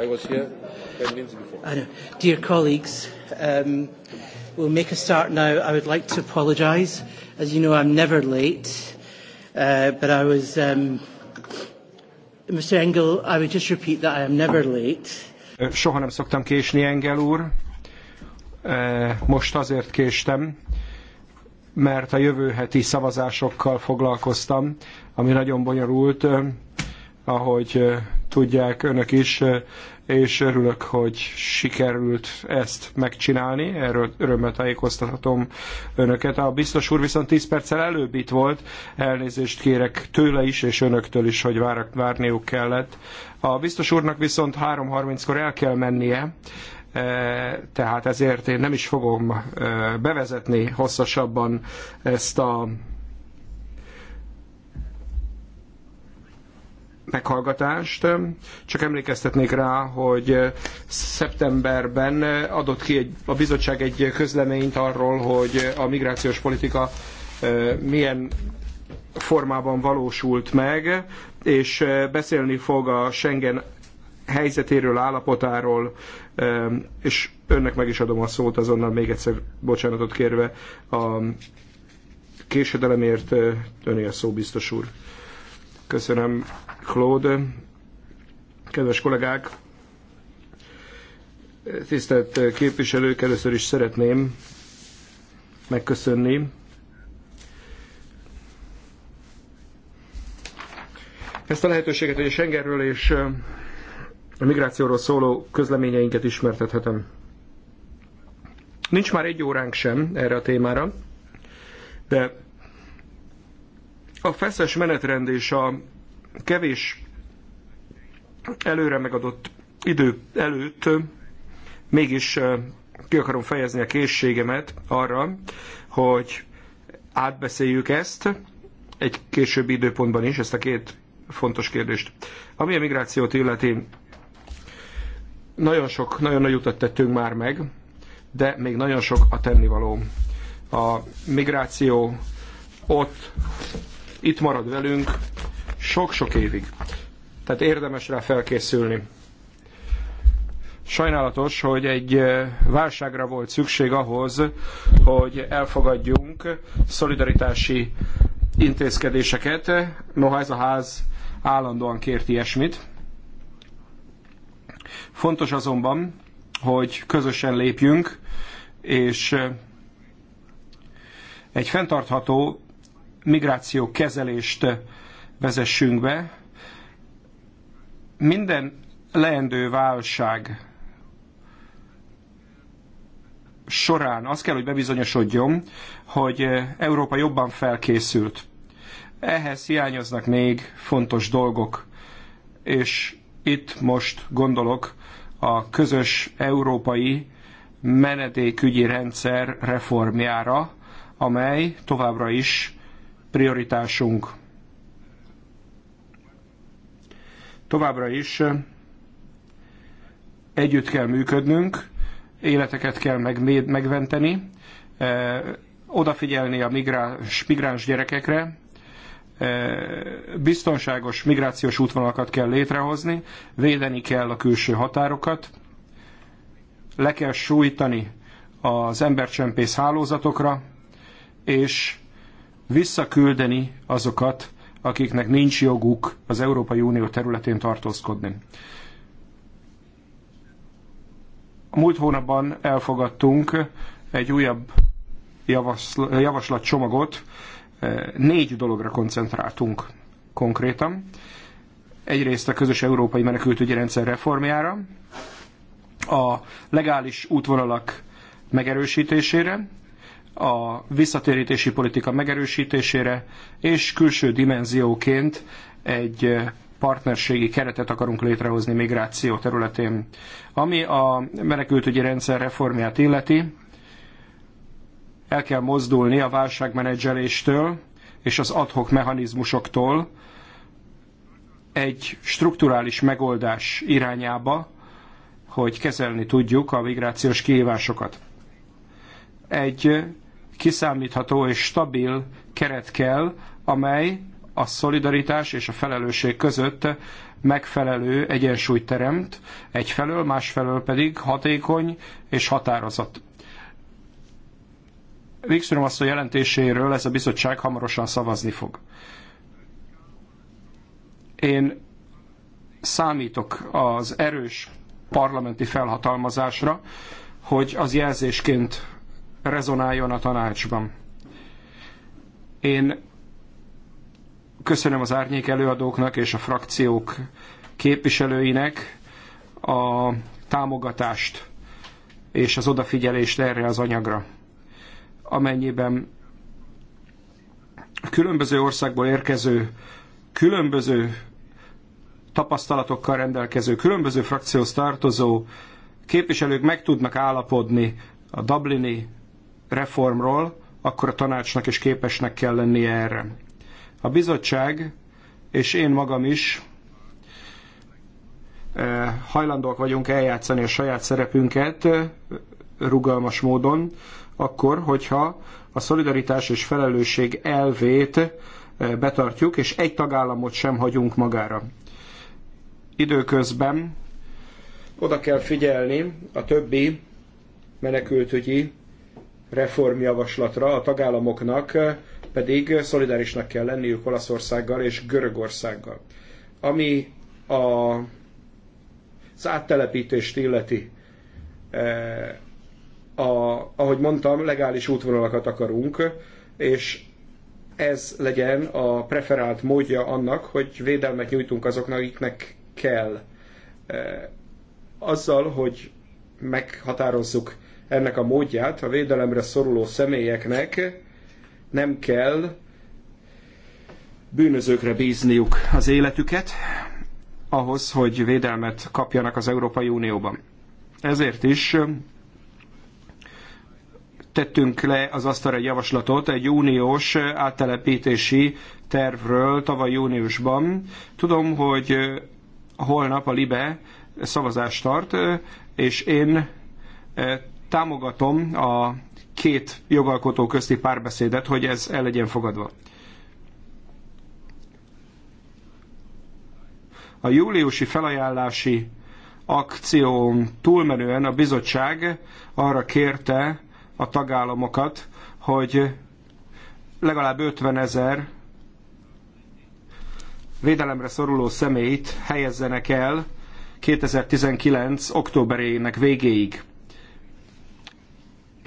I was here 10 minutes before. I know. Dear colleagues, um, we'll make a start now. I would like to apologise. As you know, I'm never late, uh, but I was... Um, Mr Engel, I would just repeat that I am never late. Soha nem szoktam késni, Engel úr. Most azért késtem, mert a jövő heti szavazásokkal foglalkoztam, ami nagyon bonyolult, ahogy tudják önök is, eh, és örülök, hogy sikerült ezt megcsinálni, erről örömmel tájékoztathatom önöket. A biztos úr viszont 10 perccel előbb itt volt, elnézést kérek tőle is, és önöktől is, hogy vár, várniuk kellett. A biztos úrnak viszont 3.30-kor el kell mennie, eh, tehát ezért én nem is fogom eh, bevezetni hosszasabban ezt a meghallgatást. Csak emlékeztetnék rá, hogy szeptemberben adott ki egy, a bizottság egy közleményt arról, hogy a migrációs politika milyen formában valósult meg, és beszélni fog a Schengen helyzetéről, állapotáról, és önnek meg is adom a szót azonnal még egyszer bocsánatot kérve a késedelemért öné a szó, biztos úr. Köszönöm, Claude. Kedves kollégák, tisztelt képviselők, először is szeretném megköszönni ezt a lehetőséget, hogy a Schengenről és a migrációról szóló közleményeinket ismertethetem. Nincs már egy óránk sem erre a témára, de a feszes menetrend és a kevés előre megadott idő előtt mégis ki akarom fejezni a készségemet arra, hogy átbeszéljük ezt egy későbbi időpontban is, ezt a két fontos kérdést. Ami a migrációt illeti, nagyon sok, nagyon nagy utat tettünk már meg, de még nagyon sok a tennivaló. A migráció ott itt marad velünk sok-sok évig. Tehát érdemes rá felkészülni. Sajnálatos, hogy egy válságra volt szükség ahhoz, hogy elfogadjunk szolidaritási intézkedéseket. Noha ez a ház állandóan kért ilyesmit. Fontos azonban, hogy közösen lépjünk, és egy fenntartható migráció kezelést vezessünk be. Minden leendő válság során az kell, hogy bebizonyosodjon, hogy Európa jobban felkészült. Ehhez hiányoznak még fontos dolgok, és itt most gondolok a közös európai menedékügyi rendszer reformjára, amely továbbra is prioritásunk. Továbbra is eh, együtt kell működnünk, életeket kell meg, megventeni, eh, odafigyelni a migráns, migráns gyerekekre, eh, biztonságos migrációs útvonalakat kell létrehozni, védeni kell a külső határokat, le kell sújtani az embercsempész hálózatokra, és visszaküldeni azokat, akiknek nincs joguk az Európai Unió területén tartózkodni. A múlt hónapban elfogadtunk egy újabb javaslatcsomagot, négy dologra koncentráltunk konkrétan. Egyrészt a közös európai menekültügyi rendszer reformjára, a legális útvonalak megerősítésére, a visszatérítési politika megerősítésére, és külső dimenzióként egy partnerségi keretet akarunk létrehozni migráció területén. Ami a menekültügyi rendszer reformját illeti, el kell mozdulni a válságmenedzseléstől és az adhok mechanizmusoktól egy strukturális megoldás irányába, hogy kezelni tudjuk a migrációs kihívásokat egy kiszámítható és stabil keret kell, amely a szolidaritás és a felelősség között megfelelő egyensúlyt teremt, egyfelől, másfelől pedig hatékony és határozott. Wikström a jelentéséről ez a bizottság hamarosan szavazni fog. Én számítok az erős parlamenti felhatalmazásra, hogy az jelzésként rezonáljon a tanácsban. Én köszönöm az árnyék előadóknak és a frakciók képviselőinek a támogatást és az odafigyelést erre az anyagra. Amennyiben a különböző országból érkező, különböző tapasztalatokkal rendelkező, különböző frakcióhoz tartozó képviselők meg tudnak állapodni a Dublini reformról, akkor a tanácsnak is képesnek kell lennie erre. A bizottság és én magam is eh, hajlandóak vagyunk eljátszani a saját szerepünket eh, rugalmas módon, akkor, hogyha a szolidaritás és felelősség elvét eh, betartjuk, és egy tagállamot sem hagyunk magára. Időközben oda kell figyelni a többi menekültügyi reformjavaslatra, a tagállamoknak pedig szolidárisnak kell lenniük Olaszországgal és Görögországgal. Ami a, az áttelepítést illeti, e, a, ahogy mondtam, legális útvonalakat akarunk, és ez legyen a preferált módja annak, hogy védelmet nyújtunk azoknak, akiknek kell. E, azzal, hogy meghatározzuk ennek a módját a védelemre szoruló személyeknek nem kell bűnözőkre bízniuk az életüket, ahhoz, hogy védelmet kapjanak az Európai Unióban. Ezért is tettünk le az asztalra egy javaslatot egy uniós áttelepítési tervről tavaly júniusban. Tudom, hogy holnap a LIBE szavazást tart, és én támogatom a két jogalkotó közti párbeszédet, hogy ez el legyen fogadva. A júliusi felajánlási akción túlmenően a bizottság arra kérte a tagállamokat, hogy legalább 50 ezer védelemre szoruló személyt helyezzenek el 2019. októberének végéig.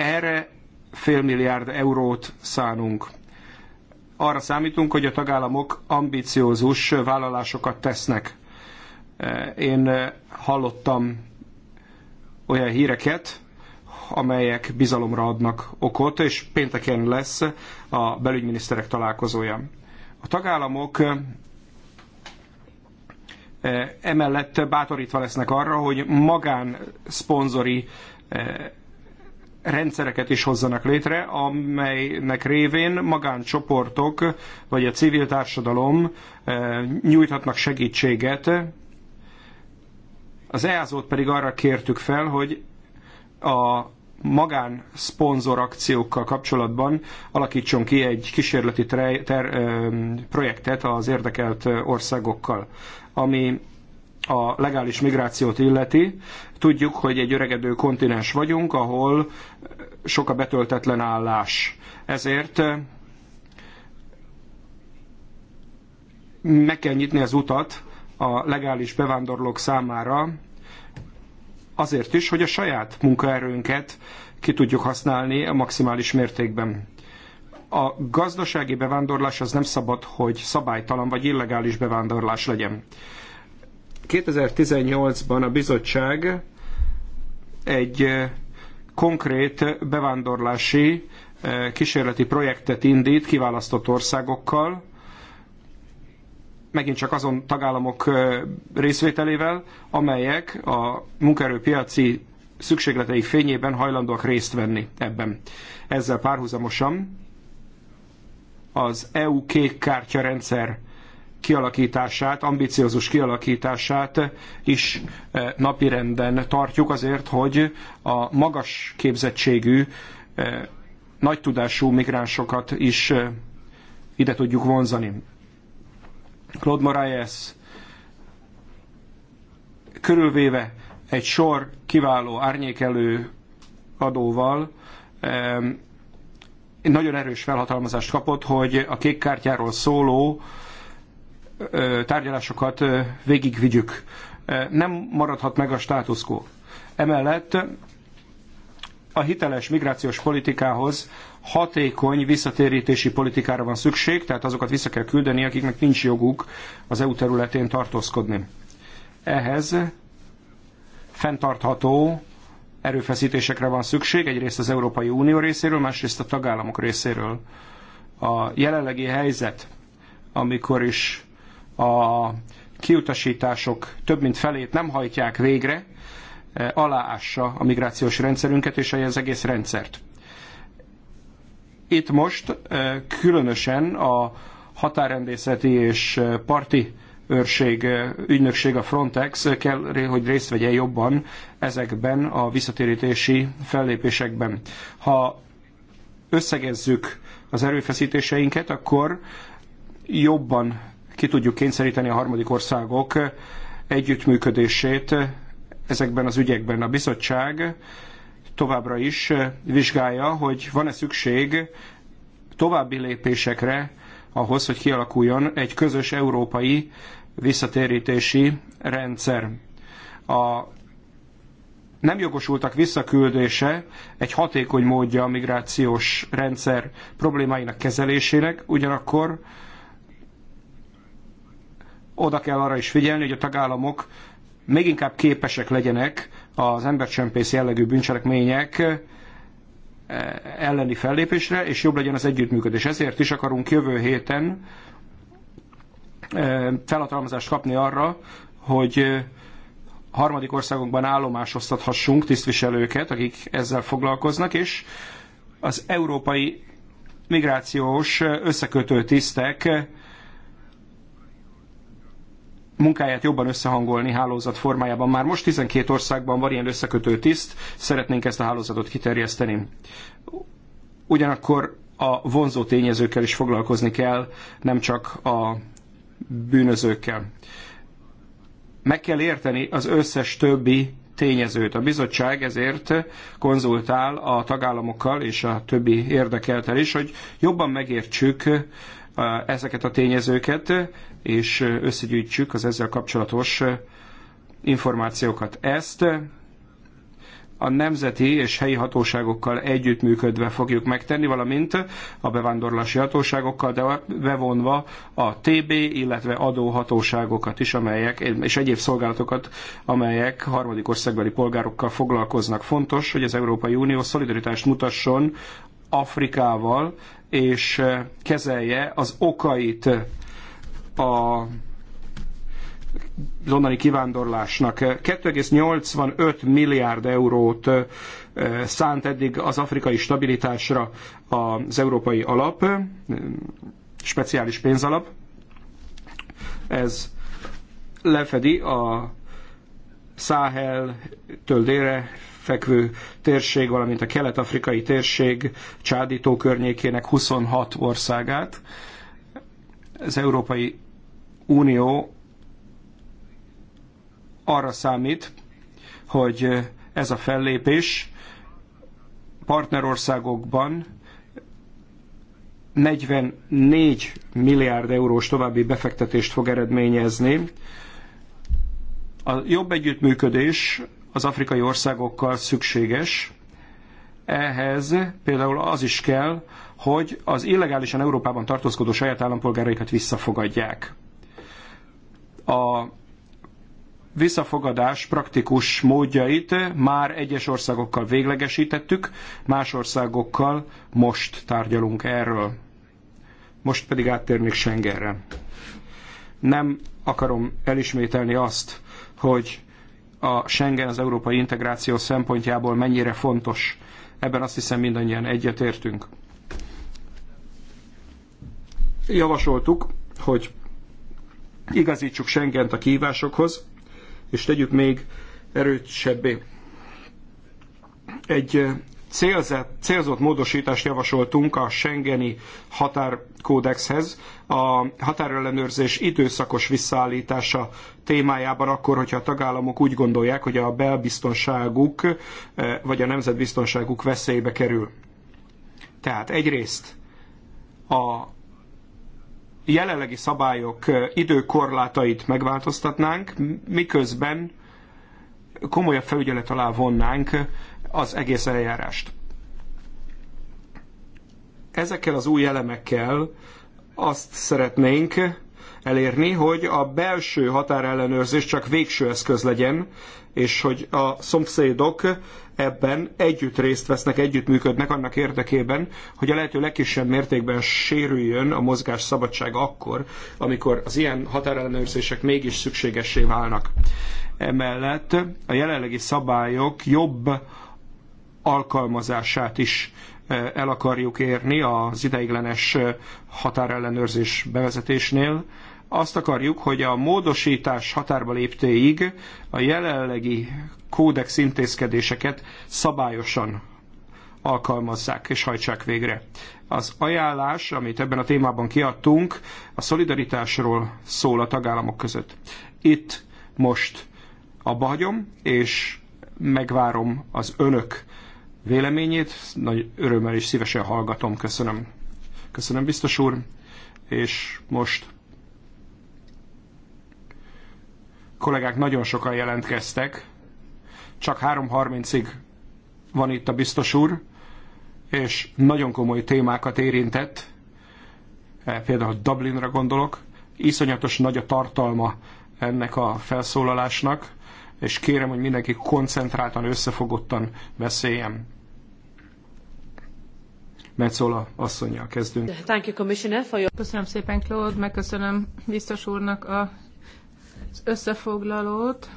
Erre fél milliárd eurót szánunk. Arra számítunk, hogy a tagállamok ambiciózus vállalásokat tesznek. Én hallottam olyan híreket, amelyek bizalomra adnak okot, és pénteken lesz a belügyminiszterek találkozója. A tagállamok eh, emellett bátorítva lesznek arra, hogy magán szponzori eh, rendszereket is hozzanak létre, amelynek révén magáncsoportok vagy a civil társadalom eh, nyújthatnak segítséget. Az EASZ-ot pedig arra kértük fel, hogy a magán szponzor akciókkal kapcsolatban alakítson ki egy kísérleti ter, ter, eh, projektet az érdekelt országokkal, ami a legális migrációt illeti, tudjuk, hogy egy öregedő kontinens vagyunk, ahol sok a betöltetlen állás. Ezért eh, meg kell nyitni az utat a legális bevándorlók számára, azért is, hogy a saját munkaerőnket ki tudjuk használni a maximális mértékben. A gazdasági bevándorlás az nem szabad, hogy szabálytalan vagy illegális bevándorlás legyen. 2018-ban a bizottság egy eh, konkrét bevándorlási eh, kísérleti projektet indít kiválasztott országokkal, megint csak azon tagállamok eh, részvételével, amelyek a munkaerőpiaci szükségleteik fényében hajlandóak részt venni ebben. Ezzel párhuzamosan az EU kék kártya rendszer kialakítását, ambiciózus kialakítását is eh, napirenden tartjuk azért, hogy a magas képzettségű, eh, nagy tudású migránsokat is eh, ide tudjuk vonzani. Claude Moraes körülvéve egy sor kiváló árnyékelő adóval nagyon erős felhatalmazást kapott, hogy a kék kártyáról szóló tárgyalásokat végigvigyük. Nem maradhat meg a státusz quo. Emellett a hiteles migrációs politikához hatékony visszatérítési politikára van szükség, tehát azokat vissza kell küldeni, akiknek nincs joguk az EU területén tartózkodni. Ehhez fenntartható erőfeszítésekre van szükség, egyrészt az Európai Unió részéről, másrészt a tagállamok részéről. A jelenlegi helyzet, amikor is a kiutasítások több mint felét nem hajtják végre, e, aláássa a migrációs rendszerünket és az egész rendszert. Itt most e, különösen a határrendészeti és e, parti őrség, ügynökség, a Frontex kell, hogy részt vegyen jobban ezekben a visszatérítési fellépésekben. Ha összegezzük az erőfeszítéseinket, akkor jobban ki tudjuk kényszeríteni a harmadik országok együttműködését ezekben az ügyekben. A bizottság továbbra is vizsgálja, hogy van-e szükség további lépésekre ahhoz, hogy kialakuljon egy közös európai visszatérítési rendszer. A nem jogosultak visszaküldése egy hatékony módja a migrációs rendszer problémáinak kezelésének, ugyanakkor oda kell arra is figyelni, hogy a tagállamok még inkább képesek legyenek az embercsempész jellegű bűncselekmények eh, elleni fellépésre, és jobb legyen az együttműködés. Ezért is akarunk jövő héten eh, felhatalmazást kapni arra, hogy eh, harmadik országokban állomásoztathassunk tisztviselőket, akik ezzel foglalkoznak, és az európai migrációs összekötő tisztek munkáját jobban összehangolni hálózat formájában. Már most 12 országban van ilyen összekötő tiszt, szeretnénk ezt a hálózatot kiterjeszteni. Ugyanakkor a vonzó tényezőkkel is foglalkozni kell, nem csak a bűnözőkkel. Meg kell érteni az összes többi tényezőt. A bizottság ezért konzultál a tagállamokkal és a többi érdekeltel is, hogy jobban megértsük ezeket a tényezőket, és összegyűjtsük az ezzel kapcsolatos információkat. Ezt a nemzeti és helyi hatóságokkal együttműködve fogjuk megtenni, valamint a bevándorlási hatóságokkal, de bevonva a TB, illetve adóhatóságokat is, amelyek, és egyéb szolgálatokat, amelyek harmadik országbeli polgárokkal foglalkoznak. Fontos, hogy az Európai Unió szolidaritást mutasson Afrikával és eh, kezelje az okait eh, a londoni kivándorlásnak. 2,85 milliárd eurót eh, szánt eddig az afrikai stabilitásra az európai alap, speciális pénzalap. Ez lefedi a Száhel-től délre fekvő térség, valamint a kelet-afrikai térség csádító környékének 26 országát. Az Európai Unió arra számít, hogy ez a fellépés partnerországokban 44 milliárd eurós további befektetést fog eredményezni. A jobb együttműködés az afrikai országokkal szükséges. Ehhez például az is kell, hogy az illegálisan Európában tartózkodó saját állampolgáraikat visszafogadják. A visszafogadás praktikus módjait már egyes országokkal véglegesítettük, más országokkal most tárgyalunk erről. Most pedig áttérnék Schengenre. Nem akarom elismételni azt, hogy a Schengen az európai integráció szempontjából mennyire fontos. Ebben azt hiszem mindannyian egyetértünk. Javasoltuk, hogy igazítsuk Schengent a kívásokhoz, és tegyük még erősebbé. Egy célzett, célzott módosítást javasoltunk a Schengeni határkódexhez a határellenőrzés időszakos visszaállítása témájában akkor, hogyha a tagállamok úgy gondolják, hogy a belbiztonságuk eh, vagy a nemzetbiztonságuk veszélybe kerül. Tehát egyrészt a jelenlegi szabályok eh, időkorlátait megváltoztatnánk, miközben komolyabb felügyelet alá vonnánk az egész eljárást. Ezekkel az új elemekkel azt szeretnénk elérni, hogy a belső határellenőrzés csak végső eszköz legyen, és hogy a szomszédok ebben együtt részt vesznek, együtt működnek annak érdekében, hogy a lehető legkisebb mértékben sérüljön a mozgás szabadsága akkor, amikor az ilyen határellenőrzések mégis szükségessé válnak. Emellett a jelenlegi szabályok jobb alkalmazását is eh, el akarjuk érni az ideiglenes eh, határellenőrzés bevezetésnél. Azt akarjuk, hogy a módosítás határba léptéig a jelenlegi kódex intézkedéseket szabályosan alkalmazzák és hajtsák végre. Az ajánlás, amit ebben a témában kiadtunk, a szolidaritásról szól a tagállamok között. Itt most abba hagyom, és megvárom az önök véleményét. Nagy örömmel és szívesen hallgatom. Köszönöm. Köszönöm, biztos úr. És most kollégák nagyon sokan jelentkeztek. Csak 3.30-ig van itt a biztos úr, és nagyon komoly témákat érintett. Eh, például Dublinra gondolok. Iszonyatos nagy a tartalma ennek a felszólalásnak, és kérem, hogy mindenki koncentráltan, összefogottan beszéljen. Metzola asszonyjal kezdünk. Thank you, Commissioner, for your... Köszönöm szépen, Claude, megköszönöm biztos úrnak a, az összefoglalót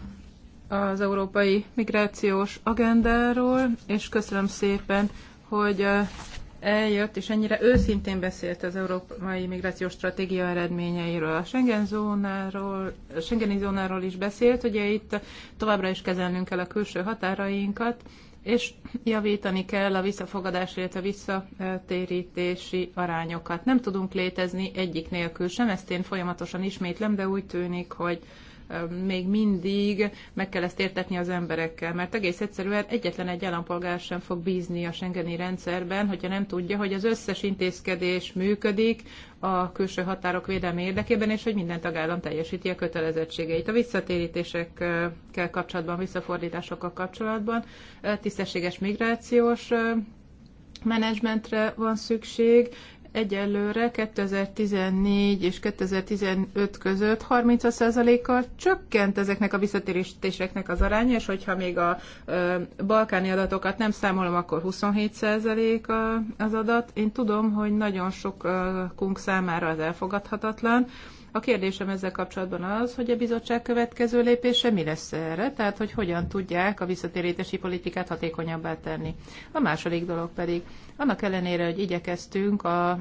az európai migrációs agendáról, és köszönöm szépen, hogy eh, eljött, és ennyire őszintén beszélt az európai migrációs stratégia eredményeiről. A Schengen zónáról, a Schengeni zónáról is beszélt, ugye itt továbbra is kezelnünk kell a külső határainkat, és javítani kell a visszafogadás, illetve visszatérítési arányokat. Nem tudunk létezni egyik nélkül sem, ezt én folyamatosan ismétlem, de úgy tűnik, hogy még mindig meg kell ezt értetni az emberekkel, mert egész egyszerűen egyetlen egy állampolgár sem fog bízni a Schengeni rendszerben, hogyha nem tudja, hogy az összes intézkedés működik a külső határok védelme érdekében, és hogy minden tagállam teljesíti a kötelezettségeit. A visszatérítésekkel kapcsolatban, visszafordításokkal kapcsolatban tisztességes migrációs menedzsmentre van szükség, egyelőre 2014 és 2015 között 30%-kal csökkent ezeknek a visszatérítéseknek az aránya, és hogyha még a balkáni adatokat nem számolom, akkor 27% az adat. Én tudom, hogy nagyon sok kunk számára az elfogadhatatlan, a kérdésem ezzel kapcsolatban az, hogy a bizottság következő lépése mi lesz erre, tehát hogy hogyan tudják a visszatérítési politikát hatékonyabbá tenni. A második dolog pedig, annak ellenére, hogy igyekeztünk az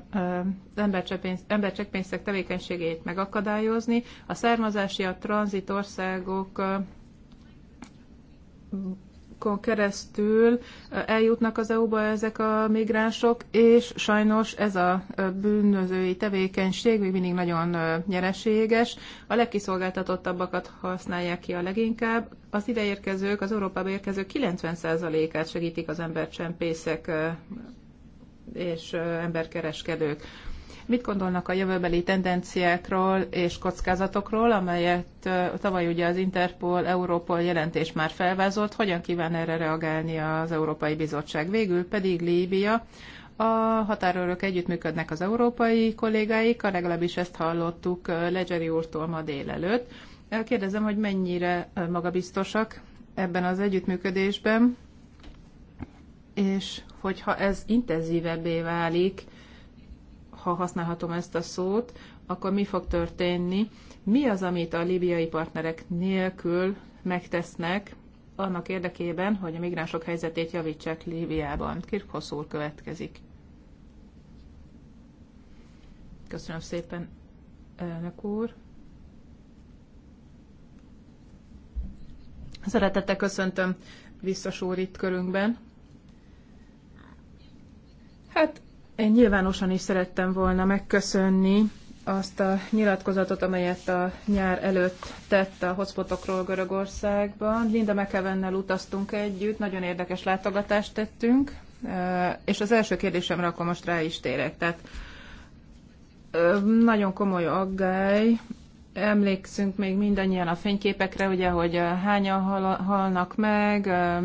embercseppénztek tevékenységét megakadályozni, a származási, a tranzitországok határokon keresztül eljutnak az EU-ba ezek a migránsok, és sajnos ez a bűnözői tevékenység még mindig nagyon nyereséges. A legkiszolgáltatottabbakat használják ki a leginkább. Az ideérkezők, az Európába érkezők 90%-át segítik az embercsempészek és emberkereskedők. Mit gondolnak a jövőbeli tendenciákról és kockázatokról, amelyet tavaly ugye az Interpol, Európol jelentés már felvázolt, hogyan kíván erre reagálni az Európai Bizottság? Végül pedig Líbia. A határőrök együttműködnek az európai a legalábbis ezt hallottuk Legeri úrtól ma délelőtt. Kérdezem, hogy mennyire magabiztosak ebben az együttműködésben, és hogyha ez intenzívebbé válik, ha használhatom ezt a szót, akkor mi fog történni? Mi az, amit a libiai partnerek nélkül megtesznek annak érdekében, hogy a migránsok helyzetét javítsák Líbiában? Kirkhoz úr következik. Köszönöm szépen, elnök úr. Szeretettel köszöntöm biztos úr itt körünkben. Hát én nyilvánosan is szerettem volna megköszönni azt a nyilatkozatot, amelyet a nyár előtt tett a hotspotokról Görögországban. Linda McEvennel utaztunk együtt, nagyon érdekes látogatást tettünk, eh, és az első kérdésemre akkor most rá is térek. Tehát nagyon komoly aggály, emlékszünk még mindannyian a fényképekre, ugye, hogy eh, hányan hal- halnak meg eh,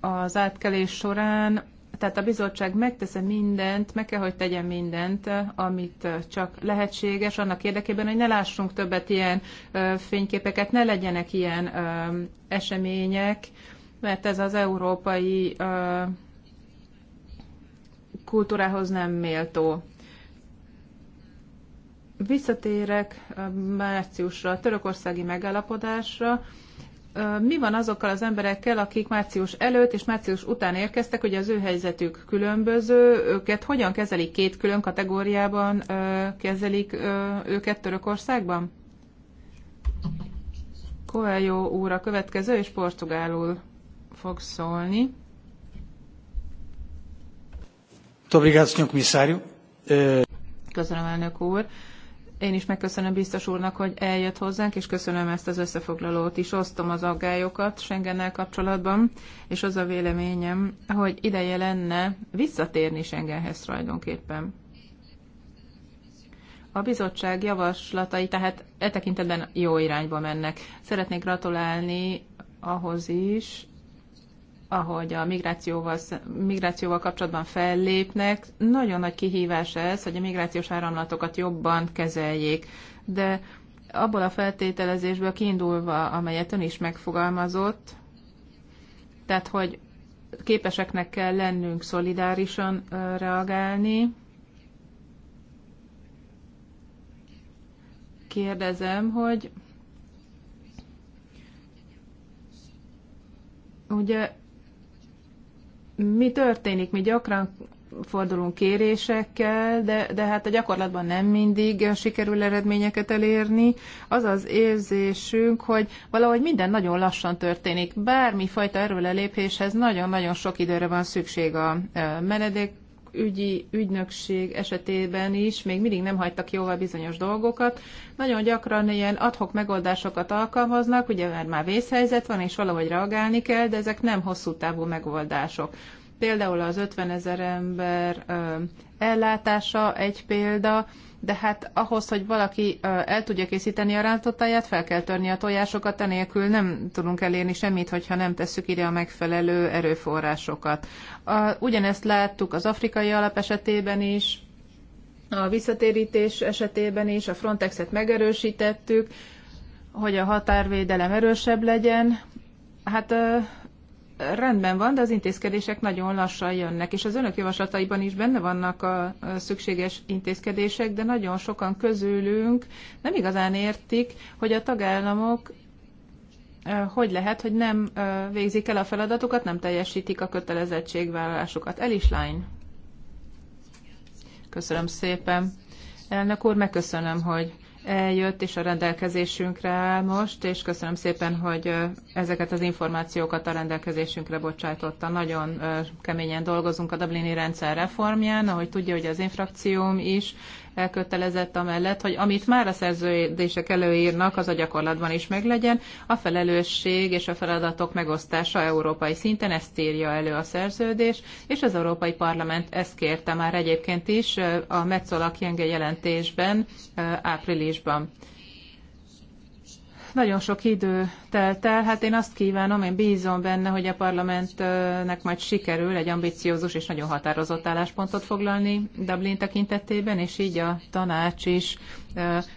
az átkelés során, tehát a bizottság megtesz mindent, meg kell, hogy tegyen mindent, eh, amit eh, csak lehetséges, annak érdekében, hogy ne lássunk többet ilyen eh, fényképeket, ne legyenek ilyen események, mert ez az európai kultúrához nem méltó. Visszatérek márciusra, a törökországi megállapodásra, mi van azokkal az emberekkel, akik március előtt és március után érkeztek, hogy az ő helyzetük különböző, őket hogyan kezelik két külön kategóriában, kezelik őket Törökországban? Coelho úr a következő, és portugálul fog szólni. Köszönöm, elnök úr. Én is megköszönöm biztos úrnak, hogy eljött hozzánk, és köszönöm ezt az összefoglalót is. Osztom az aggályokat Schengennel kapcsolatban, és az a véleményem, hogy ideje lenne visszatérni Schengenhez tulajdonképpen. A bizottság javaslatai tehát e tekintetben jó irányba mennek. Szeretnék gratulálni ahhoz is, ahogy a migrációval, migrációval kapcsolatban fellépnek. Nagyon nagy kihívás ez, hogy a migrációs áramlatokat jobban kezeljék. De abból a feltételezésből kiindulva, amelyet ön is megfogalmazott, tehát hogy képeseknek kell lennünk szolidárisan reagálni. Kérdezem, hogy ugye mi történik? Mi gyakran fordulunk kérésekkel, de, de hát a gyakorlatban nem mindig sikerül eredményeket elérni. Az az érzésünk, hogy valahogy minden nagyon lassan történik. Bármi fajta erőlelépéshez nagyon-nagyon sok időre van szükség a e, menedék ügyi ügynökség esetében is még mindig nem hagytak jóval bizonyos dolgokat. Nagyon gyakran ilyen adhok megoldásokat alkalmaznak, ugye mert már vészhelyzet van, és valahogy reagálni kell, de ezek nem hosszú távú megoldások. Például az 50 ezer ember ellátása egy példa, de hát ahhoz, hogy valaki el tudja készíteni a rántottáját, fel kell törni a tojásokat, enélkül nem tudunk elérni semmit, hogyha nem tesszük ide a megfelelő erőforrásokat. ugyanezt láttuk az afrikai alap esetében is, a visszatérítés esetében is, a Frontexet megerősítettük, hogy a határvédelem erősebb legyen. Hát rendben van, de az intézkedések nagyon lassan jönnek, és az önök javaslataiban is benne vannak a szükséges intézkedések, de nagyon sokan közülünk nem igazán értik, hogy a tagállamok hogy lehet, hogy nem végzik el a feladatokat, nem teljesítik a kötelezettségvállalásukat. line, Köszönöm szépen. Elnök úr, megköszönöm, hogy jött és a rendelkezésünkre áll most, és köszönöm szépen, hogy ezeket az információkat a rendelkezésünkre bocsájtotta. Nagyon keményen dolgozunk a Dublini rendszer reformján, ahogy tudja, hogy az infrakcióm is elkötelezett amellett, hogy amit már a szerződések előírnak, az a gyakorlatban is meglegyen. A felelősség és a feladatok megosztása európai szinten ezt írja elő a szerződés, és az Európai Parlament ezt kérte már egyébként is a Metzola Kienge jelentésben áprilisban nagyon sok idő telt el, hát én azt kívánom, én bízom benne, hogy a parlamentnek majd sikerül egy ambiciózus és nagyon határozott álláspontot foglalni Dublin tekintetében, és így a tanács is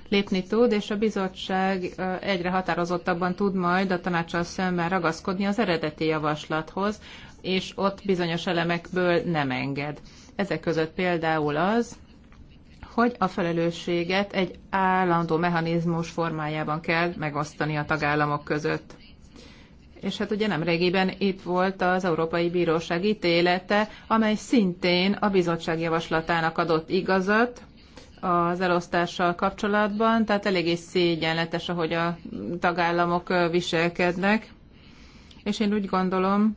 lépni tud, és a bizottság egyre határozottabban tud majd a tanácssal szemben ragaszkodni az eredeti javaslathoz, és ott bizonyos elemekből nem enged. Ezek között például az, hogy a felelősséget egy állandó mechanizmus formájában kell megosztani a tagállamok között. És hát ugye nem régiben itt volt az Európai Bíróság ítélete, amely szintén a bizottság javaslatának adott igazat, az elosztással kapcsolatban, tehát eléggé szégyenletes, ahogy a tagállamok viselkednek. És én úgy gondolom,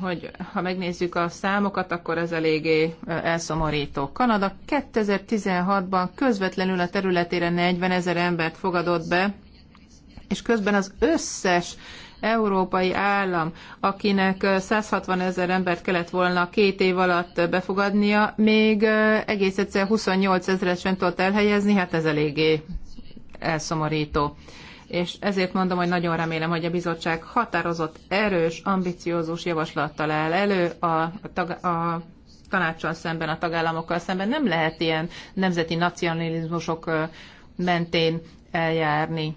hogy ha megnézzük a számokat, akkor ez eléggé elszomorító. Kanada 2016-ban közvetlenül a területére 40 ezer embert fogadott be, és közben az összes európai állam, akinek 160 ezer embert kellett volna két év alatt befogadnia, még egész egyszer 28 ezeret sem tudott elhelyezni, hát ez eléggé elszomorító és ezért mondom, hogy nagyon remélem, hogy a bizottság határozott, erős, ambiciózus javaslattal áll elő a, tag, a tanácssal szemben, a tagállamokkal szemben. Nem lehet ilyen nemzeti nacionalizmusok mentén eljárni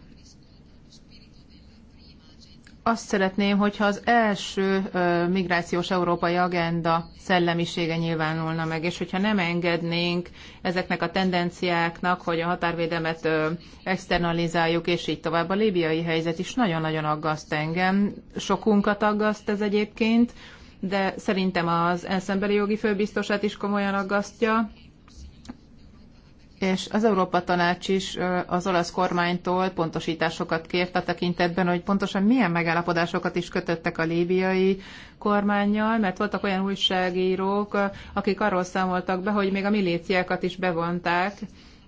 azt szeretném, hogyha az első migrációs európai agenda szellemisége nyilvánulna meg, és hogyha nem engednénk ezeknek a tendenciáknak, hogy a határvédelmet externalizáljuk, és így tovább. A líbiai helyzet is nagyon-nagyon aggaszt engem. Sokunkat aggaszt ez egyébként, de szerintem az ensemble emberi jogi főbiztosát is komolyan aggasztja és az Európa Tanács is az olasz kormánytól pontosításokat kért a tekintetben, hogy pontosan milyen megállapodásokat is kötöttek a líbiai kormányjal, mert voltak olyan újságírók, akik arról számoltak be, hogy még a milíciákat is bevonták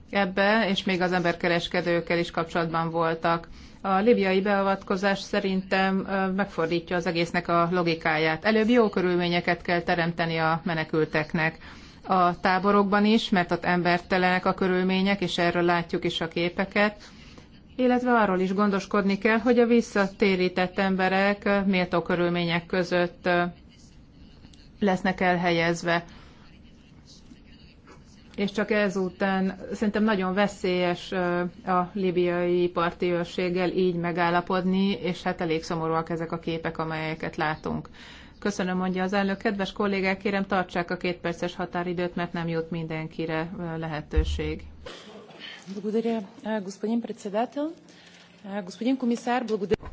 ebbe, és még az emberkereskedőkkel is kapcsolatban voltak. A libiai beavatkozás szerintem megfordítja az egésznek a logikáját. Előbb jó körülményeket kell teremteni a menekülteknek a táborokban is, mert ott embertelenek a körülmények, és erről látjuk is a képeket, illetve arról is gondoskodni kell, hogy a visszatérített emberek méltó körülmények között lesznek elhelyezve. És csak ezután szerintem nagyon veszélyes a libiai parti őrséggel így megállapodni, és hát elég szomorúak ezek a képek, amelyeket látunk. Köszönöm, mondja az elnök. Kedves kollégák, kérem tartsák a két perces határidőt, mert nem jut mindenkire lehetőség.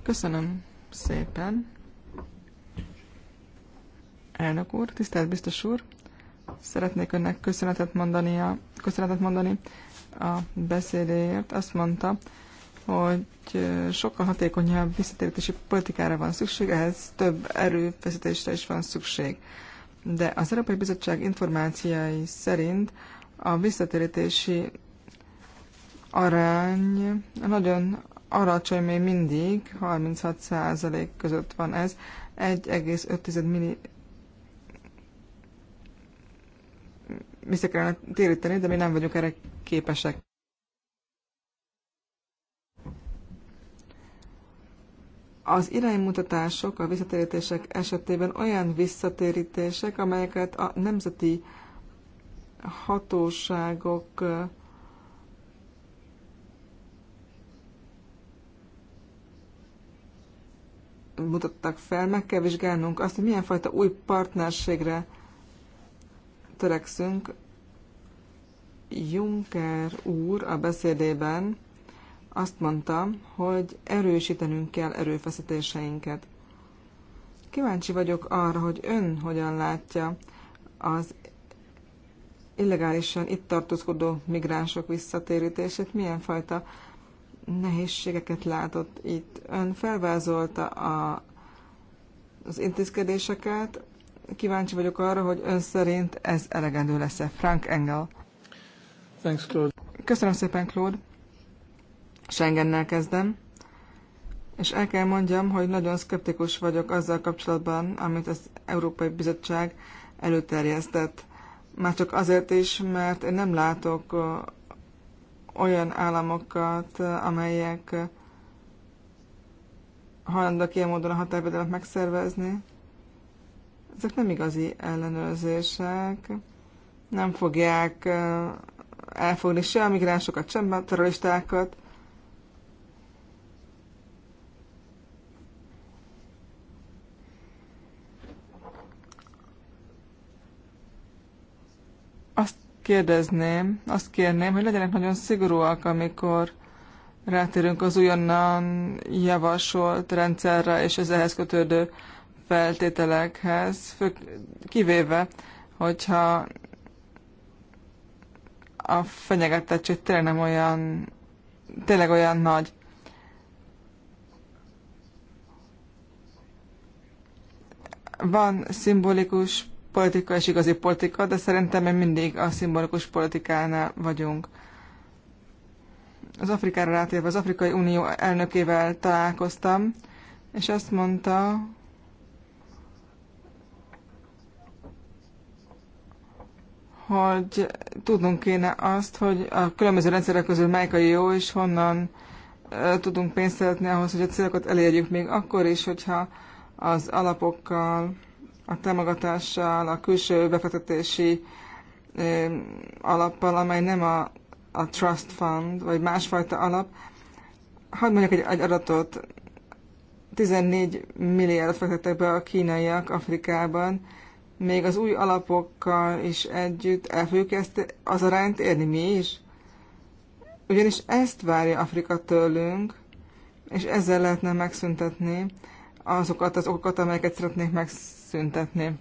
Köszönöm szépen. Elnök úr, tisztelt biztos úr, szeretnék önnek köszönetet mondani, a, köszönetet mondani a beszédéért. Azt mondta, hogy sokkal hatékonyabb visszatérítési politikára van szükség, ehhez több erőfeszítésre is van szükség. De az Európai Bizottság információi szerint a visszatérítési arány nagyon alacsony még mindig, 36% között van ez, 1,5 milli vissza kellene téríteni, de mi nem vagyunk erre képesek. Az iránymutatások a visszatérítések esetében olyan visszatérítések, amelyeket a nemzeti hatóságok mutattak fel, meg kell vizsgálnunk azt, hogy milyen fajta új partnerségre törekszünk. Juncker úr a beszédében azt mondta, hogy erősítenünk kell erőfeszítéseinket. Kíváncsi vagyok arra, hogy ön hogyan látja az illegálisan itt tartózkodó migránsok visszatérítését, milyen fajta nehézségeket látott itt. Ön felvázolta a, az intézkedéseket, kíváncsi vagyok arra, hogy ön szerint ez elegendő lesz-e. Frank Engel. Thanks, Claude. Köszönöm szépen, Claude. Schengennel kezdem. És el kell mondjam, hogy nagyon szkeptikus vagyok azzal kapcsolatban, amit az Európai Bizottság előterjesztett. Már csak azért is, mert én nem látok olyan államokat, amelyek hajlandók ilyen módon a határvédelmet megszervezni. Ezek nem igazi ellenőrzések, nem fogják elfogni se a migránsokat, sem a terroristákat, kérdezném, azt kérném, hogy legyenek nagyon szigorúak, amikor rátérünk az újonnan javasolt rendszerre és az ehhez kötődő feltételekhez, fő, kivéve, hogyha a fenyegetettség tényleg nem olyan, tényleg olyan nagy. Van szimbolikus politika és igazi politika, de szerintem mi mindig a szimbolikus politikánál vagyunk. Az Afrikára rátérve az Afrikai Unió elnökével találkoztam, és azt mondta, hogy tudnunk kéne azt, hogy a különböző rendszerek közül melyik a jó, és honnan tudunk pénzt szeretni ahhoz, hogy a célokat elérjük még akkor is, hogyha az alapokkal a támogatással, a külső befektetési alappal, amely nem a, a trust fund, vagy másfajta alap. Hadd mondjak egy, egy adatot. 14 milliárd fektettek be a kínaiak Afrikában, még az új alapokkal is együtt el fogjuk ezt az arányt érni mi is. Ugyanis ezt várja Afrika tőlünk, és ezzel lehetne megszüntetni azokat az okokat, amelyeket szeretnék megszüntetni megszüntetni.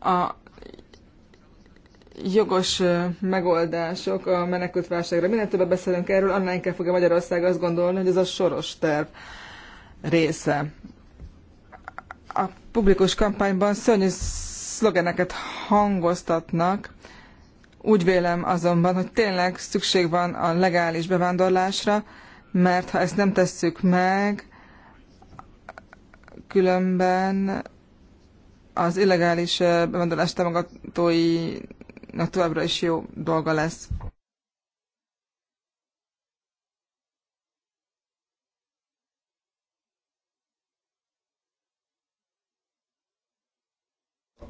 A jogos megoldások a menekült válságra. Minél többet beszélünk erről, annál inkább fogja Magyarország azt gondolni, hogy ez a soros terv része. A publikus kampányban szörnyű szlogeneket hangoztatnak, úgy vélem azonban, hogy tényleg szükség van a legális bevándorlásra, mert ha ezt nem tesszük meg, Különben az illegális bevándorlás támogatóinak továbbra is jó dolga lesz.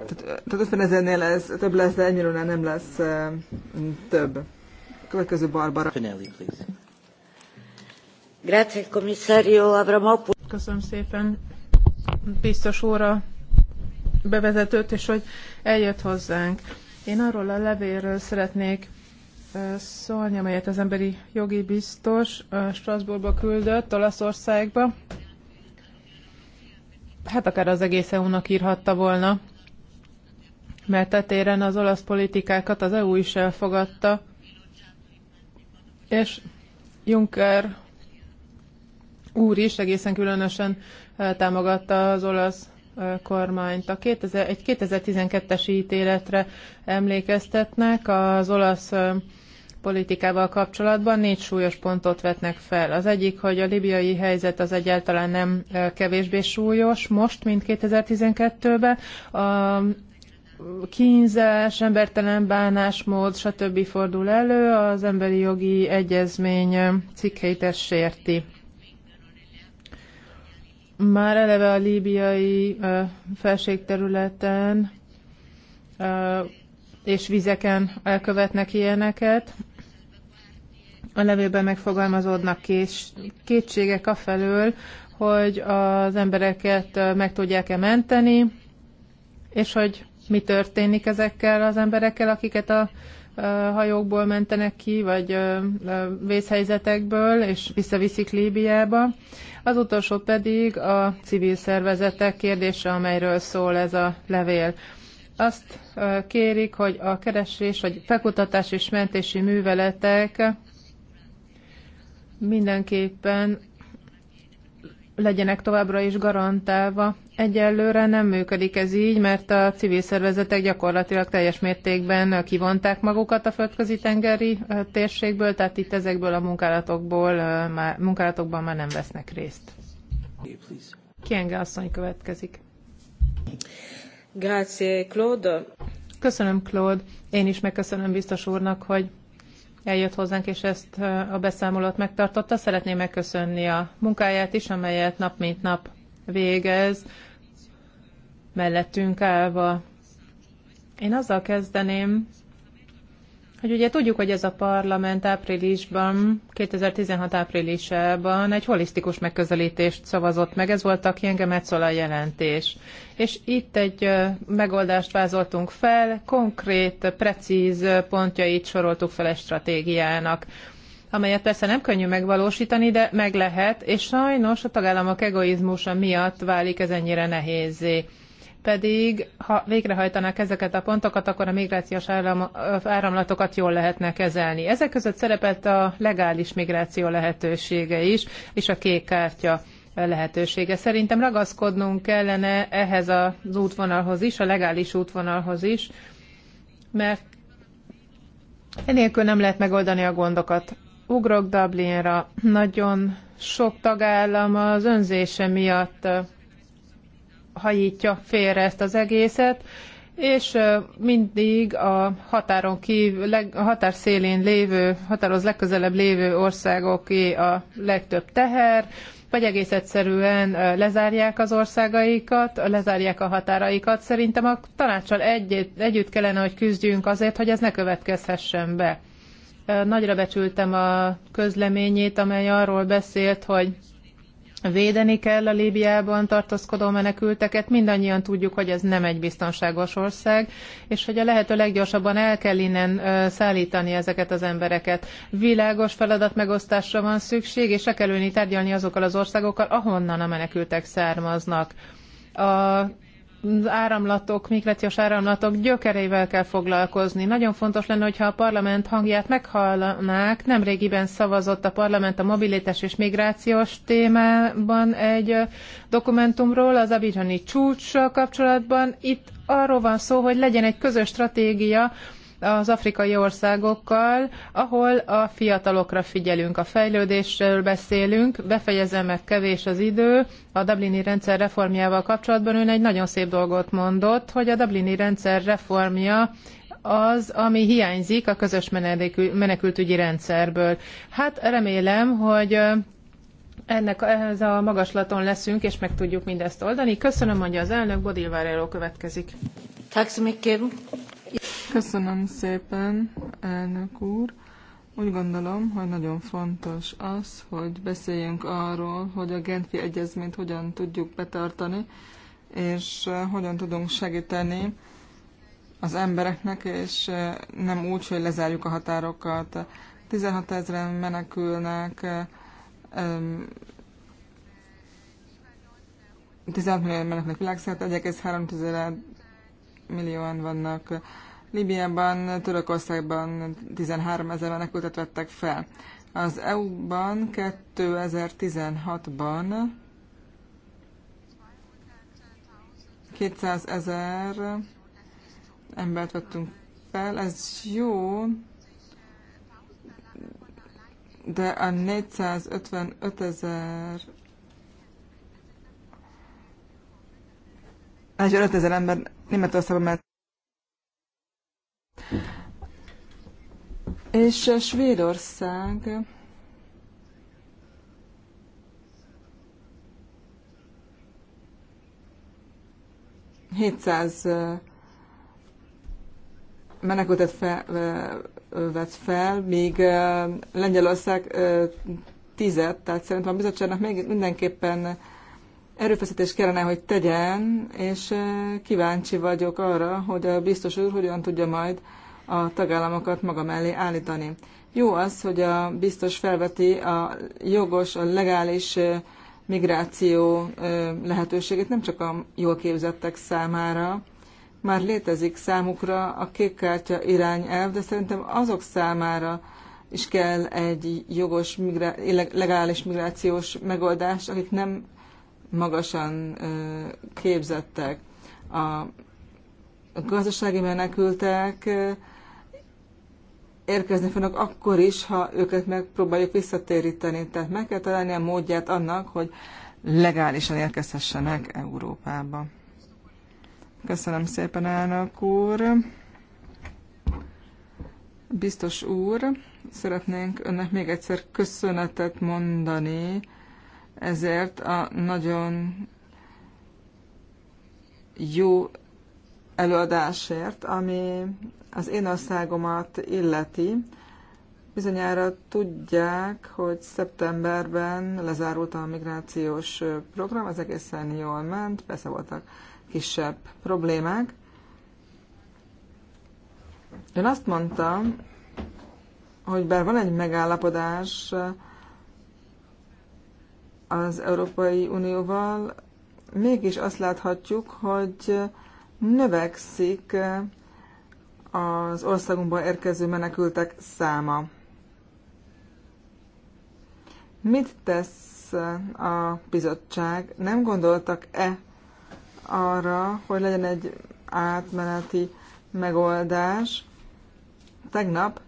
Tehát 50 ezernél ez több lesz, de ennyire nem lesz több. Következő Barbara. Finelli, please. Grazie, commissario Avramopoulos. Köszönöm szépen, biztos óra bevezetőt, és hogy eljött hozzánk. Én arról a levélről szeretnék szólni, amelyet az emberi jogi biztos Strasbourgba küldött, Olaszországba. Hát akár az egész EU-nak írhatta volna, mert tetéren az olasz politikákat az EU is elfogadta, és Juncker úr is egészen különösen támogatta az olasz kormányt. A 2000, egy 2012-es ítéletre emlékeztetnek az olasz politikával kapcsolatban négy súlyos pontot vetnek fel. Az egyik, hogy a libiai helyzet az egyáltalán nem kevésbé súlyos most, mint 2012-ben. A kínzás, embertelen bánásmód, stb. fordul elő, az emberi jogi egyezmény cikkeit sérti. Már eleve a líbiai felségterületen és vizeken elkövetnek ilyeneket. A levélben megfogalmazódnak kés, kétségek afelől, hogy az embereket meg tudják-e menteni, és hogy mi történik ezekkel az emberekkel, akiket a hajókból mentenek ki, vagy vészhelyzetekből, és visszaviszik Líbiába. Az utolsó pedig a civil szervezetek kérdése, amelyről szól ez a levél. Azt kérik, hogy a keresés, vagy felkutatás és mentési műveletek mindenképpen legyenek továbbra is garantálva. Egyelőre nem működik ez így, mert a civil szervezetek gyakorlatilag teljes mértékben kivonták magukat a földközi tengeri térségből, tehát itt ezekből a munkálatokból, már, munkálatokban már nem vesznek részt. Kienge asszony következik. Grazie, Claude. Köszönöm, Claude. Én is megköszönöm biztos úrnak, hogy eljött hozzánk, és ezt a beszámolót megtartotta. Szeretném megköszönni a munkáját is, amelyet nap mint nap végez, mellettünk állva. Én azzal kezdeném, hogy ugye tudjuk, hogy ez a parlament áprilisban, 2016 áprilisában egy holisztikus megközelítést szavazott meg, ez volt a Kienge Metzola jelentés és itt egy megoldást vázoltunk fel, konkrét, precíz pontjait soroltuk fel egy stratégiának amelyet persze nem könnyű megvalósítani, de meg lehet, és sajnos a tagállamok egoizmusa miatt válik ez ennyire nehézé. Pedig, ha végrehajtanák ezeket a pontokat, akkor a migrációs áram, áramlatokat jól lehetne kezelni. Ezek között szerepelt a legális migráció lehetősége is, és a kék kártya lehetősége. Szerintem ragaszkodnunk kellene ehhez az útvonalhoz is, a legális útvonalhoz is, mert enélkül nem lehet megoldani a gondokat. Ugrok Dublinra, nagyon sok tagállam az önzése miatt hajítja félre ezt az egészet, és mindig a határon kívül, leg, a határ szélén lévő, határoz legközelebb lévő országoké a legtöbb teher, vagy egész egyszerűen lezárják az országaikat, lezárják a határaikat. Szerintem a tanácsal egy, együtt kellene, hogy küzdjünk azért, hogy ez ne következhessen be. Nagyra becsültem a közleményét, amely arról beszélt, hogy Védeni kell a Líbiában tartózkodó menekülteket, mindannyian tudjuk, hogy ez nem egy biztonságos ország, és hogy a lehető leggyorsabban el kell innen szállítani ezeket az embereket. Világos feladatmegosztásra van szükség, és se kell ülni tárgyalni azokkal az országokkal, ahonnan a menekültek származnak. A áramlatok, migrációs áramlatok gyökereivel kell foglalkozni. Nagyon fontos lenne, hogyha a parlament hangját meghallanák. Nemrégiben szavazott a parlament a mobilitás és migrációs témában egy dokumentumról, az abidjani csúcs kapcsolatban. Itt arról van szó, hogy legyen egy közös stratégia, az afrikai országokkal, ahol a fiatalokra figyelünk, a fejlődésről beszélünk, befejezem, meg kevés az idő. A Dublini rendszer reformjával kapcsolatban ön egy nagyon szép dolgot mondott, hogy a Dublini rendszer reformja az, ami hiányzik a közös menekültügyi rendszerből. Hát remélem, hogy ennek ez a magaslaton leszünk, és meg tudjuk mindezt oldani. Köszönöm, hogy az elnök, Bodil következik. Köszönöm. Köszönöm szépen, elnök úr. Úgy gondolom, hogy nagyon fontos az, hogy beszéljünk arról, hogy a Genfi Egyezményt hogyan tudjuk betartani, és eh, hogyan tudunk segíteni az embereknek, és eh, nem úgy, hogy lezárjuk a határokat. 16 ezeren menekülnek, 16 eh, millió menekülnek világszerte, 1,3 millióan vannak Líbiában, Törökországban 13 ezer menekültet vettek fel. Az EU-ban 2016-ban 200 ezer embert vettünk fel, ez jó, de a 455 ezer 45 ezer ember Németországban ment. És eh, Svédország hétszáz eh, menekültet fe, eh, vett fel, míg Lengyelország tizet, tehát szerintem a bizottságnak még mindenképpen erőfeszítést kellene, hogy tegyen, és kíváncsi vagyok arra, hogy a biztos úr hogyan tudja majd a tagállamokat maga mellé állítani. Jó az, hogy a biztos felveti a jogos, a legális migráció lehetőségét nem csak a jól képzettek számára, már létezik számukra a kékkártya irányelv, de szerintem azok számára is kell egy jogos, legális migrációs megoldás, akik nem magasan képzettek. A gazdasági menekültek érkezni fognak akkor is, ha őket megpróbáljuk visszatéríteni. Tehát meg kell találni a módját annak, hogy legálisan érkezhessenek Európába. Köszönöm szépen, elnök úr! Biztos úr, szeretnénk önnek még egyszer köszönetet mondani ezért a nagyon jó előadásért, ami az én országomat illeti. Bizonyára tudják, hogy szeptemberben lezárult a migrációs program, az egészen jól ment, persze voltak kisebb problémák. Én azt mondtam, hogy bár van egy megállapodás, az Európai Unióval, mégis azt láthatjuk, hogy növekszik az országunkba érkező menekültek száma. Mit tesz a bizottság? Nem gondoltak-e arra, hogy legyen egy átmeneti megoldás? Tegnap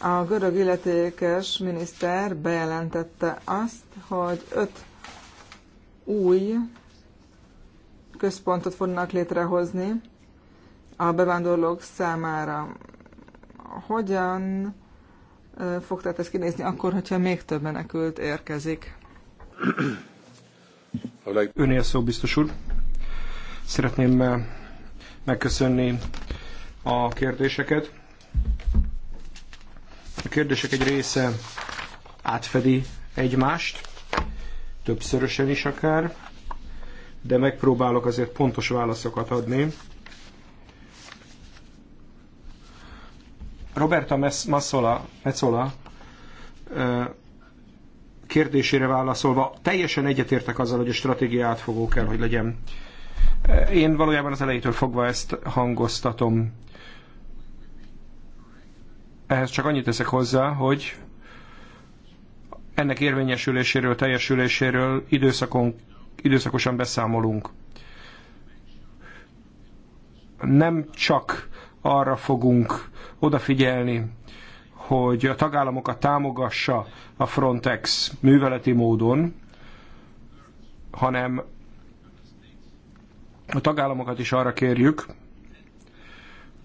a görög illetékes miniszter bejelentette azt, hogy öt új központot fognak létrehozni a bevándorlók számára. Hogyan fog tehát ez kinézni akkor, hogyha még több menekült érkezik? Önél szó, biztos úr. Szeretném megköszönni a kérdéseket. A kérdések egy része átfedi egymást, többszörösen is akár, de megpróbálok azért pontos válaszokat adni. Roberta Messola, kérdésére válaszolva, teljesen egyetértek azzal, hogy a stratégia átfogó kell, hogy legyen. Én valójában az elejétől fogva ezt hangoztatom. Ehhez csak annyit teszek hozzá, hogy ennek érvényesüléséről, teljesüléséről időszakon, időszakosan beszámolunk. Nem csak arra fogunk odafigyelni, hogy a tagállamokat támogassa a Frontex műveleti módon, hanem a tagállamokat is arra kérjük,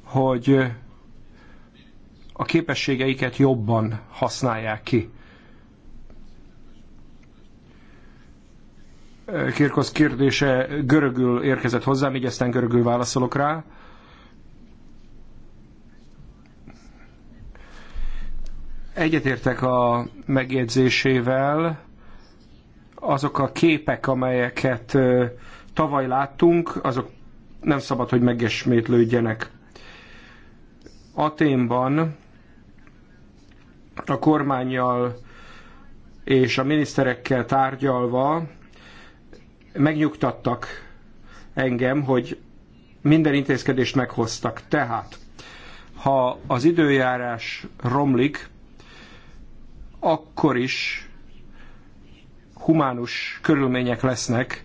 hogy a képességeiket jobban használják ki. Kirkosz kérdése görögül érkezett hozzám, így aztán görögül válaszolok rá. Egyetértek a megjegyzésével. Azok a képek, amelyeket tavaly láttunk, azok nem szabad, hogy megesmétlődjenek. Aténban a kormányjal és a miniszterekkel tárgyalva megnyugtattak engem, hogy minden intézkedést meghoztak. Tehát, ha az időjárás romlik, akkor is humánus körülmények lesznek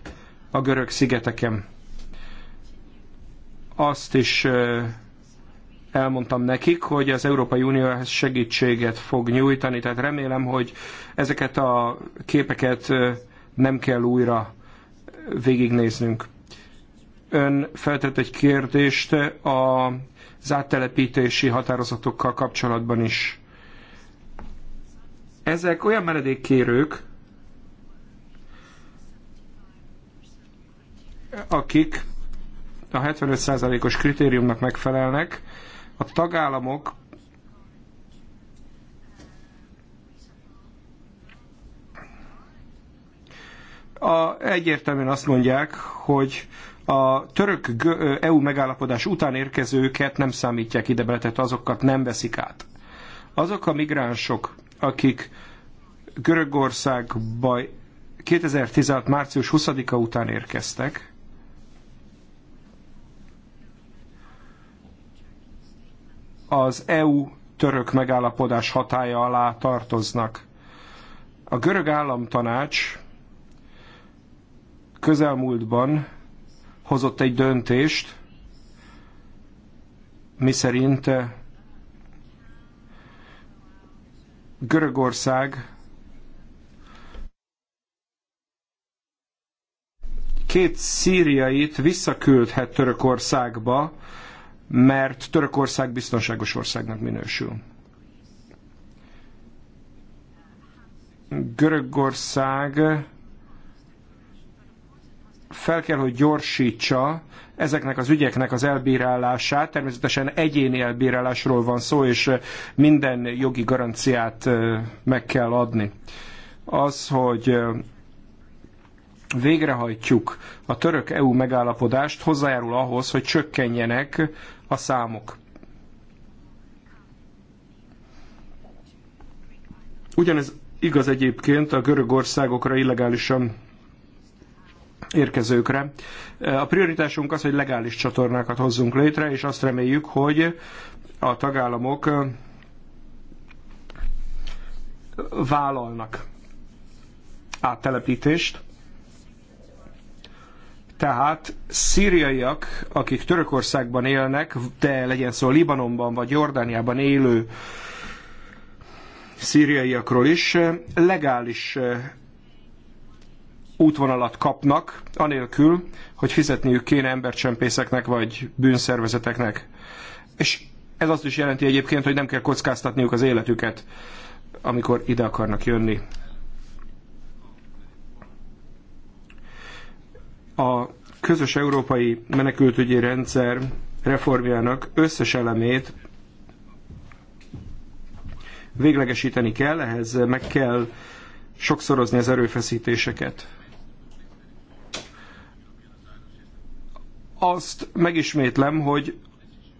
a görög szigeteken. Azt is elmondtam nekik, hogy az Európai Unió ehhez segítséget fog nyújtani, tehát remélem, hogy ezeket a képeket nem kell újra végignéznünk. Ön feltett egy kérdést az áttelepítési határozatokkal kapcsolatban is. Ezek olyan meredékkérők, akik a 75%-os kritériumnak megfelelnek, a tagállamok a, egyértelműen azt mondják, hogy a török EU megállapodás után érkezőket nem számítják ide bele, tehát azokat nem veszik át. Azok a migránsok, akik Görögországba 2016. március 20-a után érkeztek, az EU-török megállapodás hatája alá tartoznak. A görög államtanács közelmúltban hozott egy döntést, miszerint eh, Görögország két szíriait visszaküldhet Törökországba, mert Törökország biztonságos országnak minősül. Görögország fel kell, hogy gyorsítsa ezeknek az ügyeknek az elbírálását. Természetesen egyéni elbírálásról van szó, és minden jogi garanciát meg kell adni. Az, hogy végrehajtjuk a török EU megállapodást, hozzájárul ahhoz, hogy csökkenjenek a számok. Ugyanez igaz egyébként a görög országokra illegálisan érkezőkre. A prioritásunk az, hogy legális csatornákat hozzunk létre, és azt reméljük, hogy a tagállamok vállalnak áttelepítést. Tehát szíriaiak, akik Törökországban élnek, de legyen szó Libanonban vagy Jordániában élő szíriaiakról is, legális útvonalat kapnak, anélkül, hogy fizetniük kéne embercsempészeknek vagy bűnszervezeteknek. És ez azt is jelenti egyébként, hogy nem kell kockáztatniuk az életüket, amikor ide akarnak jönni. a közös európai menekültügyi rendszer reformjának összes elemét véglegesíteni kell, ehhez meg kell sokszorozni az erőfeszítéseket. Azt megismétlem, hogy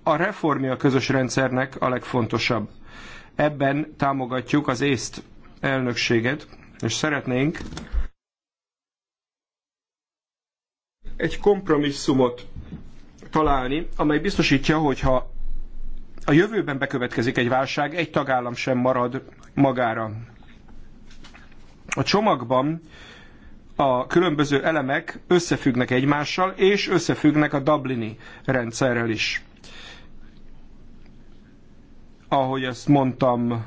a reformja a közös rendszernek a legfontosabb. Ebben támogatjuk az észt elnökséget, és szeretnénk, egy kompromisszumot találni, amely biztosítja, hogy ha a jövőben bekövetkezik egy válság, egy tagállam sem marad magára. A csomagban a különböző elemek összefüggnek egymással, és összefüggnek a Dublini rendszerrel is. Ahogy ezt mondtam,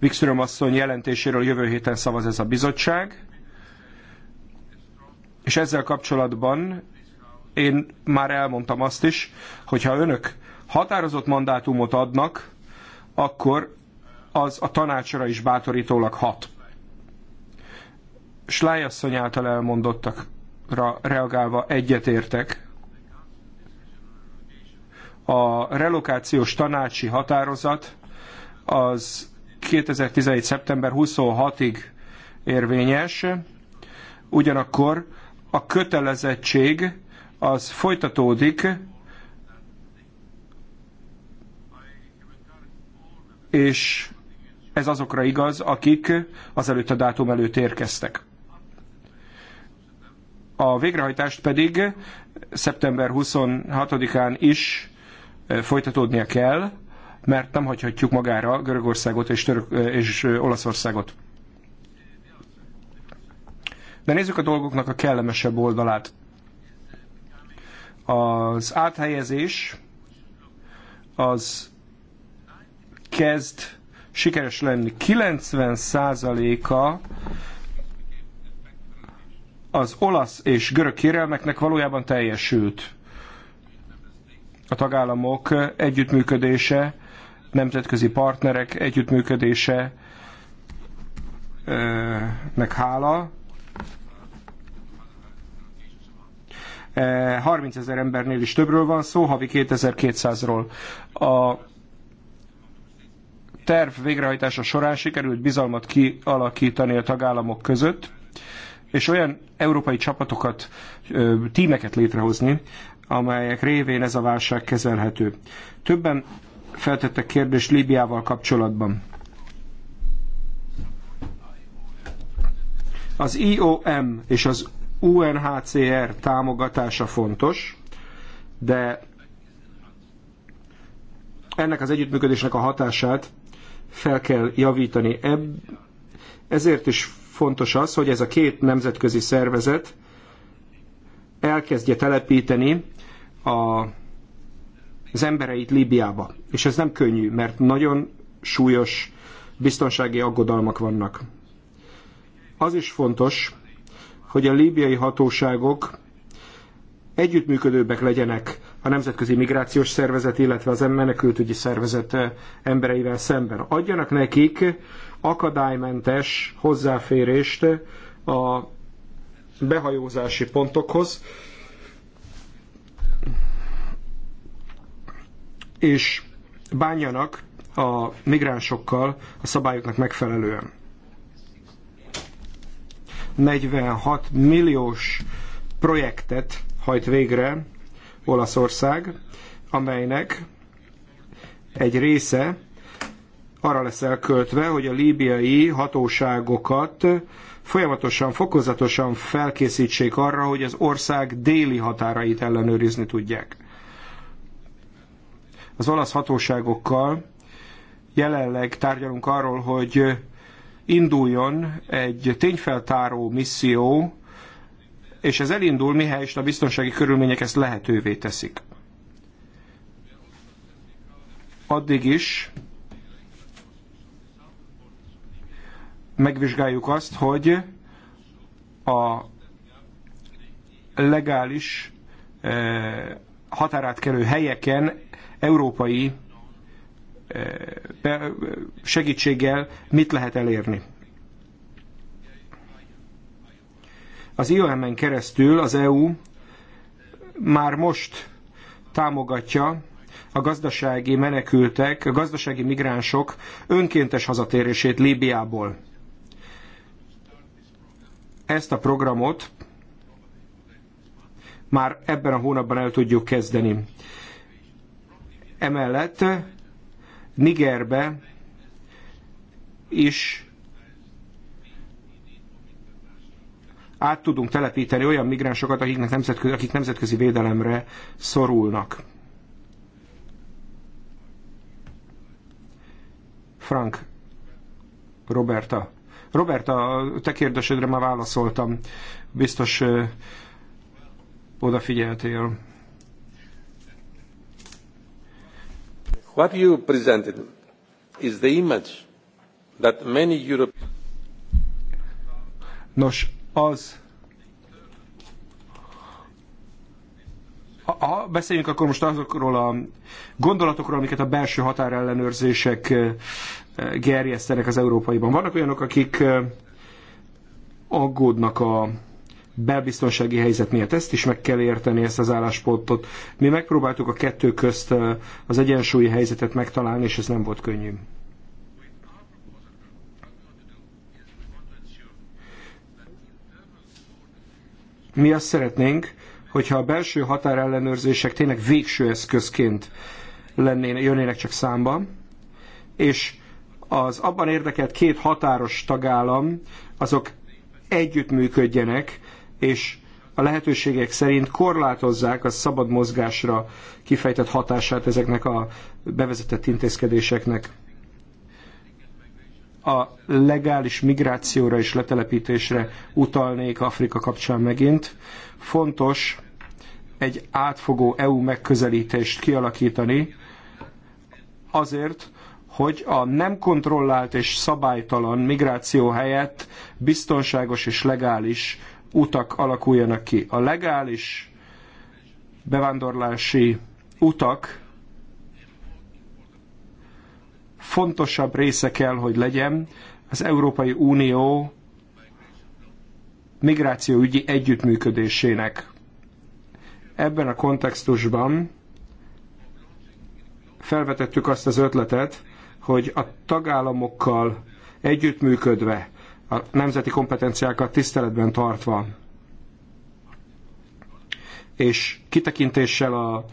Wikström asszony jelentéséről jövő héten szavaz ez a bizottság. És ezzel kapcsolatban én már elmondtam azt is, hogy ha önök határozott mandátumot adnak, akkor az a tanácsra is bátorítólag hat. Slájasszony által elmondottakra reagálva egyetértek. A relokációs tanácsi határozat az 2017. szeptember 26-ig érvényes, ugyanakkor a kötelezettség az folytatódik, és ez azokra igaz, akik az előtt a dátum előtt érkeztek. A végrehajtást pedig szeptember 26-án is eh, folytatódnia kell, mert nem hagyhatjuk magára Görögországot és, Török, eh, és eh, Olaszországot. De nézzük a dolgoknak a kellemesebb oldalát. Az áthelyezés az kezd sikeres lenni. 90%-a az olasz és görög kérelmeknek valójában teljesült. A tagállamok együttműködése, nemzetközi partnerek együttműködése meg hála, 30 eh, ezer embernél is többről van szó, havi 2200-ról. A terv végrehajtása során sikerült bizalmat kialakítani a tagállamok között, és olyan európai csapatokat, tímeket létrehozni, amelyek révén ez a válság kezelhető. Többen feltettek kérdést Líbiával kapcsolatban. Az IOM és az UNHCR támogatása fontos, de ennek az együttműködésnek a hatását fel kell javítani. Ezért is fontos az, hogy ez a két nemzetközi szervezet elkezdje telepíteni a, az embereit Líbiába. És ez nem könnyű, mert nagyon súlyos biztonsági aggodalmak vannak. Az is fontos, hogy a líbiai hatóságok együttműködőbbek legyenek a Nemzetközi Migrációs Szervezet, illetve az menekültügyi szervezet eh, embereivel szemben. Adjanak nekik akadálymentes hozzáférést a behajózási pontokhoz, és bánjanak a migránsokkal a szabályoknak megfelelően. 46 milliós projektet hajt végre Olaszország, amelynek egy része arra lesz elköltve, hogy a líbiai hatóságokat folyamatosan, fokozatosan felkészítsék arra, hogy az ország déli határait ellenőrizni tudják. Az olasz hatóságokkal jelenleg tárgyalunk arról, hogy induljon egy tényfeltáró misszió, és ez elindul, mihely is a biztonsági körülmények ezt lehetővé teszik. Addig is megvizsgáljuk azt, hogy a legális eh, határátkelő helyeken európai segítséggel mit lehet elérni. Az IOM-en keresztül az EU már most támogatja a gazdasági menekültek, a gazdasági migránsok önkéntes hazatérését Líbiából. Ezt a programot már ebben a hónapban el tudjuk kezdeni. Emellett Nigerbe is át tudunk telepíteni olyan migránsokat, akiknek nemzetközi, akik nemzetközi védelemre szorulnak. Frank, Roberta. Roberta, te kérdésedre már válaszoltam. Biztos ö, odafigyeltél. What you presented is the image that many Europe... Nos, az... Ha beszéljünk akkor most azokról a gondolatokról, amiket a belső határellenőrzések gerjesztenek az európaiban. Vannak olyanok, akik aggódnak a belbiztonsági helyzet miatt. Ezt is meg kell érteni, ezt az álláspontot. Mi megpróbáltuk a kettő közt az egyensúlyi helyzetet megtalálni, és ez nem volt könnyű. Mi azt szeretnénk, hogyha a belső határellenőrzések tényleg végső eszközként lennének, jönnének csak számba, és az abban érdekelt két határos tagállam, azok együttműködjenek, és a lehetőségek szerint korlátozzák a szabad mozgásra kifejtett hatását ezeknek a bevezetett intézkedéseknek. A legális migrációra és letelepítésre utalnék Afrika kapcsán megint. Fontos egy átfogó EU megközelítést kialakítani azért, hogy a nem kontrollált és szabálytalan migráció helyett biztonságos és legális utak alakuljanak ki. A legális bevándorlási utak fontosabb része kell, hogy legyen az Európai Unió migrációügyi együttműködésének. Ebben a kontextusban felvetettük azt az ötletet, hogy a tagállamokkal együttműködve a nemzeti kompetenciákat tiszteletben tartva, és kitekintéssel a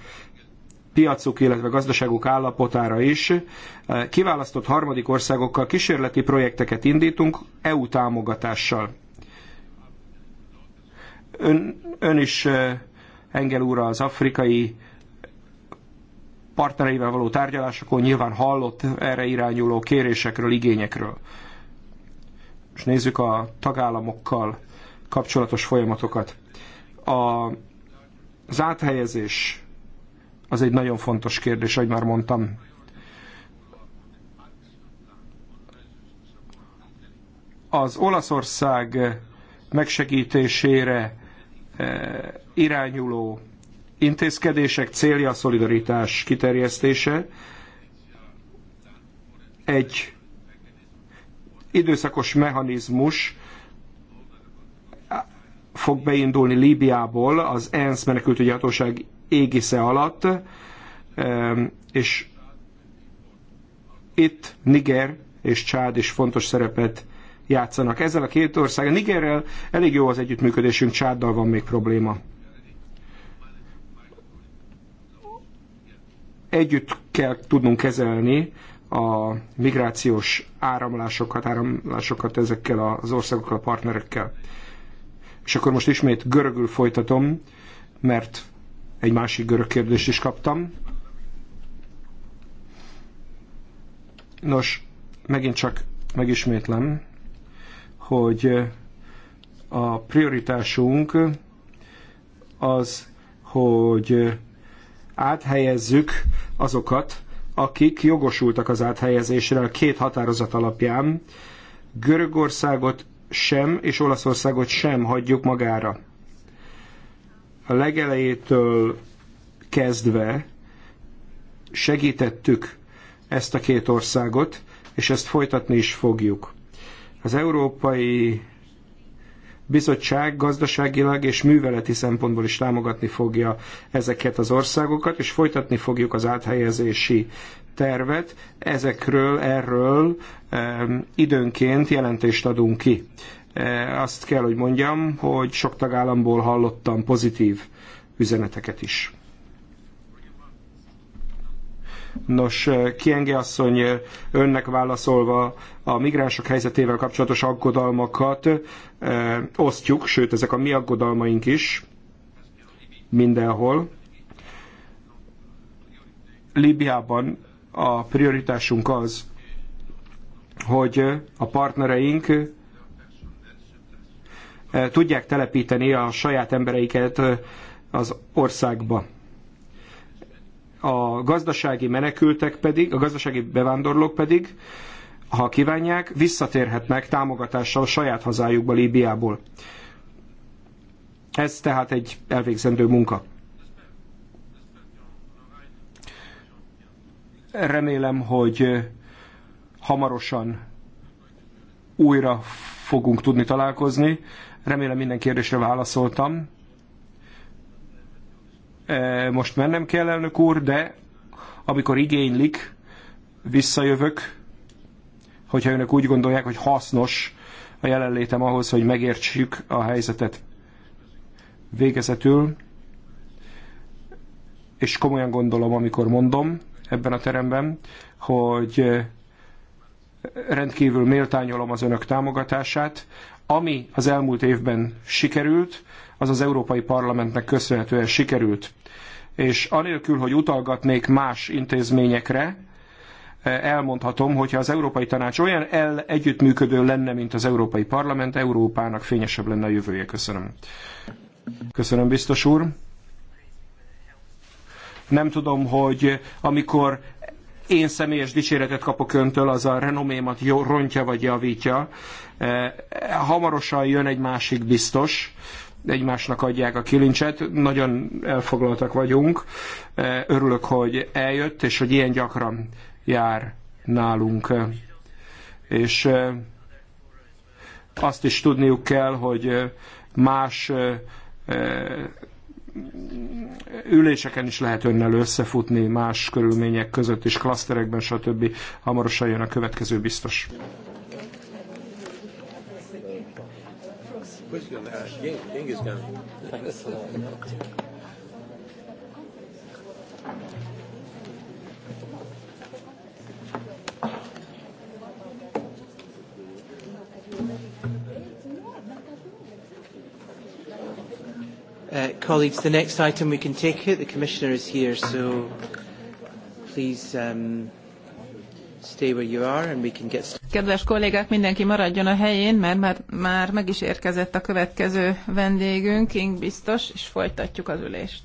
piacuk, illetve gazdaságuk állapotára is, eh, kiválasztott harmadik országokkal kísérleti projekteket indítunk EU támogatással. Ön, ön is, eh, Engel úr, az afrikai partnereivel való tárgyalásokon nyilván hallott erre irányuló kérésekről, igényekről és nézzük a tagállamokkal kapcsolatos folyamatokat. A, az áthelyezés az egy nagyon fontos kérdés, ahogy már mondtam. Az Olaszország megsegítésére eh, irányuló intézkedések célja a szolidaritás kiterjesztése. Egy időszakos mechanizmus fog beindulni Líbiából az ENSZ menekültügyi hatóság égisze alatt, és itt Niger és Csád is fontos szerepet játszanak. Ezzel a két ország, a Nigerrel elég jó az együttműködésünk, Csáddal van még probléma. Együtt kell tudnunk kezelni a migrációs áramlásokat, áramlásokat ezekkel az országokkal, a partnerekkel. És akkor most ismét görögül folytatom, mert egy másik görög kérdést is kaptam. Nos, megint csak megismétlem, hogy a prioritásunk az, hogy áthelyezzük azokat, akik jogosultak az áthelyezésre a két határozat alapján, Görögországot sem és Olaszországot sem hagyjuk magára. A legelejétől kezdve segítettük ezt a két országot, és ezt folytatni is fogjuk. Az Európai bizottság gazdaságilag és műveleti szempontból is támogatni fogja ezeket az országokat, és folytatni fogjuk az áthelyezési tervet. Ezekről, erről időnként jelentést adunk ki. E, azt kell, hogy mondjam, hogy sok tagállamból hallottam pozitív üzeneteket is. Nos, e, Kienge asszony önnek válaszolva a migránsok helyzetével kapcsolatos aggodalmakat osztjuk, sőt ezek a mi aggodalmaink is mindenhol. Líbiában a prioritásunk az, hogy a partnereink tudják telepíteni a saját embereiket az országba. A gazdasági menekültek pedig, a gazdasági bevándorlók pedig ha kívánják, visszatérhetnek támogatással saját hazájukba, Líbiából. Ez tehát egy elvégzendő munka. Remélem, hogy hamarosan újra fogunk tudni találkozni. Remélem minden kérdésre válaszoltam. Most mennem kell, elnök úr, de amikor igénylik, visszajövök hogyha önök úgy gondolják, hogy hasznos a jelenlétem ahhoz, hogy megértsük a helyzetet végezetül, és komolyan gondolom, amikor mondom ebben a teremben, hogy rendkívül méltányolom az önök támogatását. Ami az elmúlt évben sikerült, az az Európai Parlamentnek köszönhetően sikerült. És anélkül, hogy utalgatnék más intézményekre, elmondhatom, hogyha az Európai Tanács olyan el együttműködő lenne, mint az Európai Parlament, Európának fényesebb lenne a jövője. Köszönöm. Köszönöm, biztos úr. Nem tudom, hogy amikor én személyes dicséretet kapok öntől, az a renomémat rontja vagy javítja. E, hamarosan jön egy másik biztos, egymásnak adják a kilincset. Nagyon elfoglaltak vagyunk. E, örülök, hogy eljött, és hogy ilyen gyakran jár nálunk. És azt is tudniuk kell, hogy más üléseken is lehet önnel összefutni, más körülmények között és klaszterekben, stb. Hamarosan jön a következő biztos. Thanks. Uh, colleagues, the next item we can take it. The Commissioner is here, so please um, stay where you are and we can get started. Kedves kollégák, mindenki maradjon a helyén, mert már, már meg is érkezett a következő vendégünk, King biztos, és folytatjuk az ülést.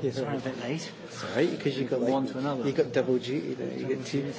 Yes, Sorry, I'm a bit late. Sorry, because you've got, got like, one to another. You've got double duty there. You get two.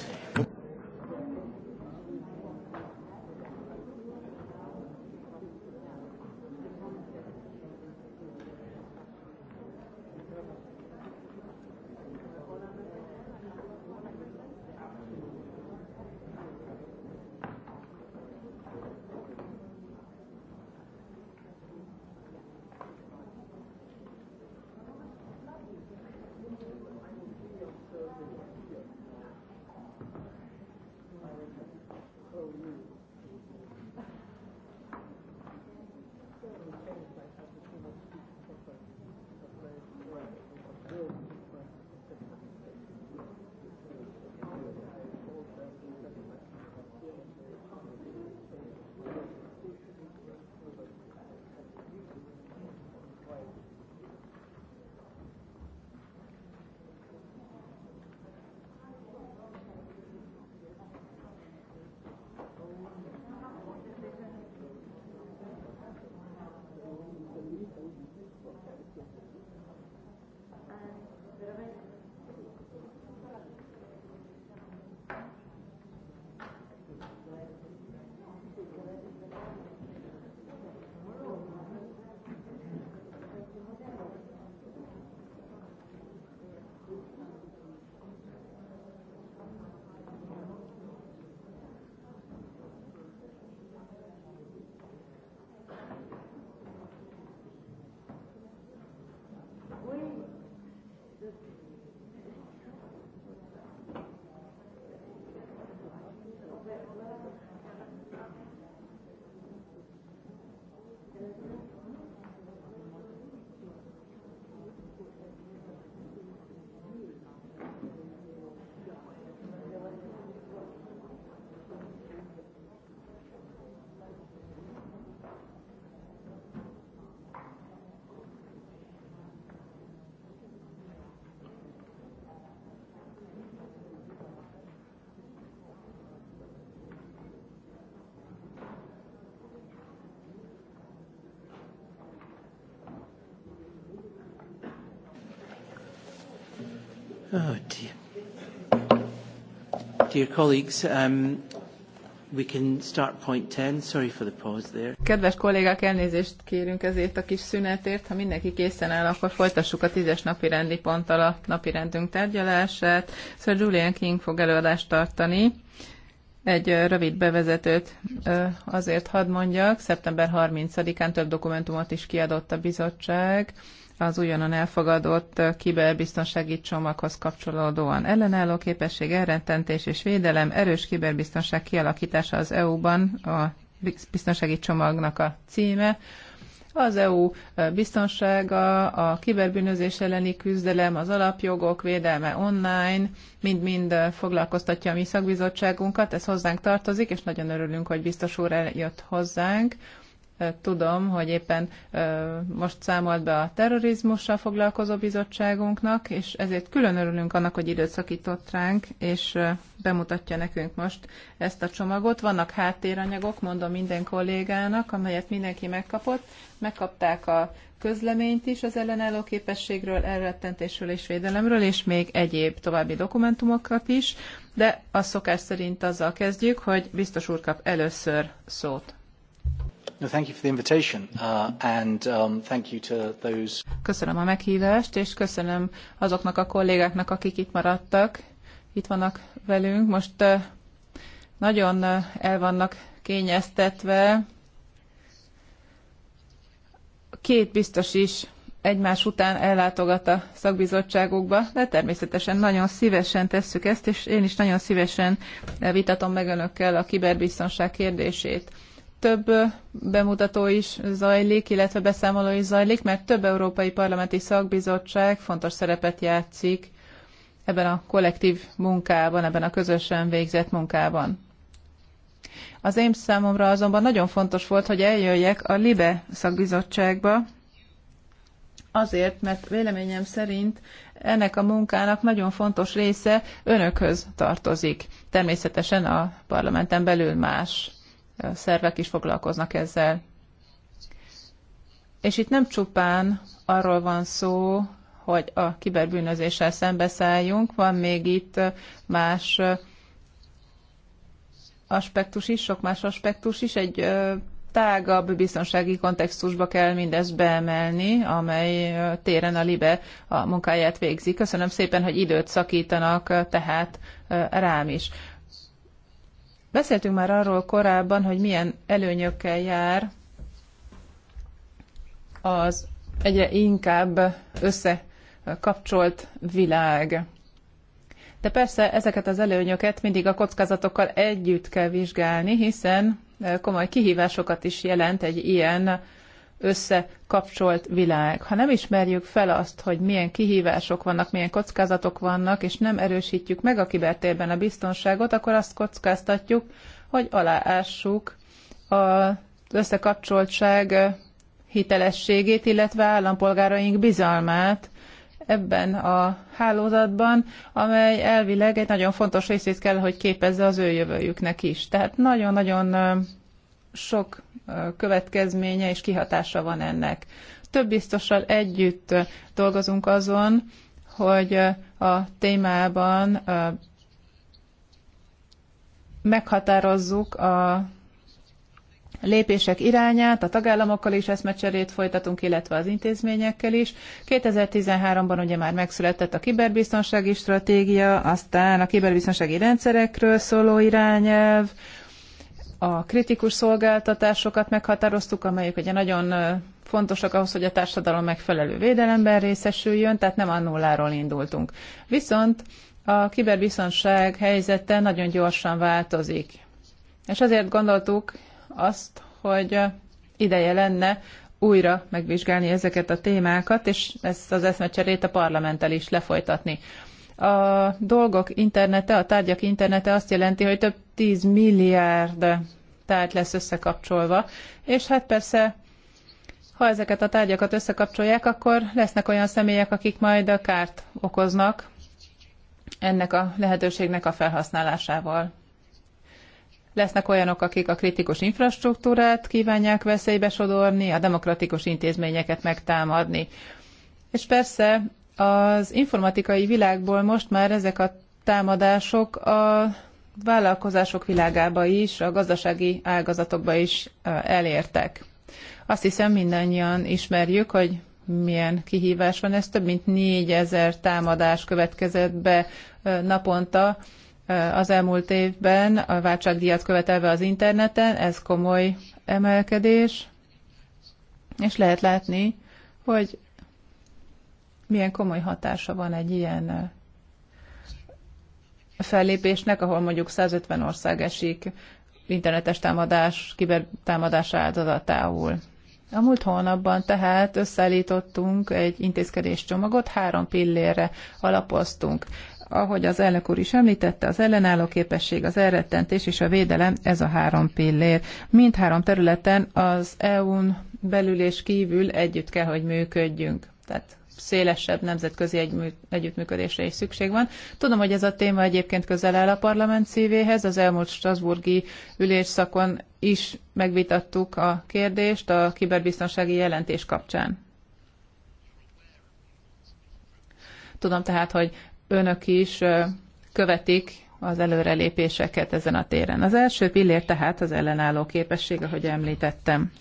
Dear colleagues, um, we can start point 10. Sorry for the pause there. Kedves kollégák, elnézést kérünk ezért a kis szünetért. Ha mindenki készen áll, akkor folytassuk a tízes napi rendi ponttal a napi rendünk tárgyalását. Sir Julian King fog előadást tartani. Egy rövid bevezetőt azért hadd mondjak. Szeptember 30-án több dokumentumot is kiadott a bizottság az újonnan elfogadott kiberbiztonsági csomaghoz kapcsolódóan. Ellenálló képesség, elrententés és védelem, erős kiberbiztonság kialakítása az EU-ban a biztonsági csomagnak a címe. Az EU biztonsága, a kiberbűnözés elleni küzdelem, az alapjogok védelme online, mind-mind foglalkoztatja a mi szakbizottságunkat, ez hozzánk tartozik, és nagyon örülünk, hogy biztos úr eljött hozzánk tudom, hogy éppen most számolt be a terrorizmussal foglalkozó bizottságunknak, és ezért külön örülünk annak, hogy időt szakított ránk, és bemutatja nekünk most ezt a csomagot. Vannak háttéranyagok, mondom minden kollégának, amelyet mindenki megkapott. Megkapták a közleményt is az ellenálló képességről, elrettentésről és védelemről, és még egyéb további dokumentumokat is, de a szokás szerint azzal kezdjük, hogy biztos úr kap először szót. Köszönöm a meghívást, és köszönöm azoknak a kollégáknak, akik itt maradtak, itt vannak velünk. Most uh, nagyon uh, el vannak kényeztetve. Két biztos is egymás után ellátogat a szakbizottságokba, de természetesen nagyon szívesen tesszük ezt, és én is nagyon szívesen vitatom meg önökkel a kiberbiztonság kérdését több bemutató is zajlik, illetve beszámoló is zajlik, mert több európai parlamenti szakbizottság fontos szerepet játszik ebben a kollektív munkában, ebben a közösen végzett munkában. Az én számomra azonban nagyon fontos volt, hogy eljöjjek a LIBE szakbizottságba, azért, mert véleményem szerint ennek a munkának nagyon fontos része önökhöz tartozik. Természetesen a parlamenten belül más szervek is foglalkoznak ezzel. És itt nem csupán arról van szó, hogy a kiberbűnözéssel szembeszálljunk, van még itt más aspektus is, sok más aspektus is, egy tágabb biztonsági kontextusba kell mindezt beemelni, amely téren a LIBE a munkáját végzi. Köszönöm szépen, hogy időt szakítanak tehát rám is. Beszéltünk már arról korábban, hogy milyen előnyökkel jár az egyre inkább összekapcsolt világ. De persze ezeket az előnyöket mindig a kockázatokkal együtt kell vizsgálni, hiszen komoly kihívásokat is jelent egy ilyen összekapcsolt világ. Ha nem ismerjük fel azt, hogy milyen kihívások vannak, milyen kockázatok vannak, és nem erősítjük meg a kibertérben a biztonságot, akkor azt kockáztatjuk, hogy aláássuk az összekapcsoltság hitelességét, illetve állampolgáraink bizalmát ebben a hálózatban, amely elvileg egy nagyon fontos részét kell, hogy képezze az ő jövőjüknek is. Tehát nagyon-nagyon sok következménye és kihatása van ennek. Több biztossal együtt dolgozunk azon, hogy a témában meghatározzuk a lépések irányát, a tagállamokkal is eszmecserét folytatunk, illetve az intézményekkel is. 2013-ban ugye már megszületett a kiberbiztonsági stratégia, aztán a kiberbiztonsági rendszerekről szóló irányelv, a kritikus szolgáltatásokat meghatároztuk, amelyek ugye nagyon fontosak ahhoz, hogy a társadalom megfelelő védelemben részesüljön, tehát nem nulláról indultunk. Viszont a kiberbiztonság helyzete nagyon gyorsan változik. És ezért gondoltuk azt, hogy ideje lenne újra megvizsgálni ezeket a témákat, és ezt az eszmecserét a parlamenttel is lefolytatni. A dolgok internete, a tárgyak internete azt jelenti, hogy több 10 milliárd tárgy lesz összekapcsolva, és hát persze ha ezeket a tárgyakat összekapcsolják, akkor lesznek olyan személyek, akik majd a kárt okoznak ennek a lehetőségnek a felhasználásával. Lesznek olyanok, akik a kritikus infrastruktúrát kívánják veszélybe sodorni, a demokratikus intézményeket megtámadni. És persze az informatikai világból most már ezek a támadások a vállalkozások világába is, a gazdasági ágazatokba is elértek. Azt hiszem mindannyian ismerjük, hogy milyen kihívás van. Ez több mint négyezer támadás következett be naponta az elmúlt évben, a váltságdíjat követelve az interneten. Ez komoly emelkedés, és lehet látni, hogy milyen komoly hatása van egy ilyen fellépésnek, ahol mondjuk 150 ország esik internetes támadás, kibertámadás áldozatául. A múlt hónapban tehát összeállítottunk egy csomagot, három pillérre alapoztunk. Ahogy az elnök úr is említette, az ellenálló képesség, az elrettentés és a védelem, ez a három pillér. Mindhárom területen az EU-n belül és kívül együtt kell, hogy működjünk. Tehát szélesebb nemzetközi együttműködésre is szükség van. Tudom, hogy ez a téma egyébként közel áll a parlament szívéhez. Az elmúlt Strasburgi ülésszakon is megvitattuk a kérdést a kiberbiztonsági jelentés kapcsán. Tudom tehát, hogy önök is követik az előrelépéseket ezen a téren. Az első pillér tehát az ellenálló képesség, ahogy említettem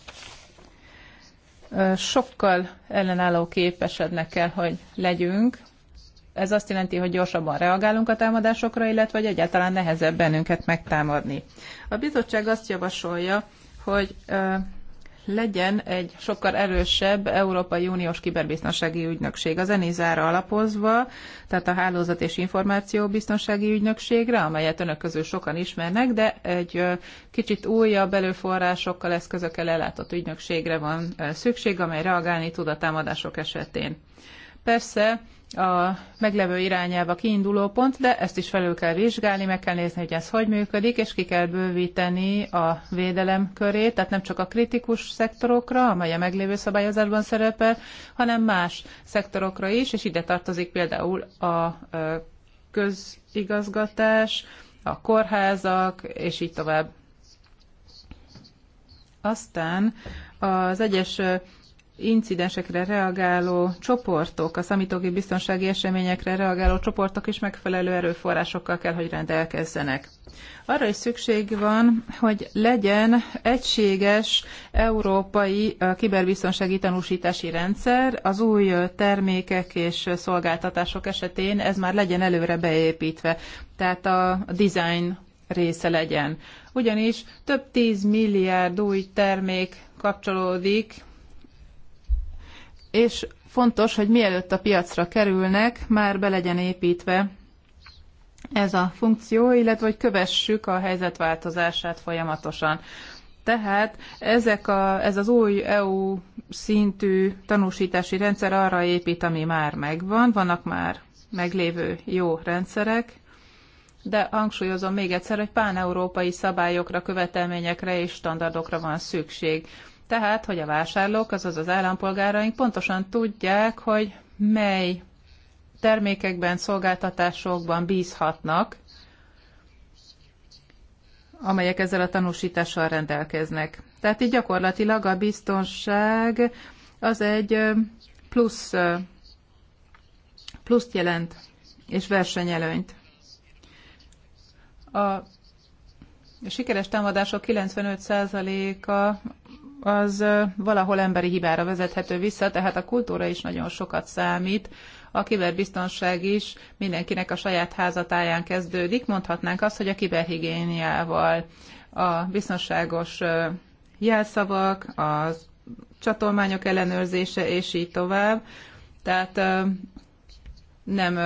sokkal ellenálló képesebbnek kell, hogy legyünk. Ez azt jelenti, hogy gyorsabban reagálunk a támadásokra, illetve hogy egyáltalán nehezebb bennünket megtámadni. A bizottság azt javasolja, hogy legyen egy sokkal erősebb Európai Uniós Kiberbiztonsági Ügynökség. Az ENISZ-ára alapozva, tehát a Hálózat és Biztonsági Ügynökségre, amelyet önök közül sokan ismernek, de egy kicsit újabb előforrásokkal, eszközökkel ellátott ügynökségre van szükség, amely reagálni tud a támadások esetén. Persze a meglevő irányába kiinduló pont, de ezt is felül kell vizsgálni, meg kell nézni, hogy ez hogy működik, és ki kell bővíteni a védelem körét, tehát nem csak a kritikus szektorokra, amely a meglévő szabályozásban szerepel, hanem más szektorokra is, és ide tartozik például a közigazgatás, a kórházak, és így tovább. Aztán az egyes incidensekre reagáló csoportok, a számítógép biztonsági eseményekre reagáló csoportok is megfelelő erőforrásokkal kell, hogy rendelkezzenek. Arra is szükség van, hogy legyen egységes európai kiberbiztonsági tanúsítási rendszer az új termékek és szolgáltatások esetén, ez már legyen előre beépítve, tehát a design része legyen. Ugyanis több tíz milliárd új termék kapcsolódik és fontos, hogy mielőtt a piacra kerülnek, már be legyen építve ez a funkció, illetve hogy kövessük a helyzet változását folyamatosan. Tehát ezek a, ez az új EU szintű tanúsítási rendszer arra épít, ami már megvan, vannak már meglévő jó rendszerek, de hangsúlyozom még egyszer, hogy páneurópai szabályokra, követelményekre és standardokra van szükség. Tehát, hogy a vásárlók, azaz az állampolgáraink pontosan tudják, hogy mely termékekben, szolgáltatásokban bízhatnak, amelyek ezzel a tanúsítással rendelkeznek. Tehát így gyakorlatilag a biztonság az egy plusz, pluszt jelent, és versenyelőnyt. A sikeres támadások 95%-a az valahol emberi hibára vezethető vissza, tehát a kultúra is nagyon sokat számít. A kiberbiztonság is mindenkinek a saját házatáján kezdődik, mondhatnánk azt, hogy a kiberhigiéniával, a biztonságos jelszavak, a csatolmányok ellenőrzése, és így tovább. Tehát nem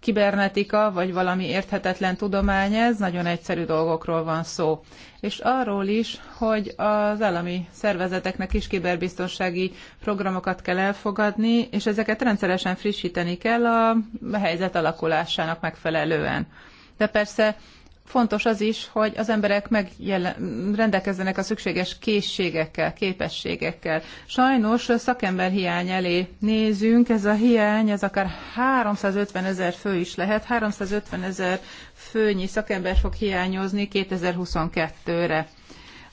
kibernetika, vagy valami érthetetlen tudomány ez, nagyon egyszerű dolgokról van szó. És arról is, hogy az állami szervezeteknek is kiberbiztonsági programokat kell elfogadni, és ezeket rendszeresen frissíteni kell a helyzet alakulásának megfelelően. De persze Fontos az is, hogy az emberek megjelen, rendelkezzenek a szükséges készségekkel, képességekkel. Sajnos szakember hiány elé nézünk, ez a hiány, ez akár 350 ezer fő is lehet, 350 ezer főnyi szakember fog hiányozni 2022-re.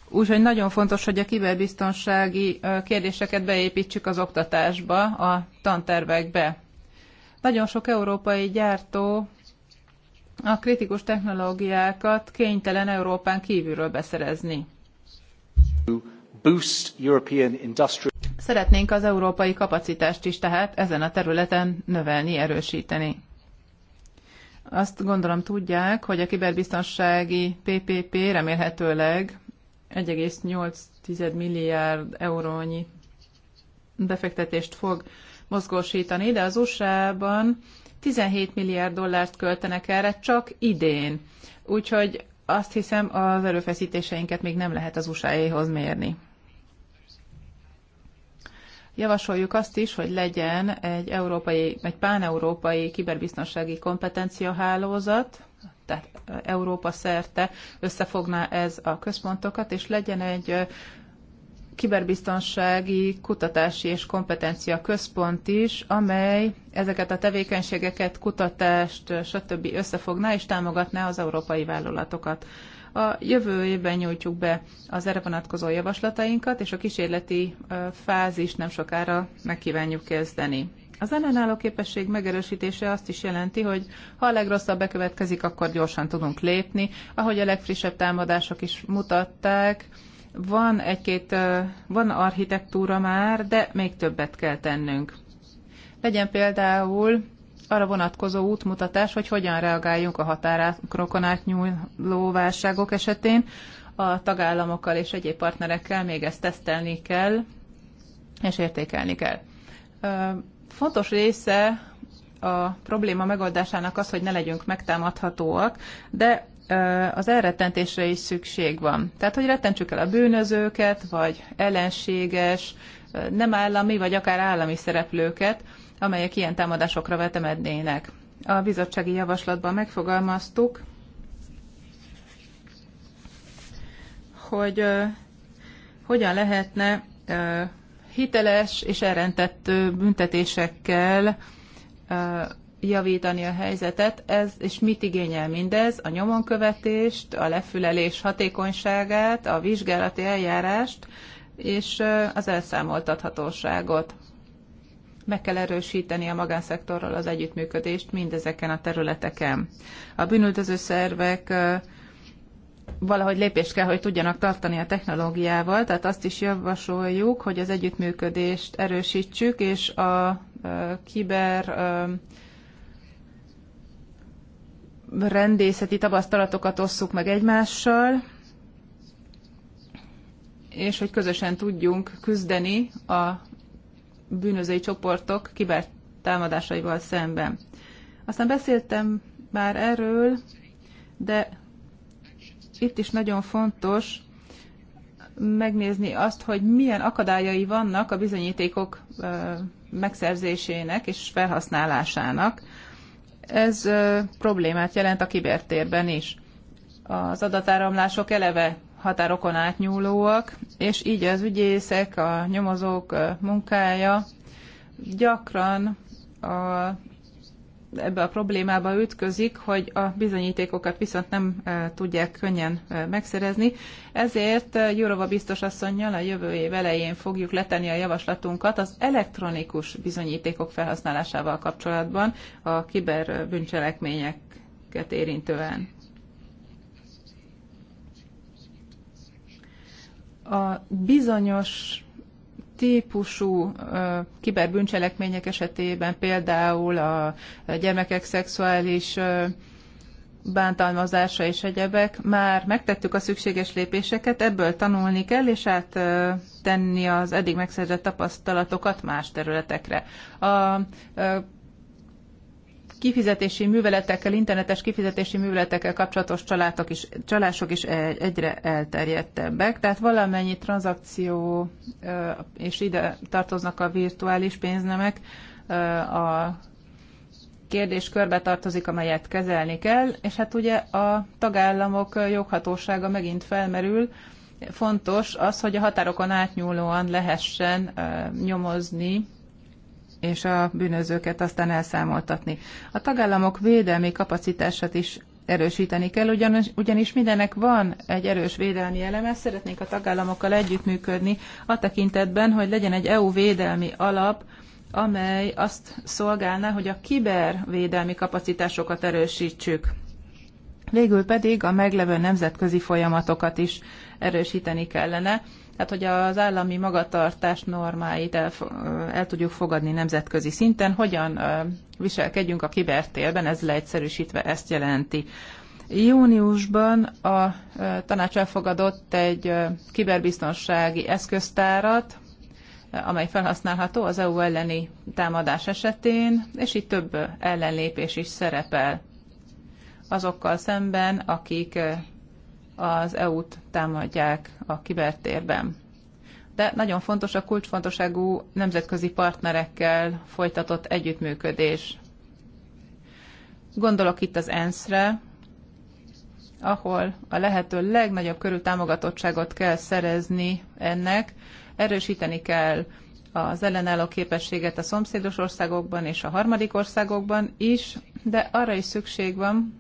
Úgyhogy nagyon fontos, hogy a kiberbiztonsági kérdéseket beépítsük az oktatásba, a tantervekbe. Nagyon sok európai gyártó a kritikus technológiákat kénytelen Európán kívülről beszerezni. Szeretnénk az európai kapacitást is tehát ezen a területen növelni, erősíteni. Azt gondolom tudják, hogy a kiberbiztonsági PPP remélhetőleg 1,8 milliárd eurónyi befektetést fog mozgósítani, de az USA-ban 17 milliárd dollárt költenek erre csak idén. Úgyhogy azt hiszem, az erőfeszítéseinket még nem lehet az usa mérni. Javasoljuk azt is, hogy legyen egy, európai, egy páneurópai kiberbiztonsági kompetenciahálózat, tehát Európa szerte összefogná ez a központokat, és legyen egy kiberbiztonsági kutatási és kompetencia központ is, amely ezeket a tevékenységeket, kutatást, stb. összefogná és támogatná az európai vállalatokat. A jövő évben nyújtjuk be az erre vonatkozó javaslatainkat, és a kísérleti fázis nem sokára kívánjuk kezdeni. Az ellenálló képesség megerősítése azt is jelenti, hogy ha a legrosszabb bekövetkezik, akkor gyorsan tudunk lépni, ahogy a legfrissebb támadások is mutatták, van egy-két, van architektúra már, de még többet kell tennünk. Legyen például arra vonatkozó útmutatás, hogy hogyan reagáljunk a határokon átnyúló válságok esetén. A tagállamokkal és egyéb partnerekkel még ezt tesztelni kell, és értékelni kell. Fontos része a probléma megoldásának az, hogy ne legyünk megtámadhatóak, de az elrettentésre is szükség van. Tehát, hogy rettentsük el a bűnözőket, vagy ellenséges, nem állami, vagy akár állami szereplőket, amelyek ilyen támadásokra vetemednének. A bizottsági javaslatban megfogalmaztuk, hogy uh, hogyan lehetne uh, hiteles és elrendett büntetésekkel uh, javítani a helyzetet, ez, és mit igényel mindez? A nyomonkövetést, a lefülelés hatékonyságát, a vizsgálati eljárást és az elszámoltathatóságot. Meg kell erősíteni a magánszektorral az együttműködést mindezeken a területeken. A bűnüldöző szervek valahogy lépést kell, hogy tudjanak tartani a technológiával, tehát azt is javasoljuk, hogy az együttműködést erősítsük, és a kiber rendészeti tapasztalatokat osszuk meg egymással, és hogy közösen tudjunk küzdeni a bűnözői csoportok kibertámadásaival szemben. Aztán beszéltem már erről, de itt is nagyon fontos megnézni azt, hogy milyen akadályai vannak a bizonyítékok megszerzésének és felhasználásának ez problémát jelent a kibertérben is. Az adatáramlások eleve határokon átnyúlóak, és így az ügyészek, a nyomozók munkája gyakran a ebbe a problémába ütközik, hogy a bizonyítékokat viszont nem e, tudják könnyen e, megszerezni. Ezért e, Jurova biztos asszonynal a jövő év elején fogjuk letenni a javaslatunkat az elektronikus bizonyítékok felhasználásával kapcsolatban a kiberbűncselekményeket érintően. A bizonyos típusú kiberbűncselekmények esetében, például a gyermekek szexuális bántalmazása és egyebek, már megtettük a szükséges lépéseket, ebből tanulni kell, és áttenni az eddig megszerzett tapasztalatokat más területekre. A kifizetési műveletekkel, internetes kifizetési műveletekkel kapcsolatos családok is, csalások is e, egyre elterjedtebbek. Tehát valamennyi tranzakció, és ide tartoznak a virtuális pénznemek, a kérdés körbe tartozik, amelyet kezelni kell, és hát ugye a tagállamok joghatósága megint felmerül, fontos az, hogy a határokon átnyúlóan lehessen nyomozni és a bűnözőket aztán elszámoltatni. A tagállamok védelmi kapacitását is erősíteni kell, ugyanis, ugyanis mindennek van egy erős védelmi eleme, szeretnénk a tagállamokkal együttműködni a tekintetben, hogy legyen egy EU védelmi alap, amely azt szolgálná, hogy a védelmi kapacitásokat erősítsük. Végül pedig a meglevő nemzetközi folyamatokat is erősíteni kellene, tehát hogy az állami magatartás normáit el, el tudjuk fogadni nemzetközi szinten, hogyan viselkedjünk a kibertérben, ez leegyszerűsítve ezt jelenti. Júniusban a tanács elfogadott egy kiberbiztonsági eszköztárat, amely felhasználható az EU elleni támadás esetén, és itt több ellenlépés is szerepel azokkal szemben, akik az EU-t támadják a kibertérben. De nagyon fontos a kulcsfontosságú nemzetközi partnerekkel folytatott együttműködés. Gondolok itt az ENSZ-re, ahol a lehető legnagyobb körül támogatottságot kell szerezni ennek, erősíteni kell az ellenálló képességet a szomszédos országokban és a harmadik országokban is, de arra is szükség van,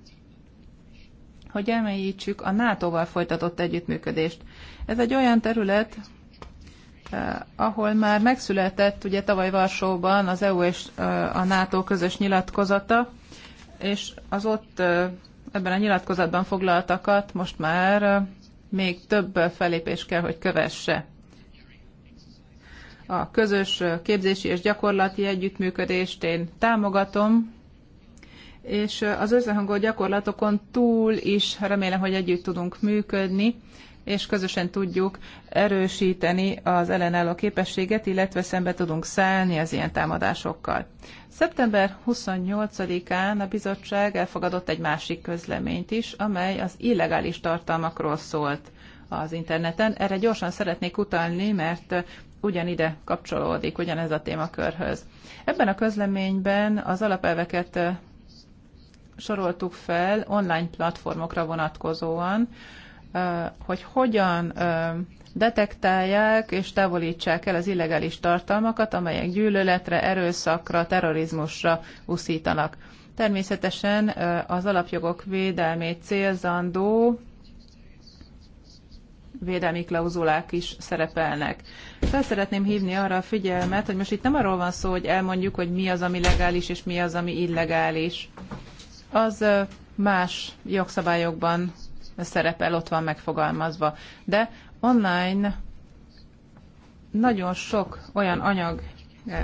hogy elmélyítsük a NATO-val folytatott együttműködést. Ez egy olyan terület, eh, ahol már megszületett ugye tavaly Varsóban az EU és eh, a NATO közös nyilatkozata, és az ott eh, ebben a nyilatkozatban foglaltakat most már még több felépés kell, hogy kövesse. A közös képzési és gyakorlati együttműködést én támogatom, és az összehangó gyakorlatokon túl is remélem, hogy együtt tudunk működni, és közösen tudjuk erősíteni az ellenálló képességet, illetve szembe tudunk szállni az ilyen támadásokkal. Szeptember 28-án a bizottság elfogadott egy másik közleményt is, amely az illegális tartalmakról szólt az interneten. Erre gyorsan szeretnék utalni, mert ugyanide kapcsolódik, ugyanez a témakörhöz. Ebben a közleményben az alapelveket soroltuk fel online platformokra vonatkozóan, hogy hogyan detektálják és távolítsák el az illegális tartalmakat, amelyek gyűlöletre, erőszakra, terrorizmusra uszítanak. Természetesen az alapjogok védelmét célzandó védelmi klauzulák is szerepelnek. Fel szeretném hívni arra a figyelmet, hogy most itt nem arról van szó, hogy elmondjuk, hogy mi az, ami legális, és mi az, ami illegális az más jogszabályokban szerepel, ott van megfogalmazva. De online nagyon sok olyan anyag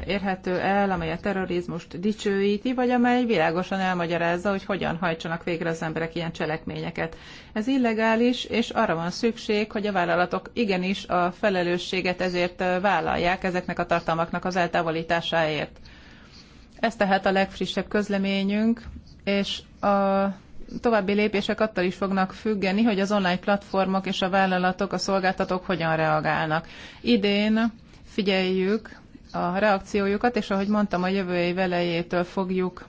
érhető el, amely a terrorizmust dicsőíti, vagy amely világosan elmagyarázza, hogy hogyan hajtsanak végre az emberek ilyen cselekményeket. Ez illegális, és arra van szükség, hogy a vállalatok igenis a felelősséget ezért vállalják ezeknek a tartalmaknak az eltávolításáért. Ez tehát a legfrissebb közleményünk, és a további lépések attól is fognak függeni, hogy az online platformok és a vállalatok, a szolgáltatók hogyan reagálnak. Idén figyeljük a reakciójukat, és ahogy mondtam, a jövő év elejétől fogjuk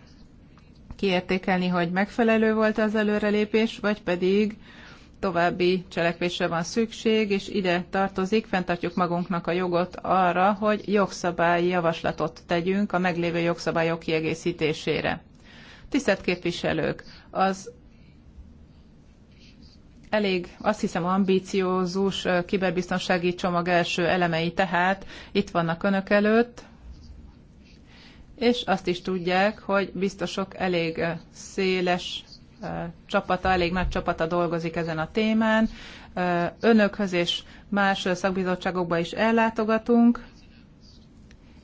kiértékelni, hogy megfelelő volt az előrelépés, vagy pedig további cselekvésre van szükség, és ide tartozik, fenntartjuk magunknak a jogot arra, hogy jogszabályi javaslatot tegyünk a meglévő jogszabályok kiegészítésére. Tisztelt képviselők, az elég, azt hiszem, ambíciózus kiberbiztonsági csomag első elemei, tehát itt vannak önök előtt, és azt is tudják, hogy biztosok elég széles csapata, elég nagy csapata dolgozik ezen a témán. Önökhöz és más szakbizottságokba is ellátogatunk,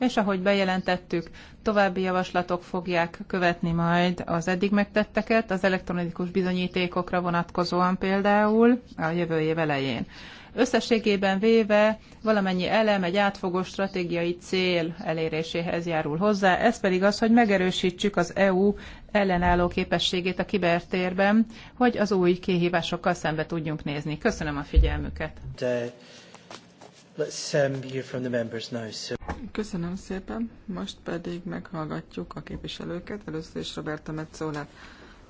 és ahogy bejelentettük, további javaslatok fogják követni majd az eddig megtetteket, az elektronikus bizonyítékokra vonatkozóan például a jövő év elején. Összességében véve valamennyi elem egy átfogó stratégiai cél eléréséhez járul hozzá, ez pedig az, hogy megerősítsük az EU ellenálló képességét a kibertérben, hogy az új kihívásokkal szembe tudjunk nézni. Köszönöm a figyelmüket. De... Uh, let's um, Köszönöm szépen, most pedig meghallgatjuk a képviselőket, először is Roberta Metzolát.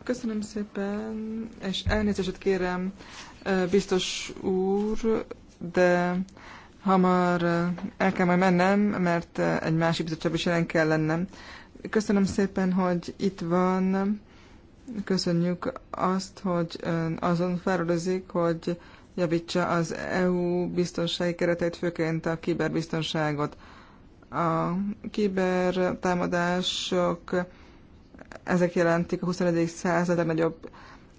Köszönöm szépen, és elnézést kérem, biztos úr, de hamar el kell majd mennem, mert egy másik bizottság is jelen kell lennem. Köszönöm szépen, hogy itt van. Köszönjük azt, hogy azon felrodozik, hogy javítsa az EU biztonsági kereteit, főként a kiberbiztonságot. A kiber támadások, ezek jelentik a 21. század nagyobb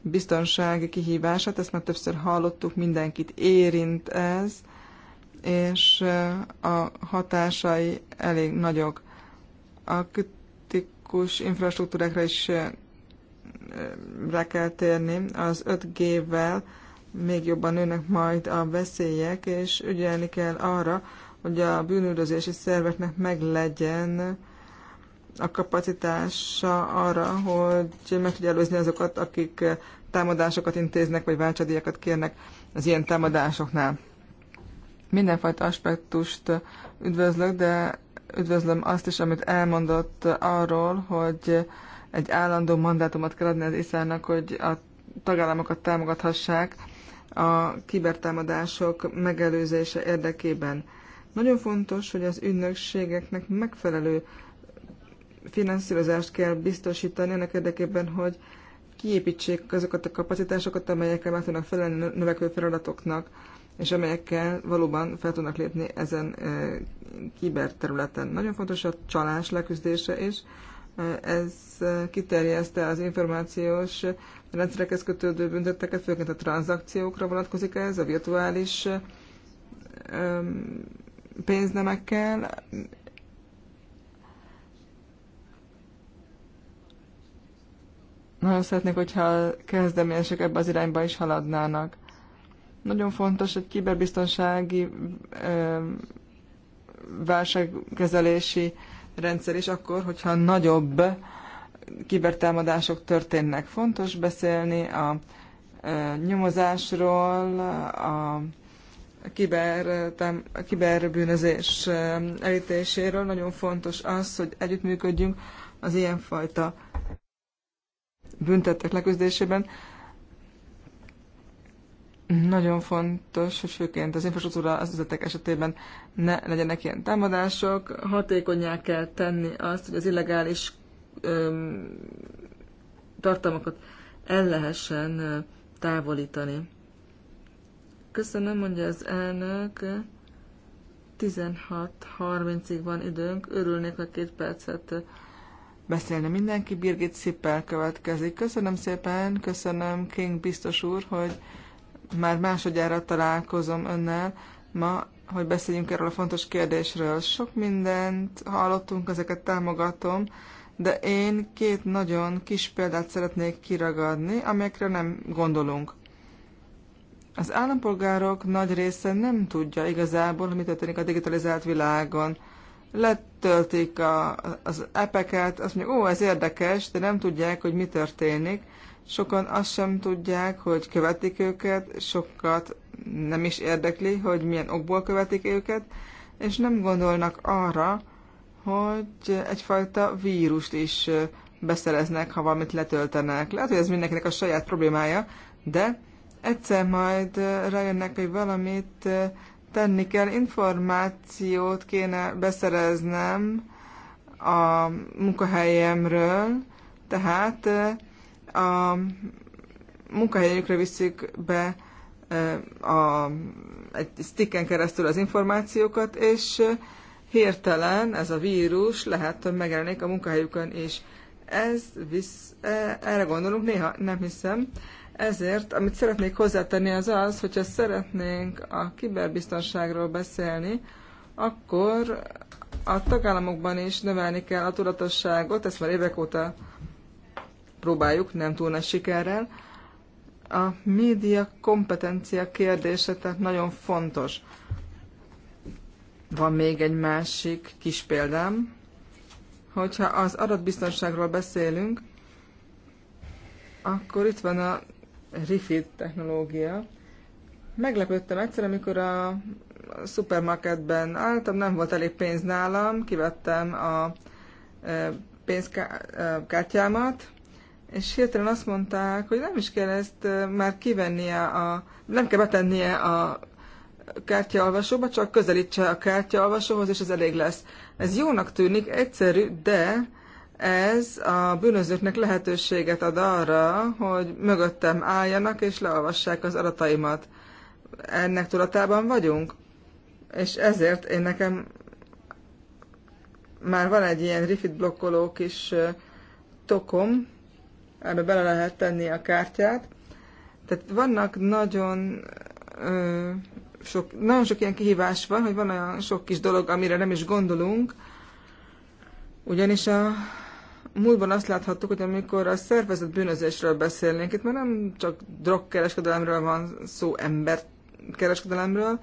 biztonsági kihívását, ezt már többször hallottuk, mindenkit érint ez, és eh, a hatásai elég nagyok. A kritikus infrastruktúrákra is eh, eh, rá kell térni. Az 5G-vel még jobban nőnek majd a veszélyek, és ügyelni kell arra, hogy a bűnüldözési szerveknek meglegyen a kapacitása arra, hogy meg tudja előzni azokat, akik támadásokat intéznek, vagy váltsadíjakat kérnek az ilyen támadásoknál. Mindenfajta aspektust üdvözlök, de üdvözlöm azt is, amit elmondott arról, hogy egy állandó mandátumot kell adni az iszának, hogy a tagállamokat támogathassák a kibertámadások megelőzése érdekében. Nagyon fontos, hogy az ügynökségeknek megfelelő finanszírozást kell biztosítani ennek érdekében, hogy kiépítsék azokat a kapacitásokat, amelyekkel meg tudnak felelni növekvő feladatoknak, és amelyekkel valóban fel tudnak lépni ezen e, kiberterületen. Nagyon fontos a csalás leküzdése is. E, ez e, kiterjeszte az információs rendszerekhez kötődő bünteteket, főként a tranzakciókra vonatkozik ez, a virtuális e, pénznemekkel. Nagyon szeretnék, hogyha a kezdeményezések ebbe az irányba is haladnának. Nagyon fontos egy kiberbiztonsági válságkezelési rendszer is akkor, hogyha nagyobb kibertámadások történnek. Fontos beszélni a nyomozásról, a kiber, a kiberbűnözés elítéséről. Nagyon fontos az, hogy együttműködjünk az ilyenfajta büntettek leküzdésében. Nagyon fontos, hogy főként az infrastruktúra az üzletek esetében ne legyenek ilyen támadások. Hatékonyá kell tenni azt, hogy az illegális öm, tartalmakat el lehessen távolítani. Köszönöm, mondja az elnök. 16.30-ig van időnk. Örülnék, a két percet beszélne mindenki. Birgit Szippel következik. Köszönöm szépen, köszönöm King biztos úr, hogy már másodjára találkozom önnel ma, hogy beszéljünk erről a fontos kérdésről. Sok mindent hallottunk, ezeket támogatom, de én két nagyon kis példát szeretnék kiragadni, amelyekre nem gondolunk. Az állampolgárok nagy része nem tudja igazából, mi történik a digitalizált világon. Letöltik a, az epeket, azt mondják, ó, ez érdekes, de nem tudják, hogy mi történik. Sokan azt sem tudják, hogy követik őket, sokat nem is érdekli, hogy milyen okból követik őket, és nem gondolnak arra, hogy egyfajta vírust is beszereznek, ha valamit letöltenek. Lehet, hogy ez mindenkinek a saját problémája, de egyszer majd rájönnek, hogy valamit tenni kell, információt kéne beszereznem a munkahelyemről, tehát a munkahelyükre viszik be a, egy sticken keresztül az információkat, és hirtelen ez a vírus lehet, hogy megjelenik a munkahelyükön is. Ez visz, e, erre gondolunk néha, nem hiszem, ezért, amit szeretnék hozzátenni, az az, hogyha szeretnénk a kiberbiztonságról beszélni, akkor a tagállamokban is növelni kell a tudatosságot, ezt már évek óta próbáljuk, nem túl nagy sikerrel. A média kompetencia kérdése tehát nagyon fontos. Van még egy másik kis példám, hogyha az adatbiztonságról beszélünk, akkor itt van a refit technológia. Meglepődtem egyszer, amikor a szupermarketben álltam, nem volt elég pénz nálam, kivettem a e, pénzkártyámat, e, és hirtelen azt mondták, hogy nem is kell ezt e, már kivennie a, nem kell betennie a kártyaolvasóba, csak közelítse a kártyaolvasóhoz, és ez elég lesz. Ez jónak tűnik, egyszerű, de ez a bűnözőknek lehetőséget ad arra, hogy mögöttem álljanak és leolvassák az adataimat. Ennek tudatában vagyunk, és ezért én nekem már van egy ilyen refit blokkoló kis tokom, ebbe bele lehet tenni a kártyát. Tehát vannak nagyon ö, sok, nagyon sok ilyen kihívás van, hogy van olyan sok kis dolog, amire nem is gondolunk, ugyanis a múltban azt láthattuk, hogy amikor a szervezet bűnözésről beszélnénk, itt már nem csak drogkereskedelemről van szó, emberkereskedelemről.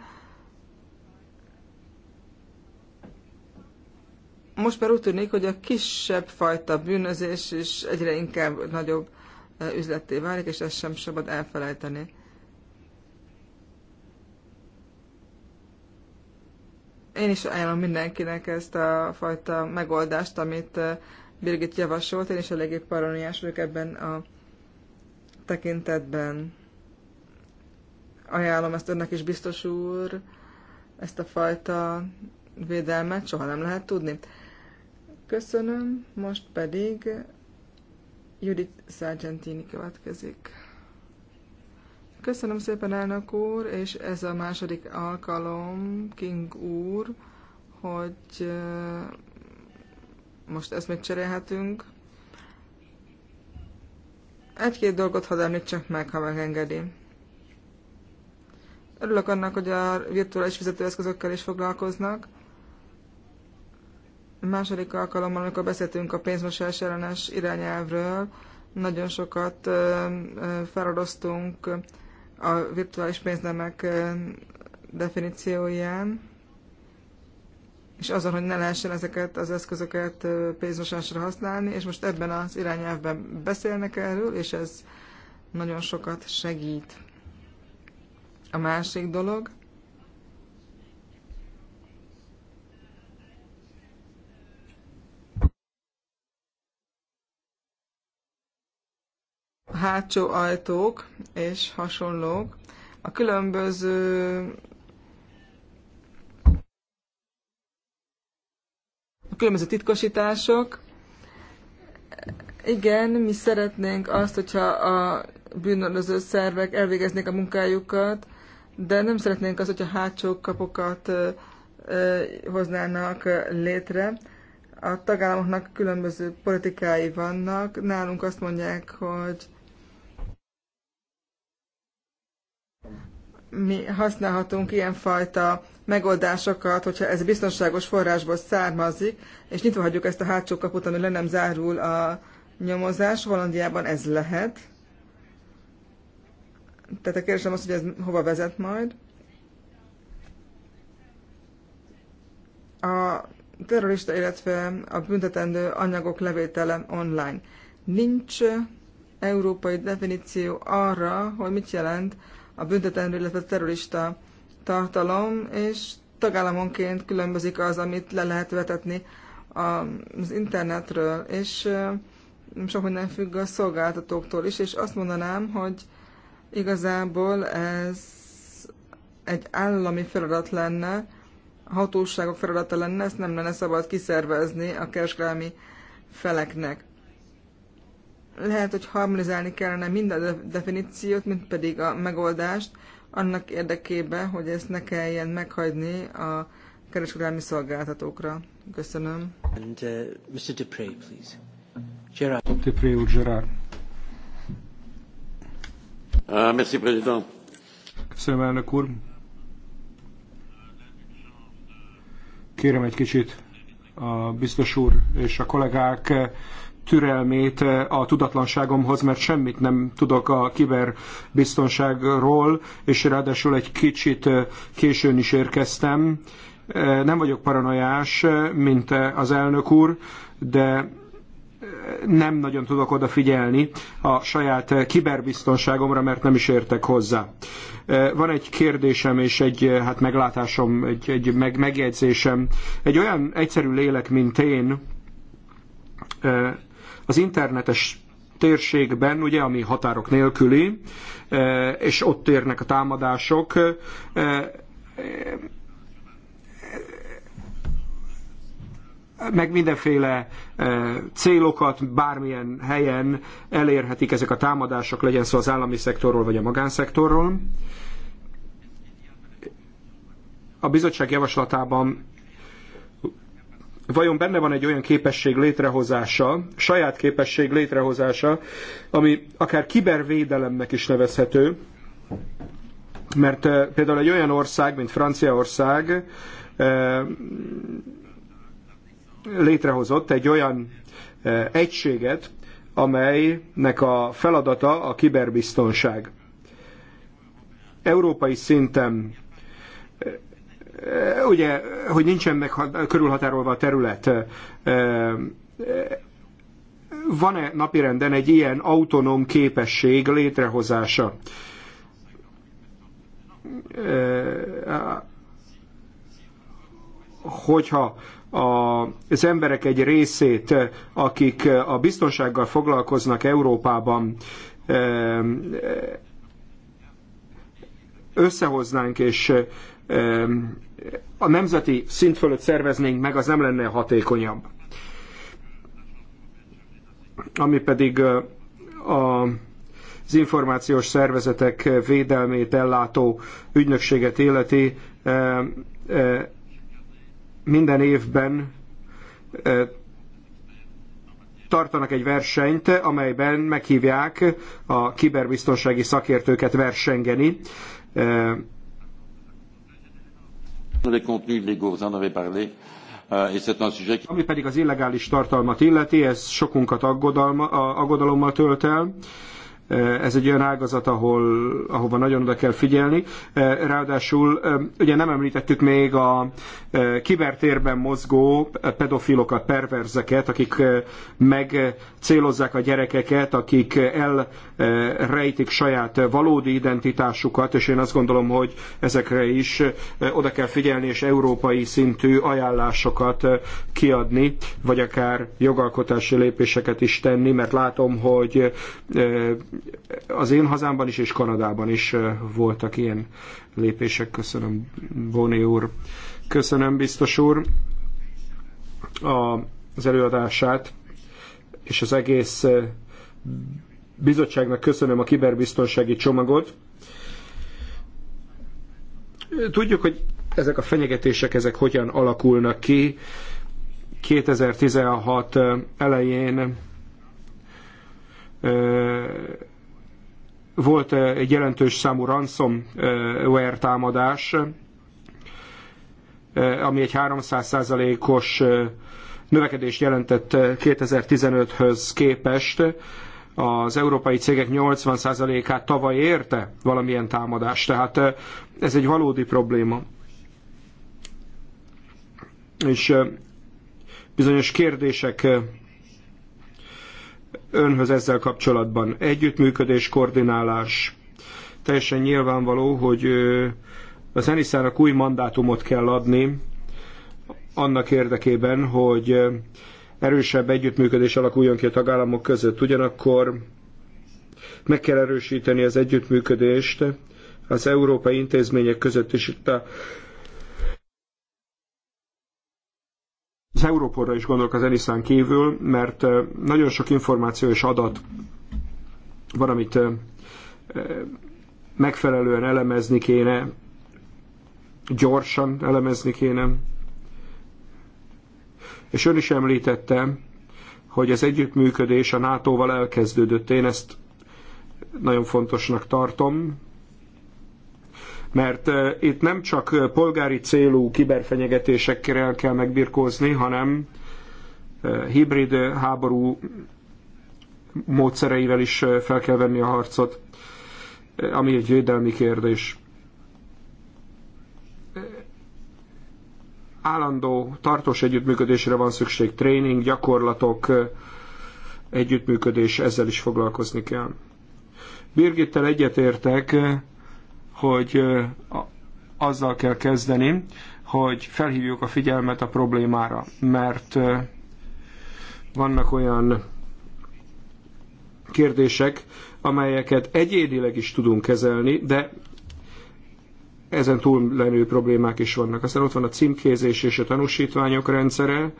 Most már úgy tűnik, hogy a kisebb fajta bűnözés is egyre inkább nagyobb üzleté válik, és ezt sem szabad elfelejteni. Én is ajánlom mindenkinek ezt a fajta megoldást, amit Birgit javasolt, én is eléggé paranoiás vagyok ebben a tekintetben. Ajánlom ezt önnek is, biztos úr, ezt a fajta védelmet soha nem lehet tudni. Köszönöm, most pedig Judith Sargentini következik. Köszönöm szépen, elnök úr, és ez a második alkalom, King úr, hogy most ezt mit cserélhetünk. Egy-két dolgot hadd említsek meg, ha megengedi. Örülök annak, hogy a virtuális fizetőeszközökkel is foglalkoznak. A második alkalommal, amikor beszéltünk a pénzmosás ellenes irányelvről, nagyon sokat feladoztunk a virtuális pénznemek definícióján és azon, hogy ne lehessen ezeket az eszközöket pénzmosásra használni, és most ebben az irányelvben beszélnek erről, és ez nagyon sokat segít. A másik dolog, hátsó ajtók és hasonlók, a különböző különböző titkosítások. Igen, mi szeretnénk azt, hogyha a bűnöző szervek elvégeznék a munkájukat, de nem szeretnénk azt, hogyha hátsó kapokat hoznának létre. A tagállamoknak különböző politikái vannak. Nálunk azt mondják, hogy mi használhatunk ilyenfajta megoldásokat, hogyha ez biztonságos forrásból származik, és nyitva hagyjuk ezt a hátsó kaput, ami le nem zárul a nyomozás. Hollandiában ez lehet. Tehát a kérdésem az, hogy ez hova vezet majd. A terrorista, illetve a büntetendő anyagok levétele online. Nincs európai definíció arra, hogy mit jelent a büntetendő, illetve a terrorista tartalom, és tagállamonként különbözik az, amit le lehet vetetni az internetről, és sok minden függ a szolgáltatóktól is, és azt mondanám, hogy igazából ez egy állami feladat lenne, a hatóságok feladata lenne, ezt nem lenne szabad kiszervezni a kereskedelmi feleknek. Lehet, hogy harmonizálni kellene mind a definíciót, mint pedig a megoldást, annak érdekében, hogy ezt ne kelljen meghagyni a kereskedelmi szolgáltatókra. Köszönöm. And, uh, Mr. Dupré, please. Gerard. Dupré úr, Gerard. Uh, merci, président. Köszönöm, elnök úr. Kérem egy kicsit a biztos úr és a kollégák türelmét eh, a tudatlanságomhoz, mert semmit nem tudok a kiberbiztonságról, és ráadásul egy kicsit eh, későn is érkeztem. Eh, nem vagyok paranoiás, mint az elnök úr, de nem nagyon tudok odafigyelni a saját kiberbiztonságomra, mert nem is értek hozzá. Van egy kérdésem és egy hát meglátásom, egy, egy meg, megjegyzésem. Egy olyan egyszerű lélek, mint én, az internetes térségben, ugye, ami határok nélküli, e, és ott érnek a támadások, e, e, meg mindenféle célokat bármilyen helyen elérhetik ezek a támadások, legyen szó az állami szektorról vagy a magánszektorról. A bizottság javaslatában vajon benne van egy olyan képesség létrehozása, saját képesség létrehozása, ami akár kibervédelemnek is nevezhető, mert eh, például egy olyan ország, mint Franciaország eh, létrehozott egy olyan eh, egységet, amelynek a feladata a kiberbiztonság. Európai szinten ugye, hogy nincsen meg körülhatárolva a terület, van-e napirenden egy ilyen autonóm képesség létrehozása? Hogyha az emberek egy részét, akik a biztonsággal foglalkoznak Európában, összehoznánk és a nemzeti szint fölött szerveznénk meg, az nem lenne hatékonyabb. Ami pedig a az információs szervezetek védelmét ellátó ügynökséget életi minden évben tartanak egy versenyt, amelyben meghívják a kiberbiztonsági szakértőket versengeni ami pedig az illegális tartalmat illeti, ez sokunkat aggodalma, aggodalommal tölt el. Ez egy olyan ágazat, ahol, ahova nagyon oda kell figyelni. Eh, ráadásul eh, ugye nem említettük még a eh, kibertérben mozgó pedofilokat, perverzeket, akik megcélozzák a gyerekeket, akik elrejtik saját valódi identitásukat, és én azt gondolom, hogy ezekre is oda kell figyelni, és európai szintű ajánlásokat kiadni, vagy akár jogalkotási lépéseket is tenni, mert látom, hogy az én hazámban is és Kanadában is voltak ilyen lépések. Köszönöm, Boni úr. Köszönöm, biztos úr, a, az előadását, és az egész bizottságnak köszönöm a kiberbiztonsági csomagot. Tudjuk, hogy ezek a fenyegetések, ezek hogyan alakulnak ki. 2016 elején volt egy jelentős számú ransomware támadás, ami egy 300%-os növekedést jelentett 2015-höz képest. Az európai cégek 80%-át tavaly érte valamilyen támadás, tehát ez egy valódi probléma. És bizonyos kérdések önhöz ezzel kapcsolatban. Együttműködés, koordinálás. Teljesen nyilvánvaló, hogy az Eniszának új mandátumot kell adni annak érdekében, hogy erősebb együttműködés alakuljon ki a tagállamok között. Ugyanakkor meg kell erősíteni az együttműködést az európai intézmények között is. Itt a az Európorra is gondolok az Enisán kívül, mert nagyon sok információ és adat van, amit megfelelően elemezni kéne, gyorsan elemezni kéne. És ön is említette, hogy az együttműködés a NATO-val elkezdődött. Én ezt nagyon fontosnak tartom, mert itt nem csak polgári célú kiberfenyegetésekkel kell megbirkózni, hanem hibrid háború módszereivel is fel kell venni a harcot, ami egy védelmi kérdés. Állandó, tartós együttműködésre van szükség, tréning, gyakorlatok, együttműködés, ezzel is foglalkozni kell. Birgittel egyetértek, hogy azzal kell kezdeni, hogy felhívjuk a figyelmet a problémára, mert vannak olyan kérdések, amelyeket egyédileg is tudunk kezelni, de ezen túl lenő problémák is vannak. Aztán ott van a címkézés és a tanúsítványok rendszere.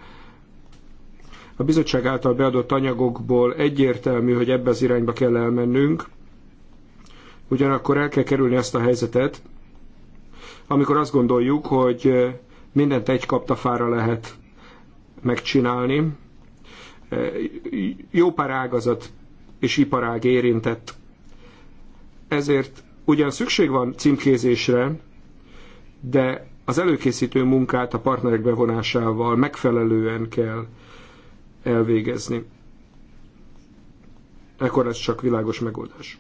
A bizottság által beadott anyagokból egyértelmű, hogy ebbe az irányba kell elmennünk. Ugyanakkor el kell kerülni azt a helyzetet, amikor azt gondoljuk, hogy mindent egy kaptafára lehet megcsinálni. Jó pár ágazat és iparág érintett. Ezért ugyan szükség van címkézésre, de az előkészítő munkát a partnerek bevonásával megfelelően kell elvégezni. Ekkor ez csak világos megoldás.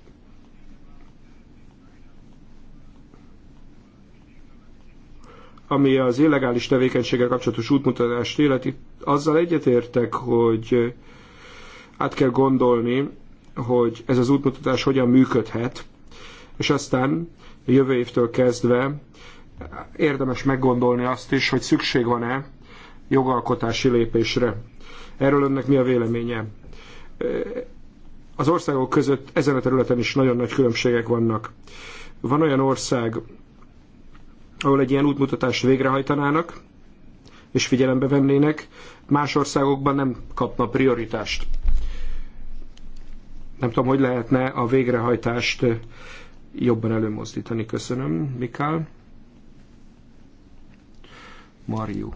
ami az illegális tevékenységgel kapcsolatos útmutatást illeti, azzal egyetértek, hogy át kell gondolni, hogy ez az útmutatás hogyan működhet, és aztán jövő évtől kezdve érdemes meggondolni azt is, hogy szükség van-e jogalkotási lépésre. Erről önnek mi a véleménye? Az országok között ezen a területen is nagyon nagy különbségek vannak. Van olyan ország, ahol egy ilyen útmutatást végrehajtanának, és figyelembe vennének, más országokban nem kapna prioritást. Nem tudom, hogy lehetne a végrehajtást jobban előmozdítani. Köszönöm, Mikál. Mariu.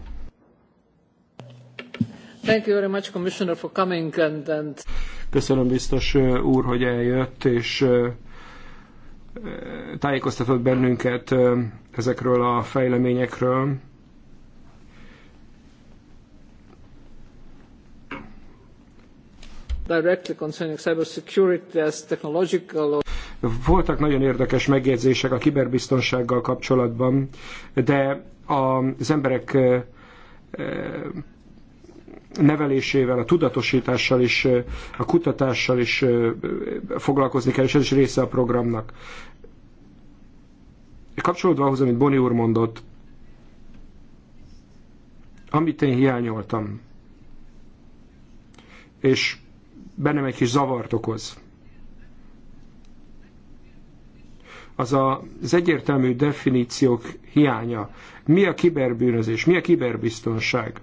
Thank you very much, Commissioner, for coming and, and... Köszönöm biztos uh, úr, hogy eljött, és uh, tájékoztatott bennünket ezekről a fejleményekről. Directly concerning cybersecurity as technological or voltak nagyon érdekes megjegyzések a kiberbiztonsággal kapcsolatban, de az emberek nevelésével, a tudatosítással is, a kutatással is foglalkozni kell, és ez is része a programnak. Kapcsolódva ahhoz, amit Boni úr mondott, amit én hiányoltam, és bennem egy kis zavart okoz, az a, az egyértelmű definíciók hiánya. Mi a kiberbűnözés, mi a kiberbiztonság?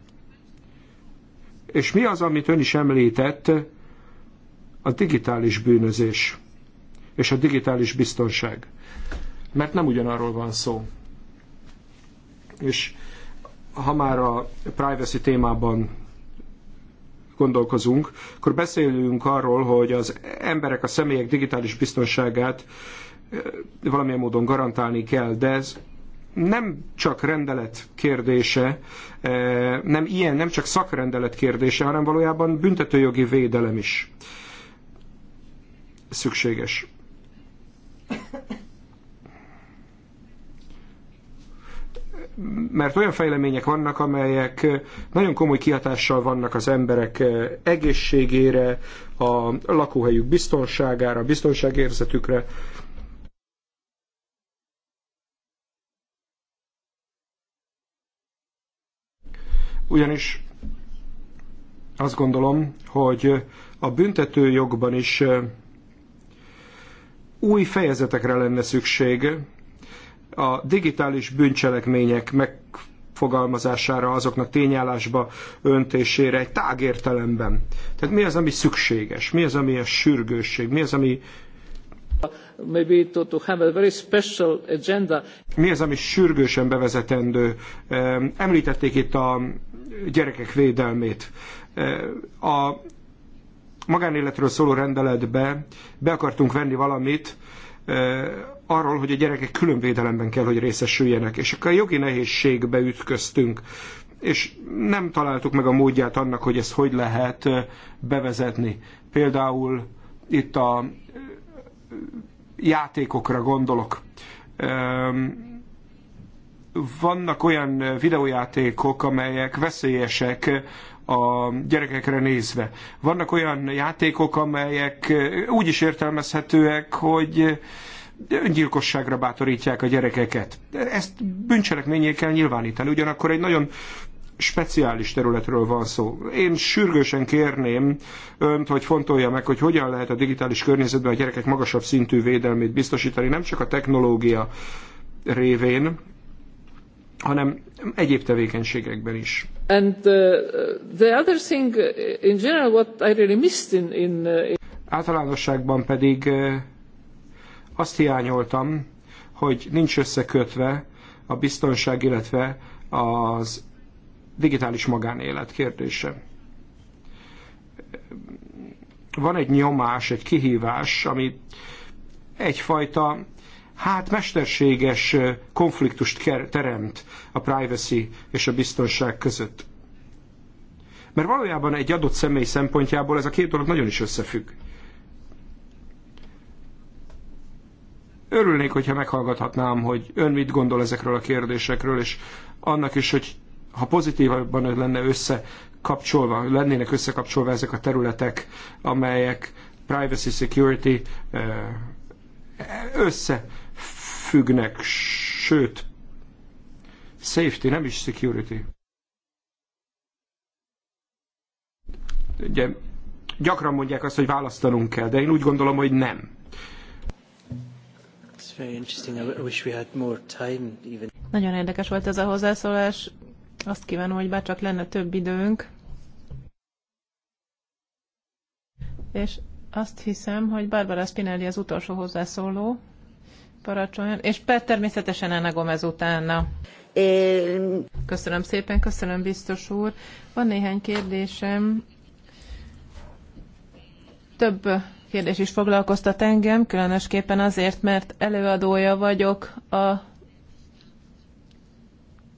És mi az, amit ön is említett, a digitális bűnözés és a digitális biztonság. Mert nem ugyanarról van szó. És ha már a privacy témában gondolkozunk, akkor beszélünk arról, hogy az emberek, a személyek digitális biztonságát valamilyen módon garantálni kell, de ez nem csak rendelet kérdése, e, nem ilyen, nem csak szakrendelet kérdése, hanem valójában büntetőjogi védelem is szükséges. Mert olyan fejlemények vannak, amelyek nagyon komoly kihatással vannak az emberek egészségére, a lakóhelyük biztonságára, biztonságérzetükre, ugyanis azt gondolom, hogy a büntető jogban is új fejezetekre lenne szükség a digitális bűncselekmények megfogalmazására, azoknak tényállásba öntésére egy értelemben. Tehát mi az, ami szükséges, mi az, ami a sürgősség, mi az, ami maybe to, to have a very special agenda. Mi az, ami sürgősen bevezetendő? Említették itt a, gyerekek védelmét. A magánéletről szóló rendeletbe be akartunk venni valamit, eh, arról, hogy a gyerekek külön védelemben kell, hogy részesüljenek, és akkor a jogi nehézségbe ütköztünk, és nem találtuk meg a módját annak, hogy ezt hogy lehet eh, bevezetni. Például itt a eh, játékokra gondolok vannak olyan videójátékok, amelyek veszélyesek a gyerekekre nézve. Vannak olyan játékok, amelyek úgy is értelmezhetőek, hogy öngyilkosságra bátorítják a gyerekeket. Ezt bűncselekményé kell nyilvánítani. Ugyanakkor egy nagyon speciális területről van szó. Én sürgősen kérném önt, hogy fontolja meg, hogy hogyan lehet a digitális környezetben a gyerekek magasabb szintű védelmét biztosítani, nem csak a technológia révén, hanem egyéb tevékenységekben is. And uh, the other thing uh, in general what I really missed in, in, uh, in... Általánosságban pedig uh, azt hiányoltam, hogy nincs összekötve a biztonság, illetve az digitális magánélet kérdése. Van egy nyomás, egy kihívás, ami egyfajta hát mesterséges konfliktust teremt a privacy és a biztonság között. Mert valójában egy adott személy szempontjából ez a két dolog nagyon is összefügg. Örülnék, hogyha meghallgathatnám, hogy ön mit gondol ezekről a kérdésekről, és annak is, hogy ha pozitívabban lenne összekapcsolva, lennének összekapcsolva ezek a területek, amelyek privacy, security össze függnek, sőt, safety, nem is security. Ugye, gyakran mondják azt, hogy választanunk kell, de én úgy gondolom, hogy nem. Nagyon érdekes volt ez a hozzászólás. Azt kívánom, hogy bár csak lenne több időnk. És azt hiszem, hogy Barbara Spinelli az utolsó hozzászóló parancsoljon, és per természetesen Anna Gomez utána. Köszönöm szépen, köszönöm biztos úr. Van néhány kérdésem. Több kérdés is foglalkoztat engem, különösképpen azért, mert előadója vagyok a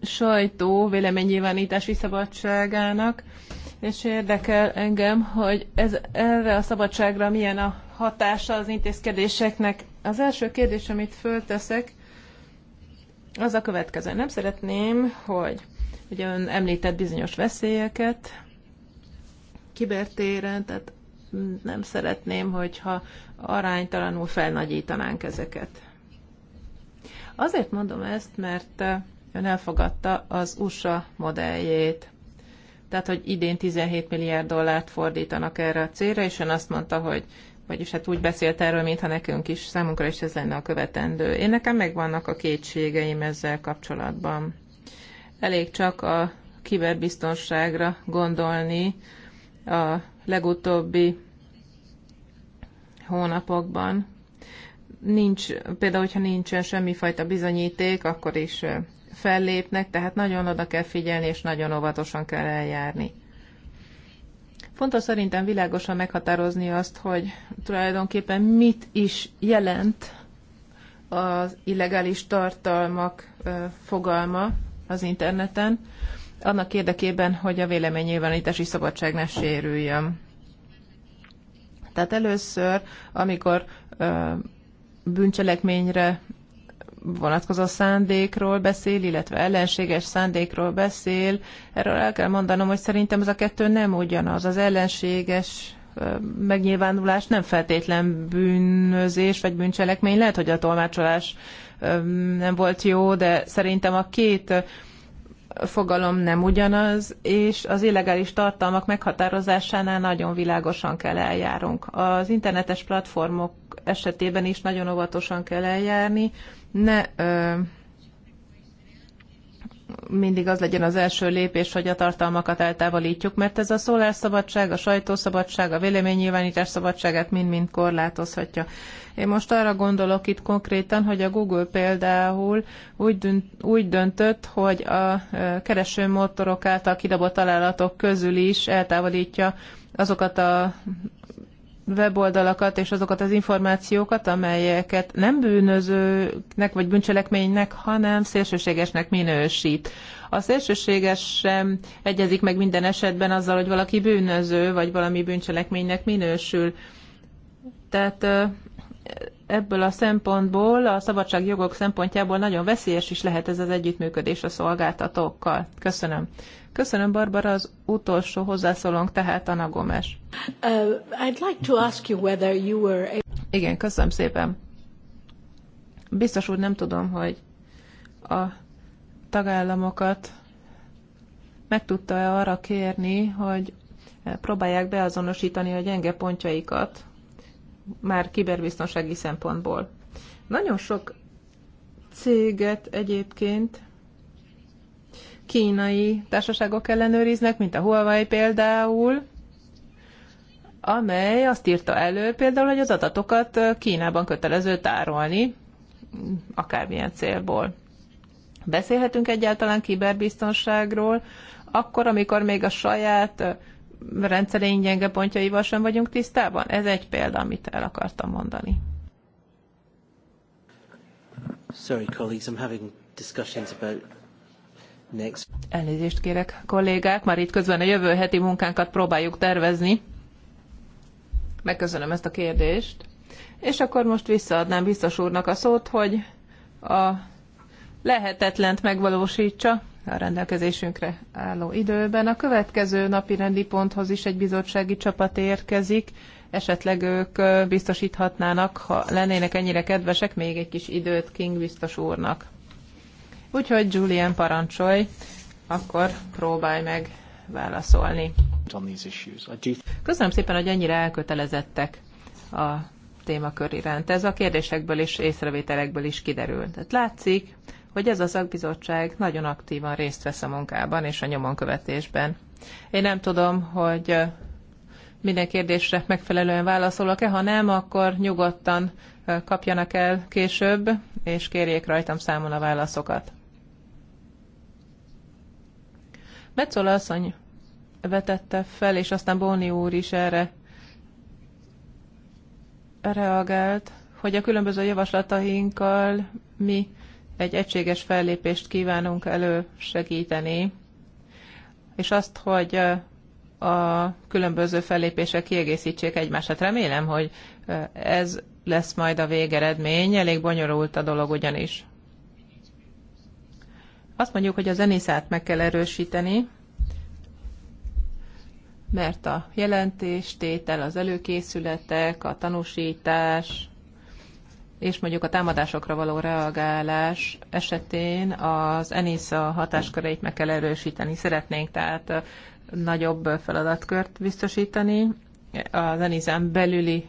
sajtó véleménynyilvánítási szabadságának, és érdekel engem, hogy ez, erre a szabadságra milyen a hatása az intézkedéseknek. Az első kérdés, amit fölteszek, az a következő. Nem szeretném, hogy ugye ön említett bizonyos veszélyeket kibertéren, tehát nem szeretném, hogyha aránytalanul felnagyítanánk ezeket. Azért mondom ezt, mert ön elfogadta az USA modelljét. Tehát, hogy idén 17 milliárd dollárt fordítanak erre a célra, és ön azt mondta, hogy vagyis hát úgy beszélt erről, mintha nekünk is, számunkra is ez lenne a követendő. Én nekem megvannak a kétségeim ezzel kapcsolatban. Elég csak a kiberbiztonságra gondolni a legutóbbi hónapokban. Nincs, például, hogyha nincsen semmifajta bizonyíték, akkor is fellépnek, tehát nagyon oda kell figyelni, és nagyon óvatosan kell eljárni. Fontos szerintem világosan meghatározni azt, hogy tulajdonképpen mit is jelent az illegális tartalmak fogalma az interneten, annak érdekében, hogy a véleménynyilvánítási szabadság ne sérüljön. Tehát először, amikor bűncselekményre vonatkozó szándékról beszél, illetve ellenséges szándékról beszél. Erről el kell mondanom, hogy szerintem ez a kettő nem ugyanaz. Az ellenséges megnyilvánulás nem feltétlen bűnözés vagy bűncselekmény. Lehet, hogy a tolmácsolás nem volt jó, de szerintem a két fogalom nem ugyanaz, és az illegális tartalmak meghatározásánál nagyon világosan kell eljárunk. Az internetes platformok esetében is nagyon óvatosan kell eljárni. Ne ö, mindig az legyen az első lépés, hogy a tartalmakat eltávolítjuk, mert ez a szólásszabadság, a sajtószabadság, a véleménynyilvánítás szabadságát mind-mind korlátozhatja. Én most arra gondolok itt konkrétan, hogy a Google például úgy, dönt, úgy döntött, hogy a keresőmotorok által kidobott találatok közül is eltávolítja azokat a weboldalakat és azokat az információkat, amelyeket nem bűnözőnek vagy bűncselekménynek, hanem szélsőségesnek minősít. A szélsőséges sem egyezik meg minden esetben azzal, hogy valaki bűnöző vagy valami bűncselekménynek minősül. Tehát ebből a szempontból, a szabadságjogok szempontjából nagyon veszélyes is lehet ez az együttműködés a szolgáltatókkal. Köszönöm. Köszönöm, Barbara, az utolsó hozzászólónk, tehát Anna Gomes. Uh, I'd like to ask you whether you were... Igen, köszönöm szépen. Biztos úgy nem tudom, hogy a tagállamokat meg tudta-e arra kérni, hogy próbálják beazonosítani a gyenge pontjaikat, már kiberbiztonsági szempontból. Nagyon sok céget egyébként kínai társaságok ellenőriznek, mint a Huawei például, amely azt írta elő például, hogy az adatokat Kínában kötelező tárolni, akármilyen célból. Beszélhetünk egyáltalán kiberbiztonságról, akkor, amikor még a saját rendszerény gyenge pontjaival sem vagyunk tisztában? Ez egy példa, amit el akartam mondani. Sorry, colleagues, I'm having discussions about Next. Elnézést kérek, kollégák, már itt közben a jövő heti munkánkat próbáljuk tervezni. Megköszönöm ezt a kérdést. És akkor most visszaadnám biztos úrnak a szót, hogy a lehetetlent megvalósítsa a rendelkezésünkre álló időben. A következő napi rendi ponthoz is egy bizottsági csapat érkezik. Esetleg ők biztosíthatnának, ha lennének ennyire kedvesek, még egy kis időt King biztos úrnak. Úgyhogy Julian parancsolj, akkor próbálj meg válaszolni. Köszönöm szépen, hogy ennyire elkötelezettek a témakör iránt. Ez a kérdésekből és észrevételekből is kiderül. Tehát látszik, hogy ez a szakbizottság nagyon aktívan részt vesz a munkában és a nyomonkövetésben. Én nem tudom, hogy minden kérdésre megfelelően válaszolok-e, ha nem, akkor nyugodtan kapjanak el később, és kérjék rajtam számon a válaszokat. Metzola asszony vetette fel, és aztán Bóni úr is erre reagált, hogy a különböző javaslatainkkal mi egy egységes fellépést kívánunk elősegíteni, és azt, hogy a különböző fellépések kiegészítsék egymást. Hát remélem, hogy ez lesz majd a végeredmény. Elég bonyolult a dolog ugyanis. Azt mondjuk, hogy a zenészát meg kell erősíteni, mert a jelentéstétel, az előkészületek, a tanúsítás, és mondjuk a támadásokra való reagálás esetén az ENISZA hatásköreit meg kell erősíteni. Szeretnénk tehát nagyobb feladatkört biztosítani az ENISZÁN belüli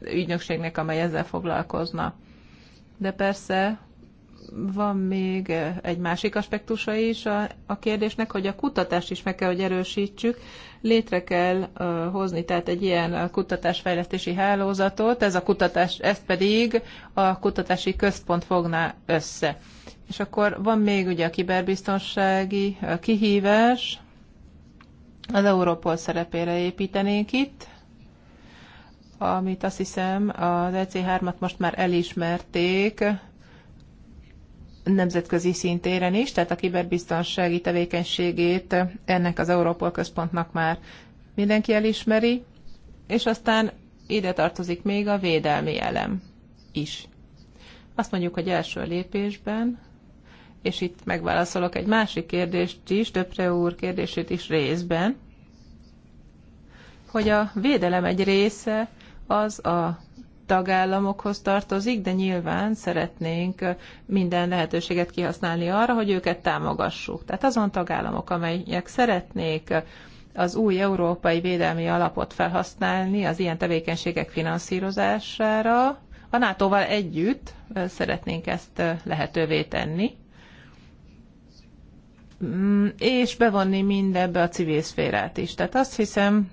ügynökségnek, amely ezzel foglalkozna. De persze van még egy másik aspektusa is a, a kérdésnek, hogy a kutatást is meg kell, hogy erősítsük, létre kell uh, hozni tehát egy ilyen kutatásfejlesztési hálózatot, ez a kutatás, ezt pedig a kutatási központ fogná össze. És akkor van még ugye a kiberbiztonsági kihívás, az Európol szerepére építenénk itt, amit azt hiszem az EC3-at most már elismerték, nemzetközi szintéren is, tehát a kiberbiztonsági tevékenységét ennek az Európol központnak már mindenki elismeri, és aztán ide tartozik még a védelmi elem is. Azt mondjuk, hogy első lépésben, és itt megválaszolok egy másik kérdést is, Döpre úr kérdését is részben, hogy a védelem egy része az a tagállamokhoz tartozik, de nyilván szeretnénk minden lehetőséget kihasználni arra, hogy őket támogassuk. Tehát azon tagállamok, amelyek szeretnék az új európai védelmi alapot felhasználni az ilyen tevékenységek finanszírozására, a NATO-val együtt szeretnénk ezt lehetővé tenni, mm, és bevonni mindebbe a civil szférát is. Tehát azt hiszem,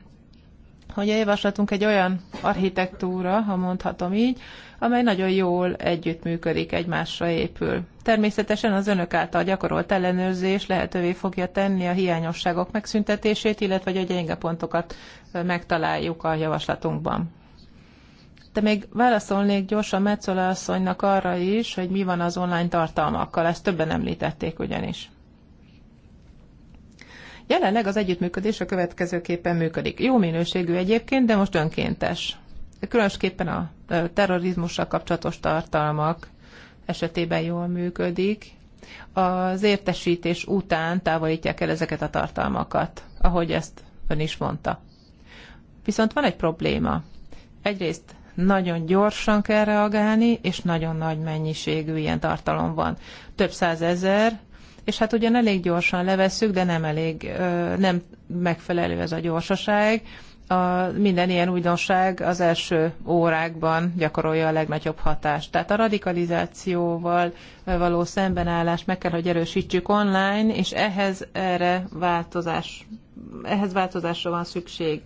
hogy a javaslatunk egy olyan architektúra, ha mondhatom így, amely nagyon jól együttműködik, egymásra épül. Természetesen az önök által gyakorolt ellenőrzés lehetővé fogja tenni a hiányosságok megszüntetését, illetve hogy a gyenge pontokat megtaláljuk a javaslatunkban. De még válaszolnék gyorsan Metzola asszonynak arra is, hogy mi van az online tartalmakkal, ezt többen említették ugyanis. Jelenleg az együttműködés a következőképpen működik. Jó minőségű egyébként, de most önkéntes. Különösképpen a terrorizmussal kapcsolatos tartalmak esetében jól működik. Az értesítés után távolítják el ezeket a tartalmakat, ahogy ezt ön is mondta. Viszont van egy probléma. Egyrészt nagyon gyorsan kell reagálni, és nagyon nagy mennyiségű ilyen tartalom van. Több százezer, és hát ugyan elég gyorsan levesszük, de nem elég, nem megfelelő ez a gyorsaság. A minden ilyen újdonság az első órákban gyakorolja a legnagyobb hatást. Tehát a radikalizációval való szembenállás meg kell, hogy erősítsük online, és ehhez erre változás, ehhez változásra van szükség.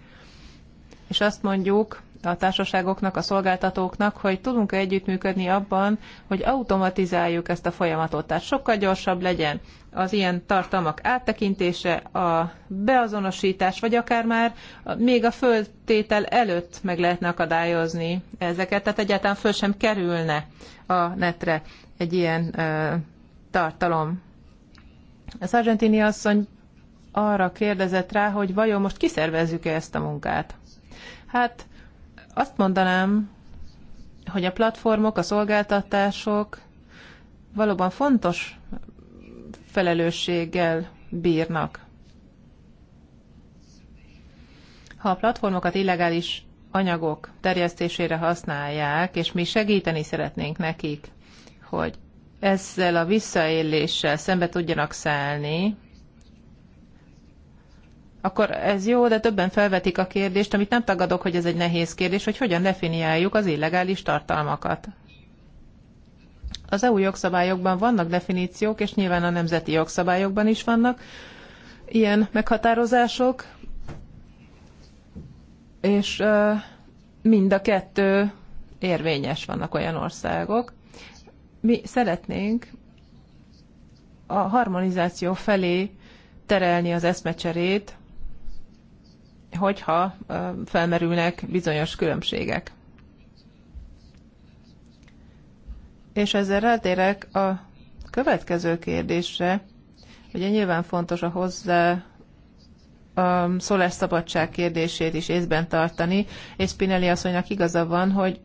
És azt mondjuk, a társaságoknak, a szolgáltatóknak, hogy tudunk-e együttműködni abban, hogy automatizáljuk ezt a folyamatot, tehát sokkal gyorsabb legyen az ilyen tartalmak áttekintése, a beazonosítás, vagy akár már még a föltétel előtt meg lehetne akadályozni ezeket, tehát egyáltalán föl sem kerülne a netre egy ilyen ö, tartalom. Az argentini asszony arra kérdezett rá, hogy vajon most kiszervezzük-e ezt a munkát. Hát azt mondanám, hogy a platformok, a szolgáltatások valóban fontos felelősséggel bírnak. Ha a platformokat illegális anyagok terjesztésére használják, és mi segíteni szeretnénk nekik, hogy ezzel a visszaéléssel szembe tudjanak szállni, akkor ez jó, de többen felvetik a kérdést, amit nem tagadok, hogy ez egy nehéz kérdés, hogy hogyan definiáljuk az illegális tartalmakat. Az EU jogszabályokban vannak definíciók, és nyilván a nemzeti jogszabályokban is vannak ilyen meghatározások, és mind a kettő érvényes vannak olyan országok. Mi szeretnénk a harmonizáció felé terelni az eszmecserét, hogyha felmerülnek bizonyos különbségek. És ezzel rátérek a következő kérdésre. Ugye nyilván fontos a hozzá a szólásszabadság kérdését is észben tartani, és Spinelli asszonynak igaza van, hogy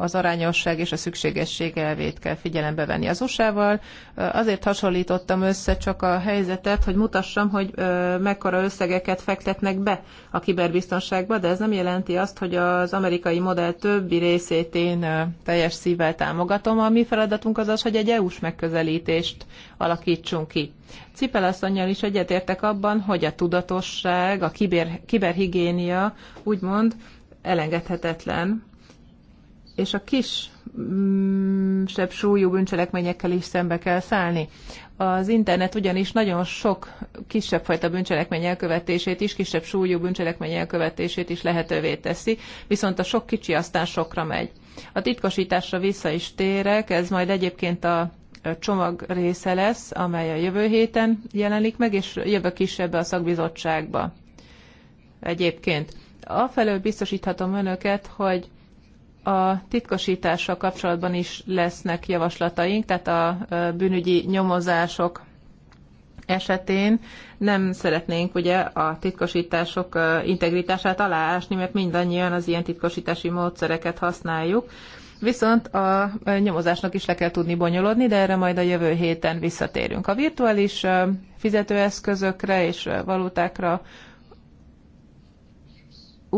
az arányosság és a szükségesség elvét kell figyelembe venni. Az USA-val azért hasonlítottam össze csak a helyzetet, hogy mutassam, hogy mekkora összegeket fektetnek be a kiberbiztonságba, de ez nem jelenti azt, hogy az amerikai modell többi részét én teljes szívvel támogatom. A mi feladatunk az az, hogy egy EU-s megközelítést alakítsunk ki. Cipelasszonyjal is egyetértek abban, hogy a tudatosság, a kiber, kiberhigiénia úgymond elengedhetetlen és a kis mm, sebb súlyú bűncselekményekkel is szembe kell szállni. Az internet ugyanis nagyon sok kisebb fajta bűncselekmény elkövetését is, kisebb súlyú bűncselekmény elkövetését is lehetővé teszi, viszont a sok kicsi aztán sokra megy. A titkosításra vissza is térek, ez majd egyébként a csomag része lesz, amely a jövő héten jelenik meg, és jövök is ebbe a szakbizottságba. Egyébként. Afelől biztosíthatom önöket, hogy a titkosítással kapcsolatban is lesznek javaslataink, tehát a bűnügyi nyomozások esetén nem szeretnénk ugye a titkosítások integritását aláásni, mert mindannyian az ilyen titkosítási módszereket használjuk. Viszont a nyomozásnak is le kell tudni bonyolodni, de erre majd a jövő héten visszatérünk. A virtuális fizetőeszközökre és valutákra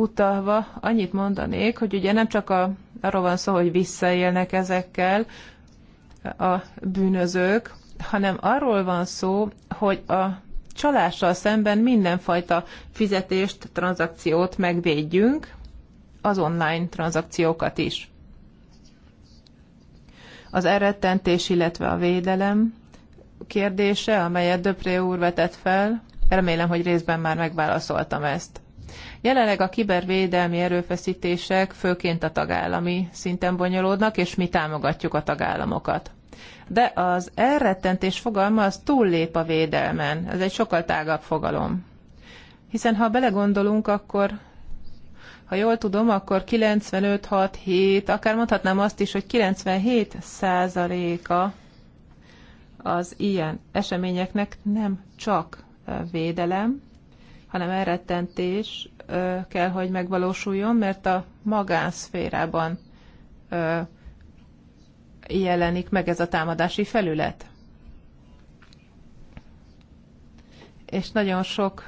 utalva annyit mondanék, hogy ugye nem csak a, arról van szó, hogy visszaélnek ezekkel a bűnözők, hanem arról van szó, hogy a csalással szemben mindenfajta fizetést, tranzakciót megvédjünk, az online tranzakciókat is. Az elrettentés, illetve a védelem kérdése, amelyet Döpré úr vetett fel, remélem, hogy részben már megválaszoltam ezt. Jelenleg a kibervédelmi erőfeszítések főként a tagállami szinten bonyolódnak, és mi támogatjuk a tagállamokat. De az elrettentés fogalma az túllép a védelmen. Ez egy sokkal tágabb fogalom. Hiszen ha belegondolunk, akkor ha jól tudom, akkor 95, 6, 7, akár mondhatnám azt is, hogy 97 százaléka az ilyen eseményeknek nem csak védelem, hanem elrettentés kell, hogy megvalósuljon, mert a magánszférában jelenik meg ez a támadási felület. És nagyon sok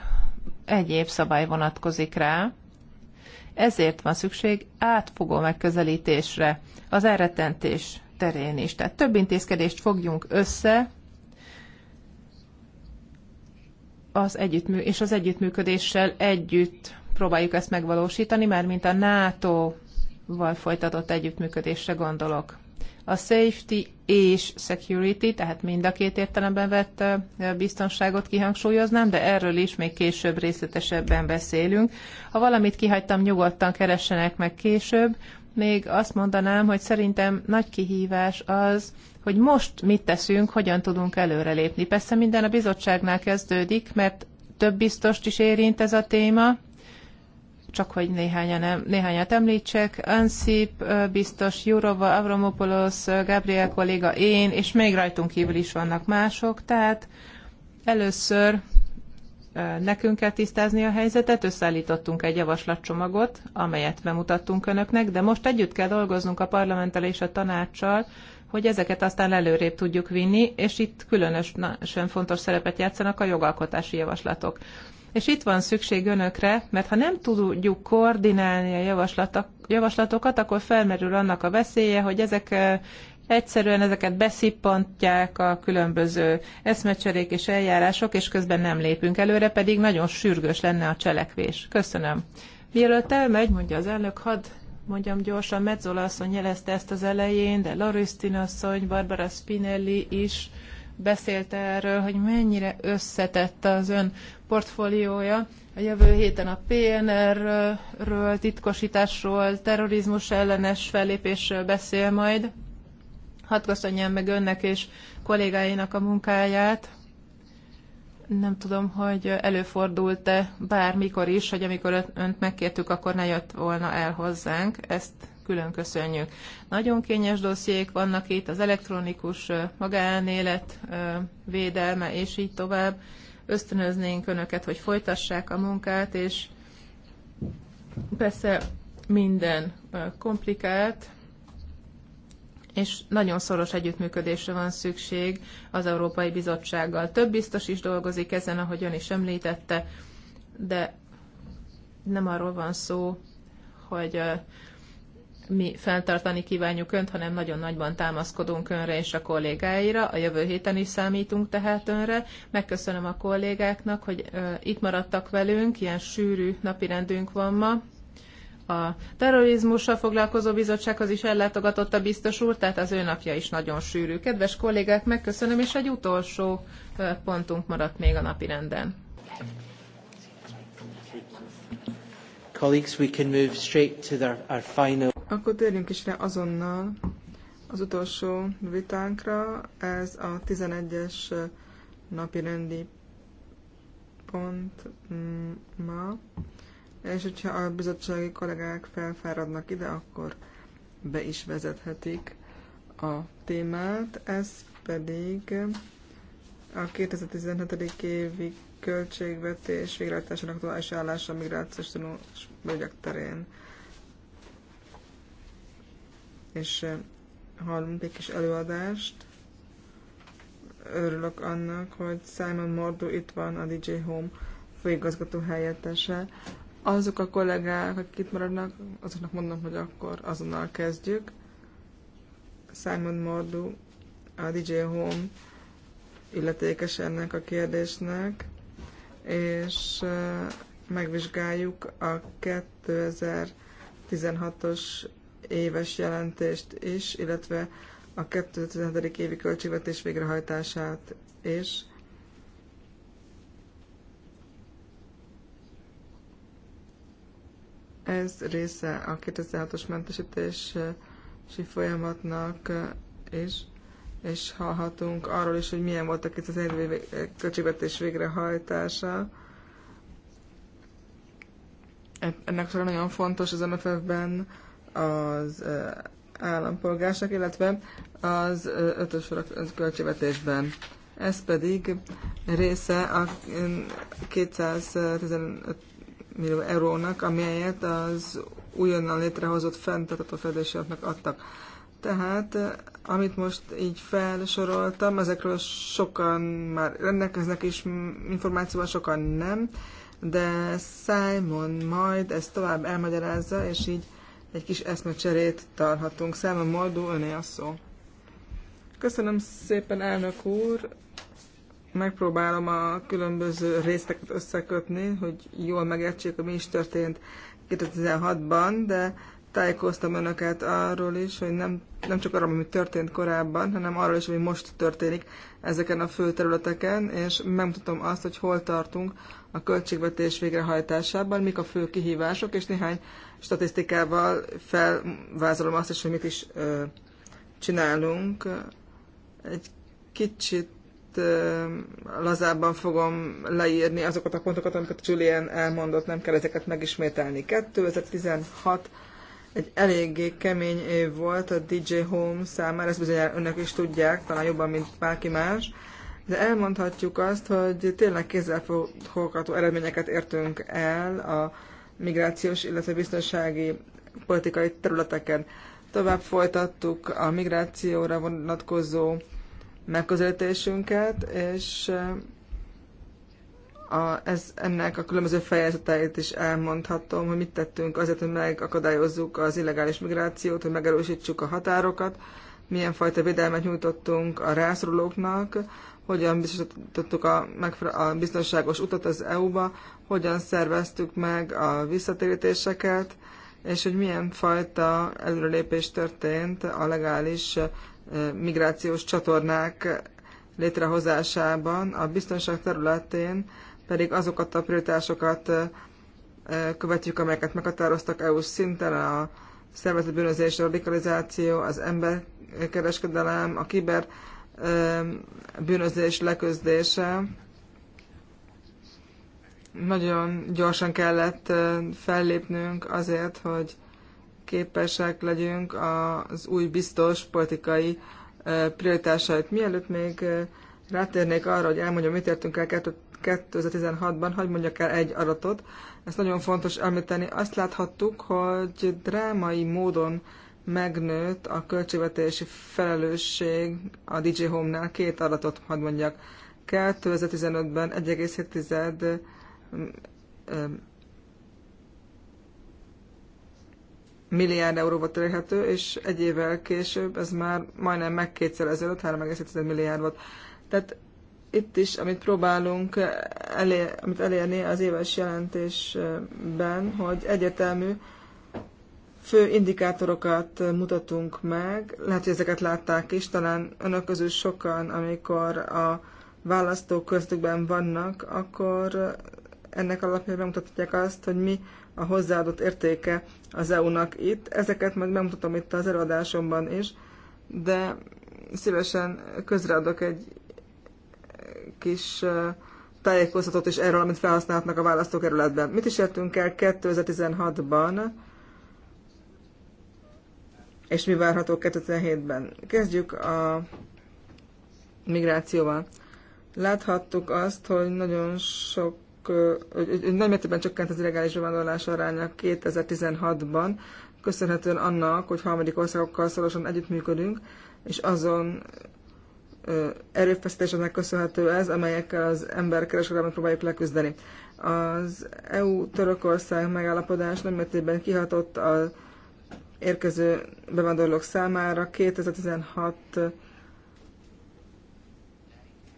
egyéb szabály vonatkozik rá, ezért van szükség átfogó megközelítésre az elretentés terén is. Tehát több intézkedést fogjunk össze, az együttmű, és az együttműködéssel együtt próbáljuk ezt megvalósítani, mert mint a NATO-val folytatott együttműködésre gondolok. A safety és security, tehát mind a két értelemben vett biztonságot kihangsúlyoznám, de erről is még később részletesebben beszélünk. Ha valamit kihagytam, nyugodtan keressenek meg később. Még azt mondanám, hogy szerintem nagy kihívás az, hogy most mit teszünk, hogyan tudunk előrelépni. Persze minden a bizottságnál kezdődik, mert több biztost is érint ez a téma, csak hogy néhányan, néhányat említsek, Ansip, biztos, Jurova, Avramopoulos, Gabriel kolléga, én, és még rajtunk kívül is vannak mások, tehát először nekünk kell tisztázni a helyzetet, összeállítottunk egy javaslatcsomagot, amelyet bemutattunk önöknek, de most együtt kell dolgoznunk a parlamenttel és a tanácssal, hogy ezeket aztán előrébb tudjuk vinni, és itt különösen fontos szerepet játszanak a jogalkotási javaslatok. És itt van szükség önökre, mert ha nem tudjuk koordinálni a javaslatokat, akkor felmerül annak a veszélye, hogy ezek egyszerűen ezeket beszippantják a különböző eszmecserék és eljárások, és közben nem lépünk előre, pedig nagyon sürgős lenne a cselekvés. Köszönöm. Mielőtt elmegy, mondja az elnök, hadd mondjam gyorsan, Metzola asszony jelezte ezt az elején, de Laurisztin asszony, Barbara Spinelli is beszélt erről, hogy mennyire összetett az ön portfóliója. A jövő héten a PNR-ről, titkosításról, terrorizmus ellenes fellépésről beszél majd. Hadd köszönjem meg önnek és kollégáinak a munkáját. Nem tudom, hogy előfordult-e bármikor is, hogy amikor önt megkértük, akkor ne jött volna el hozzánk. Ezt külön köszönjük. Nagyon kényes dossziék vannak itt, az elektronikus magánélet védelme, és így tovább. Ösztönöznénk önöket, hogy folytassák a munkát, és persze minden komplikált, és nagyon szoros együttműködésre van szükség az Európai Bizottsággal. Több biztos is dolgozik ezen, ahogy ön is említette, de nem arról van szó, hogy mi feltartani kívánjuk Önt, hanem nagyon nagyban támaszkodunk Önre és a kollégáira. A jövő héten is számítunk tehát Önre. Megköszönöm a kollégáknak, hogy itt maradtak velünk, ilyen sűrű napirendünk van ma. A terrorizmussal foglalkozó bizottsághoz is ellátogatott a biztos úr, tehát az ő napja is nagyon sűrű. Kedves kollégák, megköszönöm, és egy utolsó pontunk maradt még a napirenden. Colleagues, we can move straight to the, our final... Akkor térjünk is rá azonnal az utolsó vitánkra. Ez a 11-es napi rendi pont mm, ma. És hogyha a bizottsági kollégák felfáradnak ide, akkor be is vezethetik a témát. Ez pedig a 2017. évi költségvetés végrehajtásának további állása a migrációs tanulás terén. És eh, hallunk egy kis előadást. Örülök annak, hogy Simon Mordu itt van, a DJ Home főigazgató helyettese. Azok a kollégák, akik itt maradnak, azoknak mondom, hogy akkor azonnal kezdjük. Simon Mordu, a DJ Home illetékes ennek a kérdésnek, és megvizsgáljuk a 2016-os éves jelentést is, illetve a 2017. évi költségvetés végrehajtását is. Ez része a 2006-os mentesítési folyamatnak is és hallhatunk arról is, hogy milyen voltak itt az elvi költségvetés végrehajtása. Ennek során nagyon fontos az MFF-ben az állampolgárság, illetve az ötös költségvetésben. Ez pedig része a 215 millió eurónak, amelyet az újonnan létrehozott fenntartató fejlődési adtak tehát, eh, amit most így felsoroltam, ezekről sokan már rendelkeznek is információval, sokan nem, de Simon majd ezt tovább elmagyarázza, és így egy kis eszmecserét tarhatunk. Simon Moldó, öné a szó. Köszönöm szépen, elnök úr! Megpróbálom a különböző részeket összekötni, hogy jól megértsék, hogy mi is történt 2016-ban, de tájékoztam önöket arról is, hogy nem, nem csak arról, ami történt korábban, hanem arról is, ami most történik ezeken a fő területeken, és megmutatom azt, hogy hol tartunk a költségvetés végrehajtásában, mik a fő kihívások, és néhány statisztikával felvázolom azt is, hogy mit is ö, csinálunk. Egy kicsit ö, lazábban fogom leírni azokat a pontokat, amiket Julian elmondott, nem kell ezeket megismételni. 2016 egy eléggé kemény év volt a DJ Home számára, ezt bizonyára önök is tudják, talán jobban, mint bárki más, de elmondhatjuk azt, hogy tényleg kézzelfogható eredményeket értünk el a migrációs, illetve biztonsági politikai területeken. Tovább folytattuk a migrációra vonatkozó megközelítésünket, és a, ez, ennek a különböző fejezeteit is elmondhatom, hogy mit tettünk azért, hogy megakadályozzuk az illegális migrációt, hogy megerősítsük a határokat, milyen fajta védelmet nyújtottunk a rászorulóknak, hogyan biztosítottuk a, a biztonságos utat az EU-ba, hogyan szerveztük meg a visszatérítéseket, és hogy milyen fajta előrelépés történt a legális migrációs csatornák létrehozásában a biztonság területén pedig azokat a prioritásokat követjük, amelyeket meghatároztak EU szinten, a szervezett bűnözés, a radikalizáció, az emberkereskedelem, a kiber bűnözés leközdése Nagyon gyorsan kellett fellépnünk azért, hogy képesek legyünk az új biztos politikai prioritásait. Mielőtt még rátérnék arra, hogy elmondjam, mit értünk el 2016-ban, hogy mondjak el egy adatot, ezt nagyon fontos említeni, azt láthattuk, hogy drámai módon megnőtt a költségvetési felelősség a DJ Home-nál. Két adatot hadd mondjak. 2015-ben 1,7 milliárd euró volt elérhető, és egy évvel később ez már majdnem ezelőtt 3,7 milliárd volt. Tehát itt is, amit próbálunk elér, amit elérni az éves jelentésben, hogy egyetemű fő indikátorokat mutatunk meg. Lehet, hogy ezeket látták is, talán önök közül sokan, amikor a választók köztükben vannak, akkor ennek alapján bemutatják azt, hogy mi a hozzáadott értéke az EU-nak itt. Ezeket meg bemutatom itt az előadásomban is, de szívesen közreadok egy kis tájékoztatót is erről, amit felhasználhatnak a választókerületben. Mit is értünk el 2016-ban, és mi várható 2017-ben? Kezdjük a migrációval. Láthattuk azt, hogy nagyon sok, hogy, hogy nagy mértékben csökkent az illegális bevándorlás aránya 2016-ban, köszönhetően annak, hogy harmadik országokkal szorosan együttműködünk, és azon erőfeszítéseknek köszönhető ez, amelyekkel az emberkereskedelmet próbáljuk leküzdeni. Az EU-Törökország megállapodás nem mértékben kihatott a érkező bevándorlók számára. 2016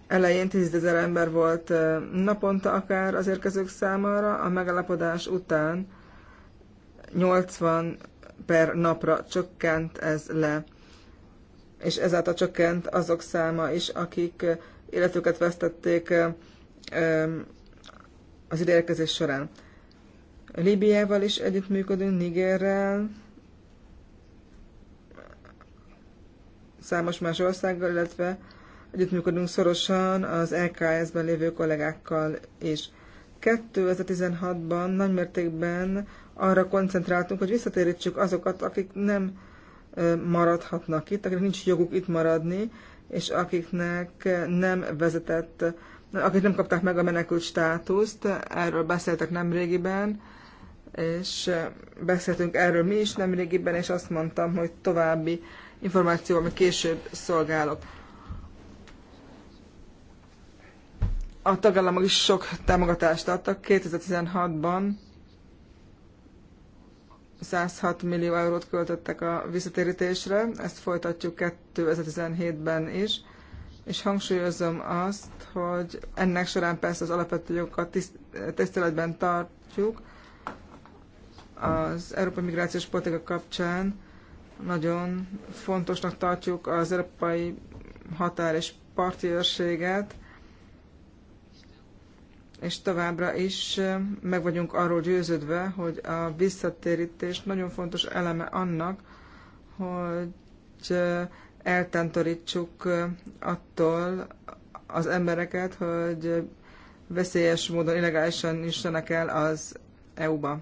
elején 10 ezer ember volt naponta akár az érkezők számára, a megállapodás után 80 per napra csökkent ez le és ezáltal csökkent azok száma is, akik életüket vesztették az ideérkezés során. Líbiával is együttműködünk, Nigerrel, számos más országgal, illetve együttműködünk szorosan az LKS-ben lévő kollégákkal is. 2016-ban nagymértékben arra koncentráltunk, hogy visszatérítsük azokat, akik nem maradhatnak itt, akiknek nincs joguk itt maradni, és akiknek nem vezetett, akik nem kapták meg a menekült státuszt, erről beszéltek nemrégiben, és beszéltünk erről mi is nemrégiben, és azt mondtam, hogy további információ, ami később szolgálok. A tagállamok is sok támogatást adtak 2016-ban, 106 millió eurót költöttek a visszatérítésre, ezt folytatjuk 2017-ben is, és hangsúlyozom azt, hogy ennek során persze az alapvető jogokat tiszteletben tartjuk, az európai migrációs politika kapcsán nagyon fontosnak tartjuk az európai határ és parti és továbbra is meg vagyunk arról győződve, hogy a visszatérítés nagyon fontos eleme annak, hogy eltántorítsuk attól az embereket, hogy veszélyes módon illegálisan nyissanak el az EU-ba.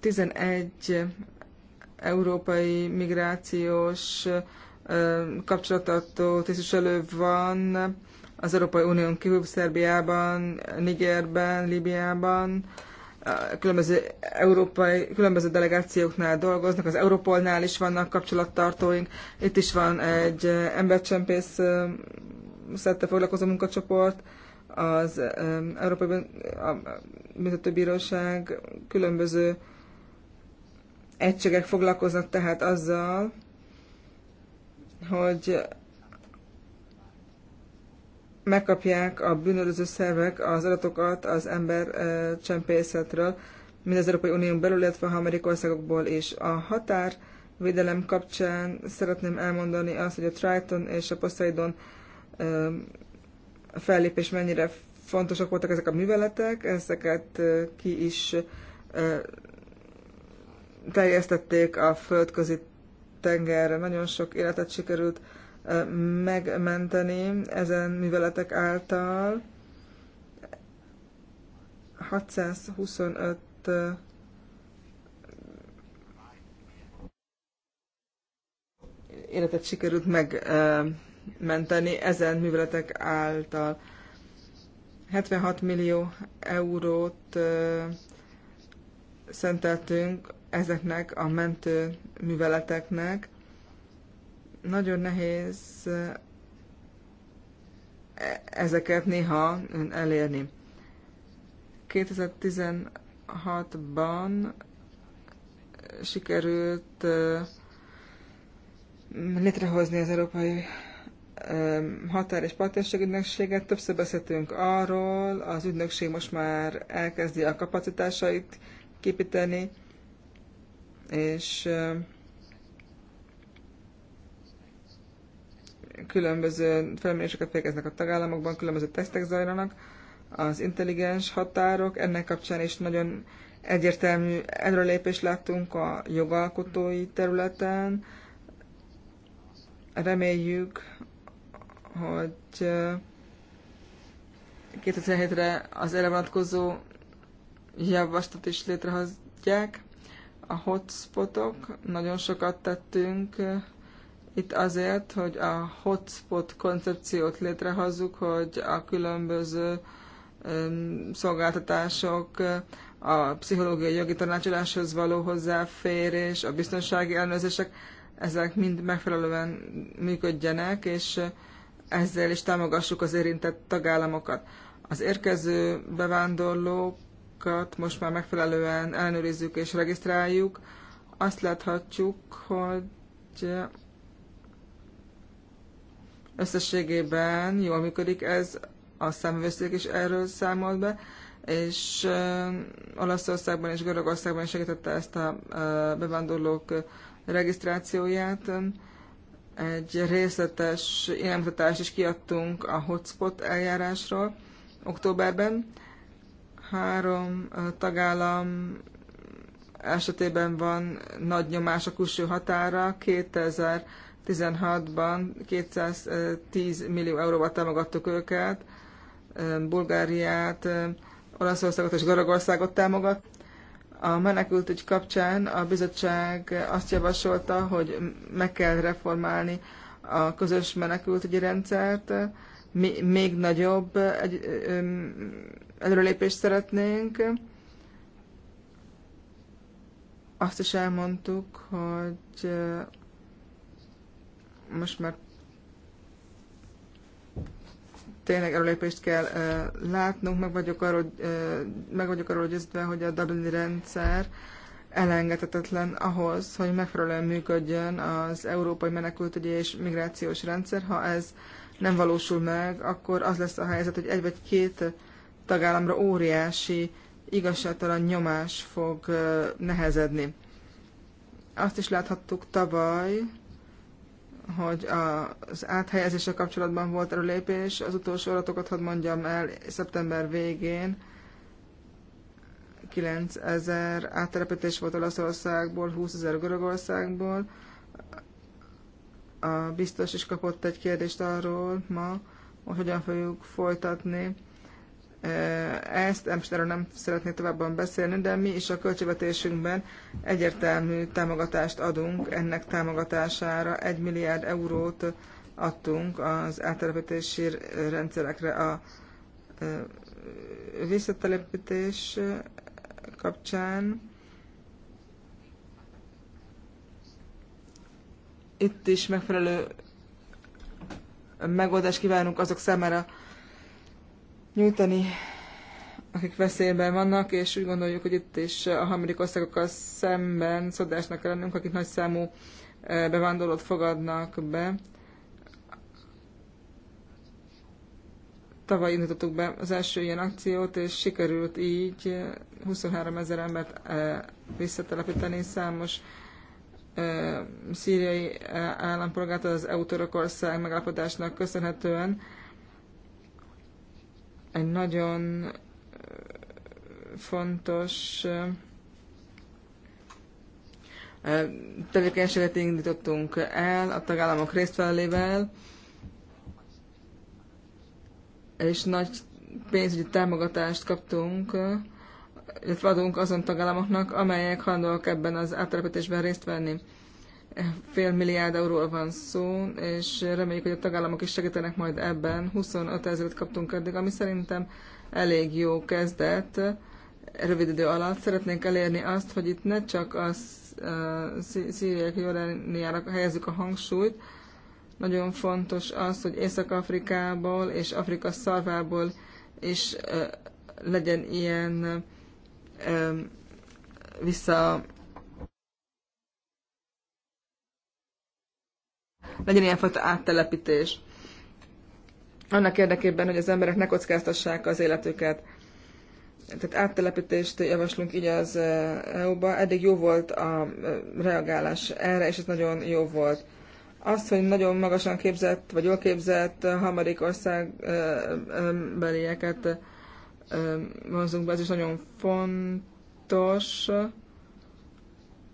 11 európai migrációs kapcsolattartó tisztviselő van az Európai Unión kívül Szerbiában, Nigerben, Libiában, különböző európai, különböző delegációknál dolgoznak, az Európolnál is vannak kapcsolattartóink, itt is van egy eh, embercsempész eh, szerte foglalkozó munkacsoport, az eh, Európai Büntetőbíróság különböző egységek foglalkoznak tehát azzal, hogy megkapják a bűnöző szervek az adatokat az ember csempészetről, mind az Európai Unión belül, illetve a amerikai országokból is. A határvédelem kapcsán szeretném elmondani azt, hogy a Triton és a Poseidon fellépés mennyire fontosak voltak ezek a műveletek, ezeket ki is teljesztették a földközi tengerre. Nagyon sok életet sikerült megmenteni ezen műveletek által. 625 életet sikerült megmenteni ezen műveletek által. 76 millió eurót szenteltünk ezeknek a mentő műveleteknek nagyon nehéz e, ezeket néha elérni. 2016-ban sikerült e, létrehozni az Európai e, Határ és Partnerség Ügynökséget. Többször beszéltünk arról, az ügynökség most már elkezdi a kapacitásait képíteni, és különböző felméréseket végeznek a tagállamokban, különböző tesztek zajlanak, az intelligens határok, ennek kapcsán is nagyon egyértelmű előrelépést láttunk a jogalkotói területen. Reméljük, hogy 2007-re az erre vonatkozó javaslat is létrehozják. A hotspotok, nagyon sokat tettünk itt azért, hogy a hotspot koncepciót létrehozzuk, hogy a különböző szolgáltatások, a pszichológiai jogi tanácsoláshoz való hozzáférés, a biztonsági ellenőrzések, ezek mind megfelelően működjenek, és ezzel is támogassuk az érintett tagállamokat. Az érkező bevándorlókat most már megfelelően ellenőrizzük és regisztráljuk. Azt láthatjuk, hogy Összességében jól működik ez, a számvőszék is erről számolt be, és Olaszországban és Görögországban segítette ezt a bevándorlók regisztrációját. Egy részletes inemutatást is kiadtunk a hotspot eljárásról októberben. Három tagállam esetében van nagy nyomás a külső határa, 2000 16-ban 210 millió euróval támogattuk őket, Bulgáriát, Olaszországot és Görögországot támogat. A menekültügy kapcsán a bizottság azt javasolta, hogy meg kell reformálni a közös menekültügyi rendszert, mi, még nagyobb egy, előrelépést szeretnénk. Azt is elmondtuk, hogy most már tényleg előlépést kell uh, látnunk, meg vagyok, arról, uh, meg vagyok arról győzve, hogy a Dublini rendszer elengedhetetlen ahhoz, hogy megfelelően működjön az európai menekültügyi és migrációs rendszer. Ha ez nem valósul meg, akkor az lesz a helyzet, hogy egy vagy két tagállamra óriási igazságtalan nyomás fog nehezedni. Azt is láthattuk tavaly, hogy az áthelyezése kapcsolatban volt lépés. Az utolsó adatokat hadd mondjam el, szeptember végén 9000 áttelepítés volt Olaszországból, 20 000 Görögországból. A biztos is kapott egy kérdést arról ma, hogy hogyan fogjuk folytatni ezt, most erről nem szeretnék továbban beszélni, de mi is a költségvetésünkben egyértelmű támogatást adunk ennek támogatására. Egy milliárd eurót adtunk az áttelepítési rendszerekre a visszatelepítés kapcsán. Itt is megfelelő megoldást kívánunk azok számára, nyújtani, akik veszélyben vannak, és úgy gondoljuk, hogy itt is a harmadik országokkal szemben szodásnak kell lennünk, akik nagy számú eh, bevándorlót fogadnak be. Tavaly indítottuk be az első ilyen akciót, és sikerült így 23 eh, ezer embert eh, visszatelepíteni számos szíriai állampolgárt az EU-Törökország megállapodásnak köszönhetően egy nagyon fontos tevékenységet indítottunk el a tagállamok résztvelével, és nagy pénzügyi támogatást kaptunk, illetve adunk azon tagállamoknak, amelyek hajlandóak ebben az áttelepítésben részt venni fél milliárd euróról van szó, és reméljük, hogy a tagállamok is segítenek majd ebben. 25 ezeret kaptunk eddig, ami szerintem elég jó kezdet. Rövid idő alatt szeretnénk elérni azt, hogy itt ne csak a szíriák Jordániára helyezzük a hangsúlyt, nagyon fontos az, hogy Észak-Afrikából és Afrika szarvából is legyen ilyen vissza legyen ilyenfajta áttelepítés. Annak érdekében, hogy az emberek ne kockáztassák az életüket. Tehát áttelepítést javaslunk így az eh, EU-ba. Eddig jó volt a eh, reagálás erre, és ez nagyon jó volt. Az, hogy nagyon magasan képzett, vagy jól képzett eh, harmadik országbelieket vonzunk be, ez is nagyon fontos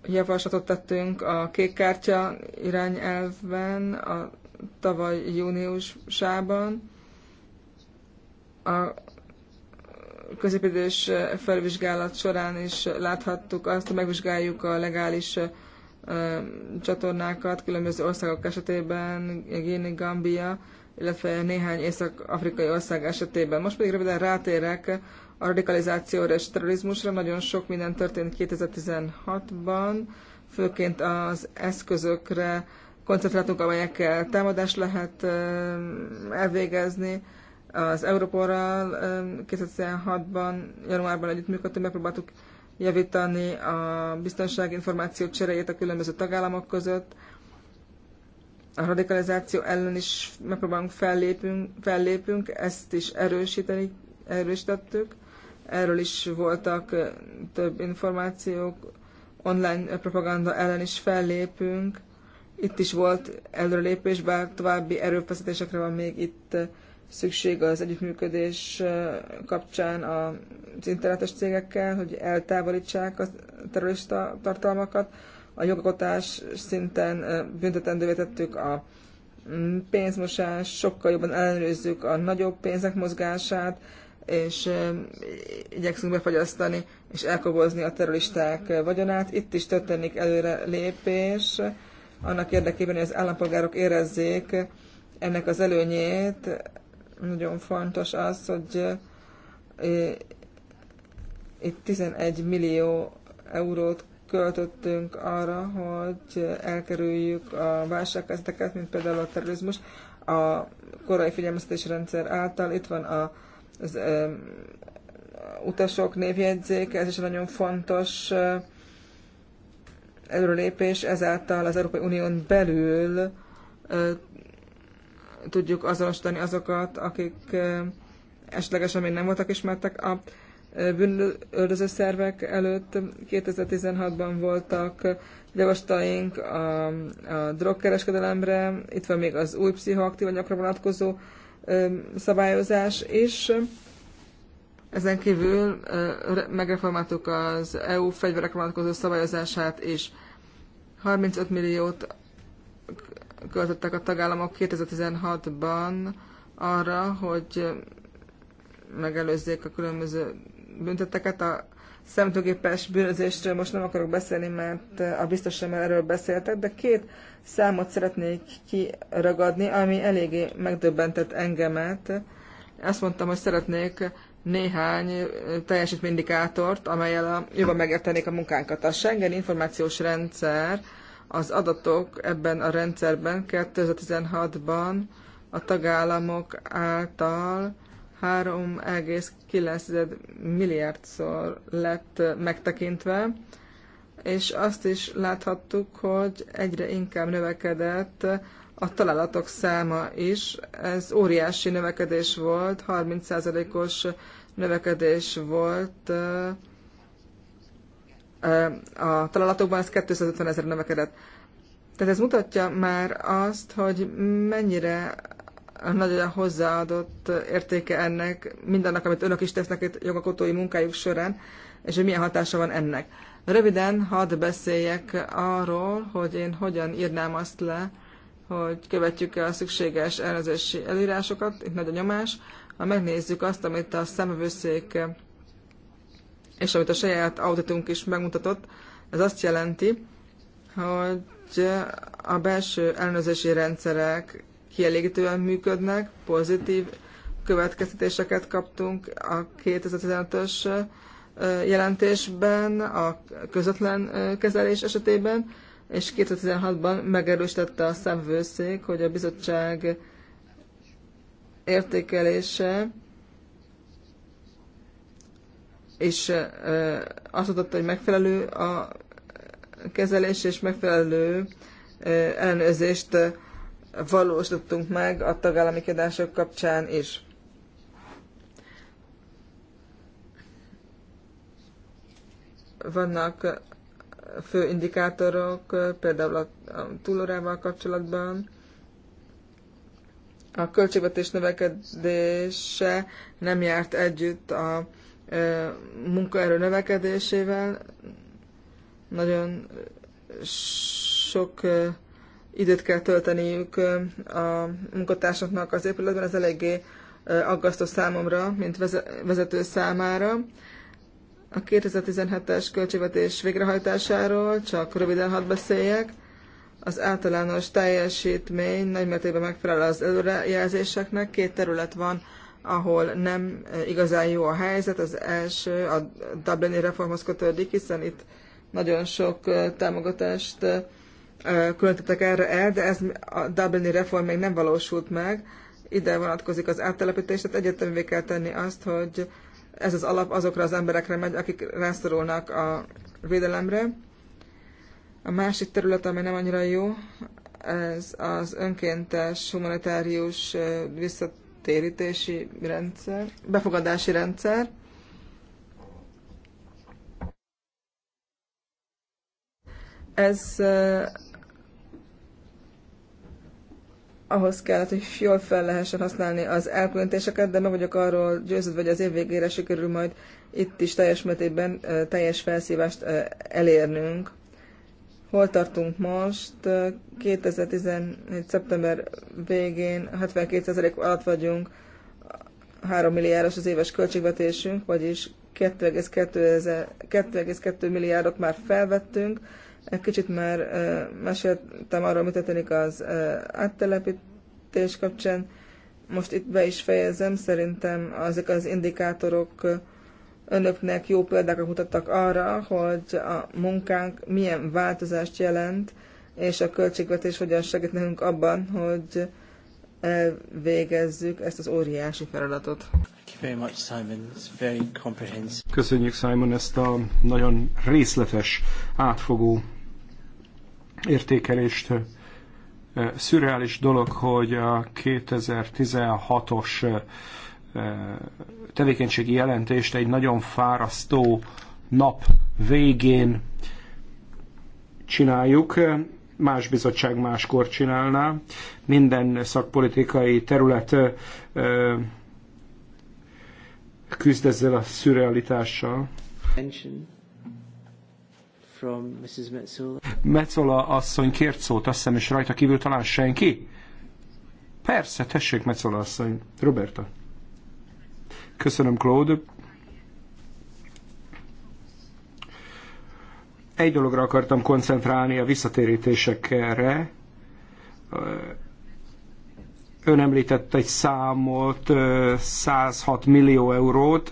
javaslatot tettünk a kártya irányelvben a tavaly júniusában. A középidős felvizsgálat során is láthattuk azt, hogy megvizsgáljuk a legális csatornákat különböző országok esetében, Guinea, Gambia, illetve néhány észak-afrikai ország esetében. Most pedig röviden rátérek a radikalizációra és terrorizmusra. Nagyon sok minden történt 2016-ban, főként az eszközökre koncentráltunk, amelyekkel támadást lehet elvégezni. Az Európorral 2016-ban, januárban együttműködtünk, megpróbáltuk javítani a biztonsági információ cseréjét a különböző tagállamok között. A radikalizáció ellen is megpróbálunk fellépünk, fellépünk ezt is erősíteni, erősítettük erről is voltak több információk, online propaganda ellen is fellépünk. Itt is volt előrelépés, bár további erőfeszítésekre van még itt szükség az együttműködés kapcsán az internetes cégekkel, hogy eltávolítsák a terrorista tartalmakat. A jogokotás szinten büntetendővé tettük a mm, pénzmosás, sokkal jobban ellenőrizzük a nagyobb pénzek mozgását, és igyekszünk befagyasztani és elkobozni a terroristák vagyonát. Itt is történik előre lépés, annak érdekében, hogy az állampolgárok érezzék ennek az előnyét. Nagyon fontos az, hogy itt 11 millió eurót költöttünk arra, hogy elkerüljük a válságkezeteket, mint például a terrorizmus, a korai figyelmeztetési rendszer által. Itt van a az ö, utasok névjegyzék, ez is nagyon fontos előrelépés, ezáltal az Európai Unión belül ö, tudjuk azonosítani azokat, akik ö, esetlegesen még nem voltak ismertek a bűnöldöző szervek előtt. 2016-ban voltak javaslataink a, a drogkereskedelemre, itt van még az új pszichoaktív anyagra vonatkozó szabályozás is. Ezen kívül megreformáltuk az EU fegyverekre vonatkozó szabályozását is. 35 milliót költöttek a tagállamok 2016-ban arra, hogy megelőzzék a különböző bünteteket. A szemtőgépes bűnözésről most nem akarok beszélni, mert eh, a biztos sem erről beszéltek, de két számot szeretnék kiragadni, ami eléggé megdöbbentett engemet. Azt mondtam, hogy szeretnék néhány eh, teljesítményindikátort, amelyel a, jobban megértenék a munkánkat. A Schengen információs rendszer, az adatok ebben a rendszerben 2016-ban a tagállamok által 3,9 milliárdszor lett megtekintve, és azt is láthattuk, hogy egyre inkább növekedett a találatok száma is. Ez óriási növekedés volt, 30%-os növekedés volt a találatokban, ez 250 ezer növekedett. Tehát ez mutatja már azt, hogy mennyire nagyon hozzáadott értéke ennek, mindannak, amit önök is tesznek itt jogakotói munkájuk során, és hogy milyen hatása van ennek. Röviden hadd beszéljek arról, hogy én hogyan írnám azt le, hogy követjük-e a szükséges elnözési előírásokat, itt nagy a nyomás, ha megnézzük azt, amit a szemövőszék és amit a saját auditunk is megmutatott, ez azt jelenti, hogy a belső elnözési rendszerek kielégítően működnek, pozitív következtetéseket kaptunk a 2015-ös jelentésben, a közvetlen kezelés esetében, és 2016-ban megerősítette a szemvőszék, hogy a bizottság értékelése és azt adott, hogy megfelelő a kezelés és megfelelő ellenőrzést valósítottunk meg a tagállami kiadások kapcsán is. Vannak fő indikátorok, például a túlórával kapcsolatban, a költségvetés növekedése nem járt együtt a munkaerő növekedésével. Nagyon sok időt kell tölteniük a munkatársaknak az épületben, ez eléggé aggasztó számomra, mint vezető számára. A 2017-es költségvetés végrehajtásáról csak röviden hadd beszéljek. Az általános teljesítmény nagymértékben megfelel az előrejelzéseknek. Két terület van, ahol nem igazán jó a helyzet. Az első a Dublini reformhoz kötődik, hiszen itt nagyon sok támogatást költöttek erre el, de ez a Dublini reform még nem valósult meg. Ide vonatkozik az áttelepítés, tehát egyetemvé kell tenni azt, hogy ez az alap azokra az emberekre megy, akik rászorulnak a védelemre. A másik terület, ami nem annyira jó, ez az önkéntes humanitárius visszatérítési rendszer, befogadási rendszer. Ez ahhoz kellett, hogy jól fel lehessen használni az elkülönítéseket, de meg vagyok arról győződve, hogy az év végére sikerül majd itt is teljes mértékben teljes felszívást elérnünk. Hol tartunk most? 2014. szeptember végén 72% alatt vagyunk, 3 milliárdos az éves költségvetésünk, vagyis 2,2 milliárdot már felvettünk, egy kicsit már meséltem arról, mi történik az áttelepítés kapcsán. Most itt be is fejezem, szerintem azok az indikátorok önöknek jó példákat mutattak arra, hogy a munkánk milyen változást jelent, és a költségvetés hogyan segít nekünk abban, hogy végezzük ezt az óriási feladatot. Köszönjük Simon ezt a nagyon részletes, átfogó értékelést. Szürreális dolog, hogy a 2016-os tevékenységi jelentést egy nagyon fárasztó nap végén csináljuk, más bizottság máskor csinálná. Minden szakpolitikai terület küzd ezzel a szürrealitással. Mention from Mrs. Metzola. Metzola asszony kért szót, azt hiszem, és rajta kívül talán senki? Persze, tessék, Metzola asszony. Roberta. Köszönöm, Claude. Egy dologra akartam koncentrálni a visszatérítésekre. Ön említett egy számot, 106 millió eurót.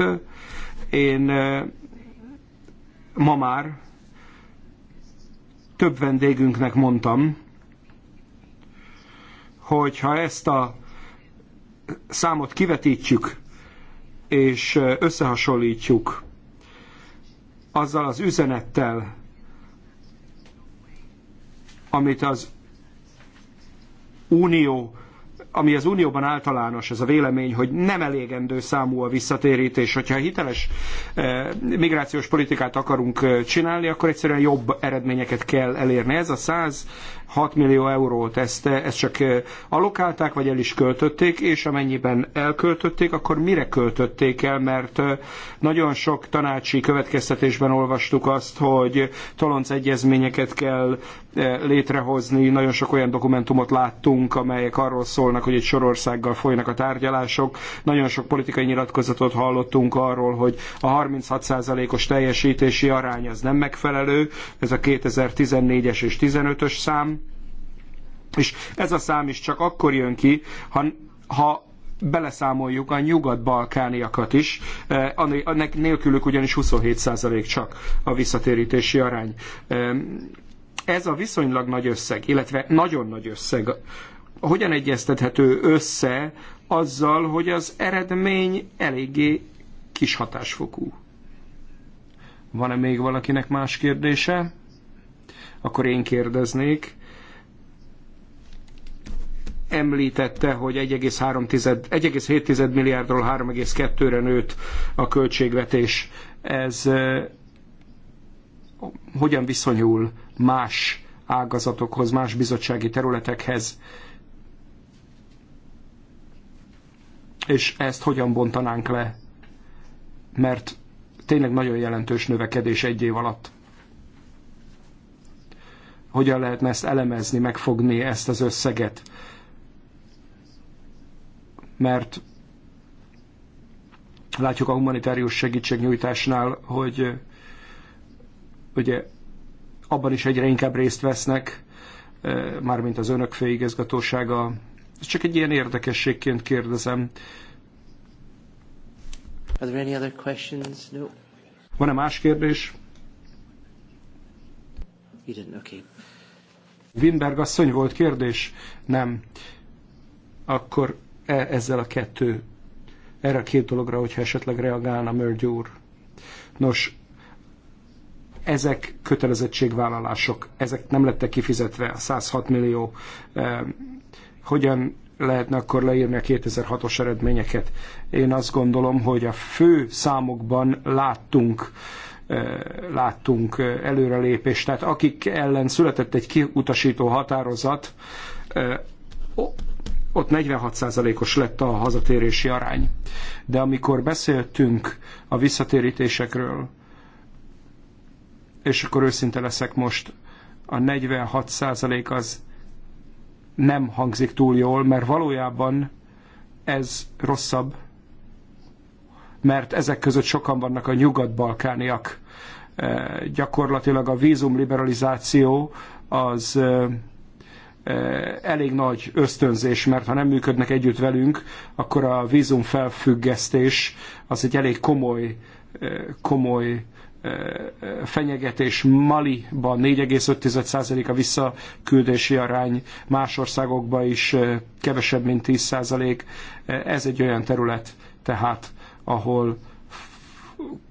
Én ma már több vendégünknek mondtam, hogy ha ezt a számot kivetítjük és összehasonlítjuk azzal az üzenettel, amit az Unió ami az Unióban általános, ez a vélemény, hogy nem elégendő számú a visszatérítés. Hogyha hiteles eh, migrációs politikát akarunk eh, csinálni, akkor egyszerűen jobb eredményeket kell elérni. Ez a 100 6 millió eurót, ezt, ezt csak eh, alokálták, vagy el is költötték, és amennyiben elköltötték, akkor mire költötték el, mert eh, nagyon sok tanácsi következtetésben olvastuk azt, hogy talonc egyezményeket kell eh, létrehozni, nagyon sok olyan dokumentumot láttunk, amelyek arról szólnak, hogy egy sorországgal folynak a tárgyalások, nagyon sok politikai nyilatkozatot hallottunk arról, hogy a 36%-os teljesítési arány az nem megfelelő, ez a 2014-es és 15-ös szám, és ez a szám is csak akkor jön ki, ha, ha beleszámoljuk a nyugat-balkániakat is, eh, nélkülük ugyanis 27% csak a visszatérítési arány. Eh, ez a viszonylag nagy összeg, illetve nagyon nagy összeg, hogyan egyeztethető össze azzal, hogy az eredmény eléggé kis hatásfokú? Van-e még valakinek más kérdése? Akkor én kérdeznék említette, hogy 1,7 milliárdról 3,2-re nőtt a költségvetés. Ez hogyan viszonyul más ágazatokhoz, más bizottsági területekhez, és ezt hogyan bontanánk le, mert tényleg nagyon jelentős növekedés egy év alatt. Hogyan lehetne ezt elemezni, megfogni ezt az összeget? mert látjuk a humanitárius segítségnyújtásnál, hogy ugye abban is egyre inkább részt vesznek, mármint az önök főigazgatósága. Ez csak egy ilyen érdekességként kérdezem. Are there any other questions? No. Van-e más kérdés? You didn't, okay. Winberg asszony volt kérdés? Nem. Akkor E, ezzel a kettő, erre a két dologra, hogyha esetleg reagálna Mörgy úr. Nos, ezek kötelezettségvállalások, ezek nem lettek kifizetve, a 106 millió. E, hogyan lehetne akkor leírni a 2006-os eredményeket? Én azt gondolom, hogy a fő számokban láttunk e, láttunk előrelépést. Tehát akik ellen született egy kiutasító határozat, ott 46%-os lett a hazatérési arány. De amikor beszéltünk a visszatérítésekről, és akkor őszinte leszek most, a 46% az nem hangzik túl jól, mert valójában ez rosszabb, mert ezek között sokan vannak a nyugat-balkániak. Gyakorlatilag a vízumliberalizáció az Eh, elég nagy ösztönzés, mert ha nem működnek együtt velünk, akkor a vízum felfüggesztés az egy elég komoly, eh, komoly eh, fenyegetés Maliban 4,5% a visszaküldési arány, más országokba is kevesebb, mint 10%. Ez egy olyan terület tehát, ahol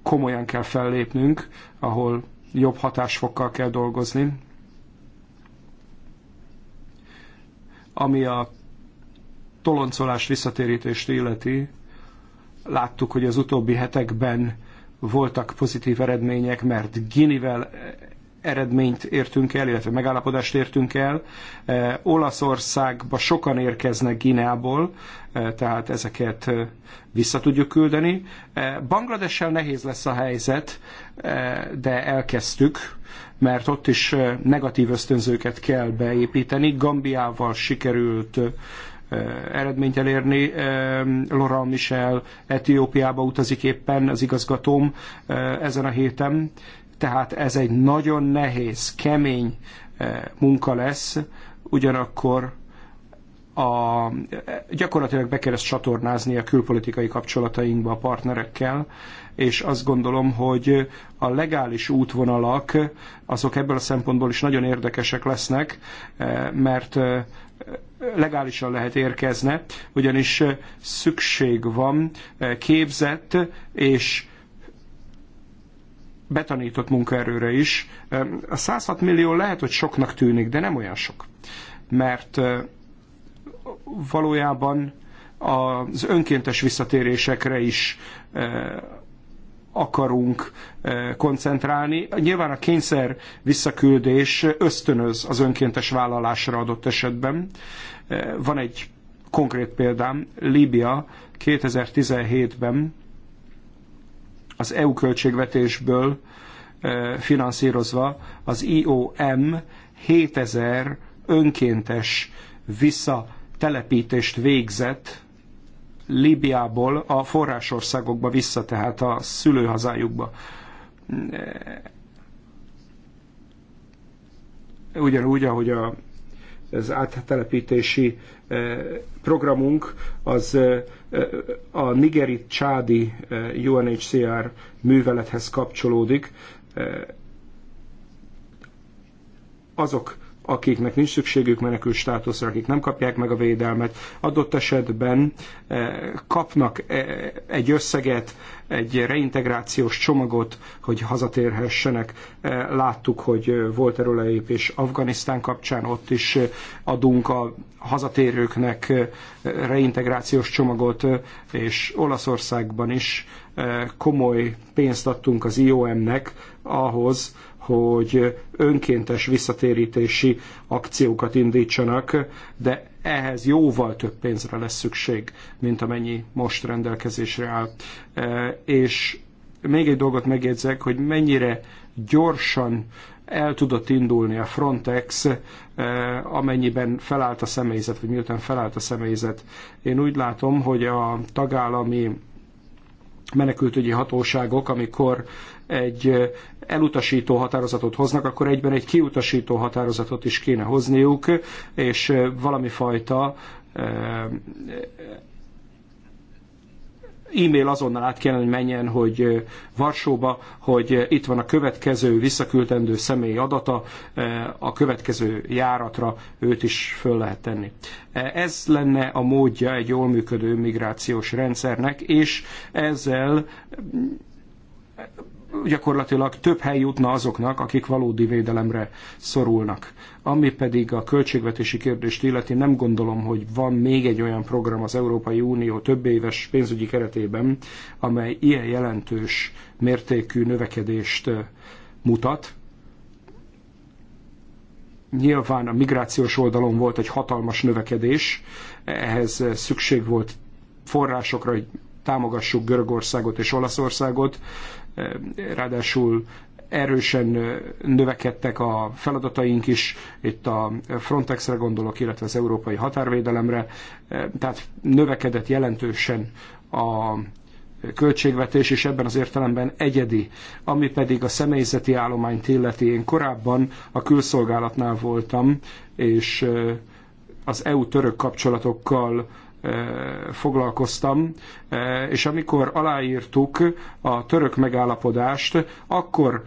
komolyan kell fellépnünk, ahol jobb hatásfokkal kell dolgozni. Ami a toloncolás visszatérítést illeti, láttuk, hogy az utóbbi hetekben voltak pozitív eredmények, mert Ginivel eh, eredményt értünk el, illetve megállapodást értünk el. Eh, Olaszországba sokan érkeznek Gineából, eh, tehát ezeket vissza tudjuk küldeni. Bangladessel nehéz lesz a helyzet, de elkezdtük mert ott is negatív ösztönzőket kell beépíteni. Gambiával sikerült eredményt elérni. Laura Michel Etiópiába utazik éppen az igazgatóm ezen a héten. Tehát ez egy nagyon nehéz, kemény munka lesz, ugyanakkor a, gyakorlatilag be kell ezt csatornázni a külpolitikai kapcsolatainkba a partnerekkel, és azt gondolom, hogy a legális útvonalak azok ebből a szempontból is nagyon érdekesek lesznek, eh, mert eh, legálisan lehet érkezne, ugyanis eh, szükség van képzett és betanított munkaerőre is. A 106 millió lehet, hogy soknak tűnik, de nem olyan sok. Mert valójában az önkéntes visszatérésekre is akarunk eh, koncentrálni. Nyilván a kényszer visszaküldés ösztönöz az önkéntes vállalásra adott esetben. Eh, van egy konkrét példám, Líbia 2017-ben az EU költségvetésből eh, finanszírozva az IOM 7000 önkéntes visszatelepítést végzett Líbiából a forrásországokba vissza, tehát a szülőhazájukba. Ugyanúgy, ahogy a, az áttelepítési eh, programunk az eh, a nigeri csádi eh, UNHCR művelethez kapcsolódik. Azok akiknek nincs szükségük menekül státuszra, akik nem kapják meg a védelmet, adott esetben eh, kapnak eh, egy összeget, egy reintegrációs csomagot, hogy hazatérhessenek. Eh, láttuk, hogy volt lépés Afganisztán kapcsán, ott is adunk a hazatérőknek reintegrációs csomagot, és Olaszországban is komoly pénzt adtunk az IOM-nek ahhoz, hogy önkéntes visszatérítési akciókat indítsanak, de ehhez jóval több pénzre lesz szükség, mint amennyi most rendelkezésre áll. E, és még egy dolgot megjegyzek, hogy mennyire gyorsan el tudott indulni a Frontex, e, amennyiben felállt a személyzet, vagy miután felállt a személyzet. Én úgy látom, hogy a tagállami menekültügyi hatóságok, amikor egy elutasító határozatot hoznak, akkor egyben egy kiutasító határozatot is kéne hozniuk, és valami fajta e-mail azonnal át kellene, hogy menjen, hogy Varsóba, hogy itt van a következő visszaküldendő személy adata, a következő járatra őt is föl lehet tenni. Ez lenne a módja egy jól működő migrációs rendszernek, és ezzel gyakorlatilag több hely jutna azoknak, akik valódi védelemre szorulnak. Ami pedig a költségvetési kérdést illeti, nem gondolom, hogy van még egy olyan program az Európai Unió több éves pénzügyi keretében, amely ilyen jelentős mértékű növekedést eh, mutat. Nyilván a migrációs oldalon volt egy hatalmas növekedés, ehhez eh, szükség volt forrásokra, hogy támogassuk Görögországot és Olaszországot, ráadásul erősen növekedtek a feladataink is, itt a Frontexre gondolok, illetve az európai határvédelemre, tehát növekedett jelentősen a költségvetés, és ebben az értelemben egyedi, ami pedig a személyzeti állományt illeti. Én korábban a külszolgálatnál voltam, és az EU-török kapcsolatokkal foglalkoztam, és amikor aláírtuk a török megállapodást, akkor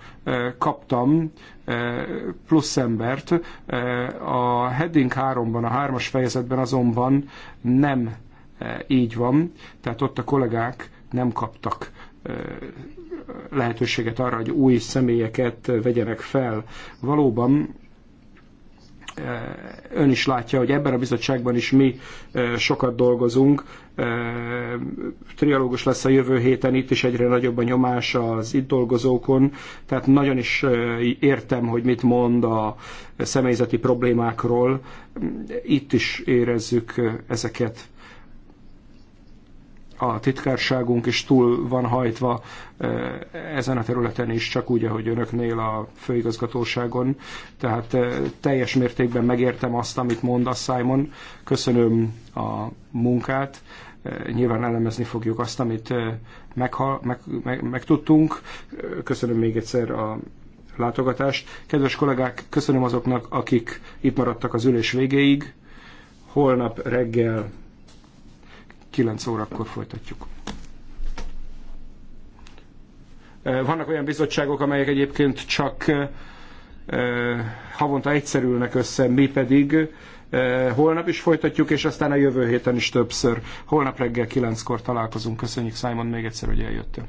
kaptam plusz embert. A heading 3-ban, a 3-as fejezetben azonban nem így van, tehát ott a kollégák nem kaptak lehetőséget arra, hogy új személyeket vegyenek fel. Valóban ön is látja, hogy ebben a bizottságban is mi sokat dolgozunk. Trialógus lesz a jövő héten, itt is egyre nagyobb a nyomás az itt dolgozókon, tehát nagyon is értem, hogy mit mond a személyzeti problémákról. Itt is érezzük ezeket a titkárságunk is túl van hajtva ezen a területen is, csak úgy, ahogy önöknél a főigazgatóságon. Tehát teljes mértékben megértem azt, amit mond a Simon. Köszönöm a munkát. Nyilván elemezni fogjuk azt, amit megha- meg, meg, megtudtunk. Köszönöm még egyszer a látogatást. Kedves kollégák, köszönöm azoknak, akik itt maradtak az ülés végéig. Holnap reggel 9 órakor folytatjuk. Vannak olyan bizottságok, amelyek egyébként csak havonta egyszerülnek össze, mi pedig holnap is folytatjuk, és aztán a jövő héten is többször. Holnap reggel 9-kor találkozunk. Köszönjük Simon még egyszer, hogy eljöttél.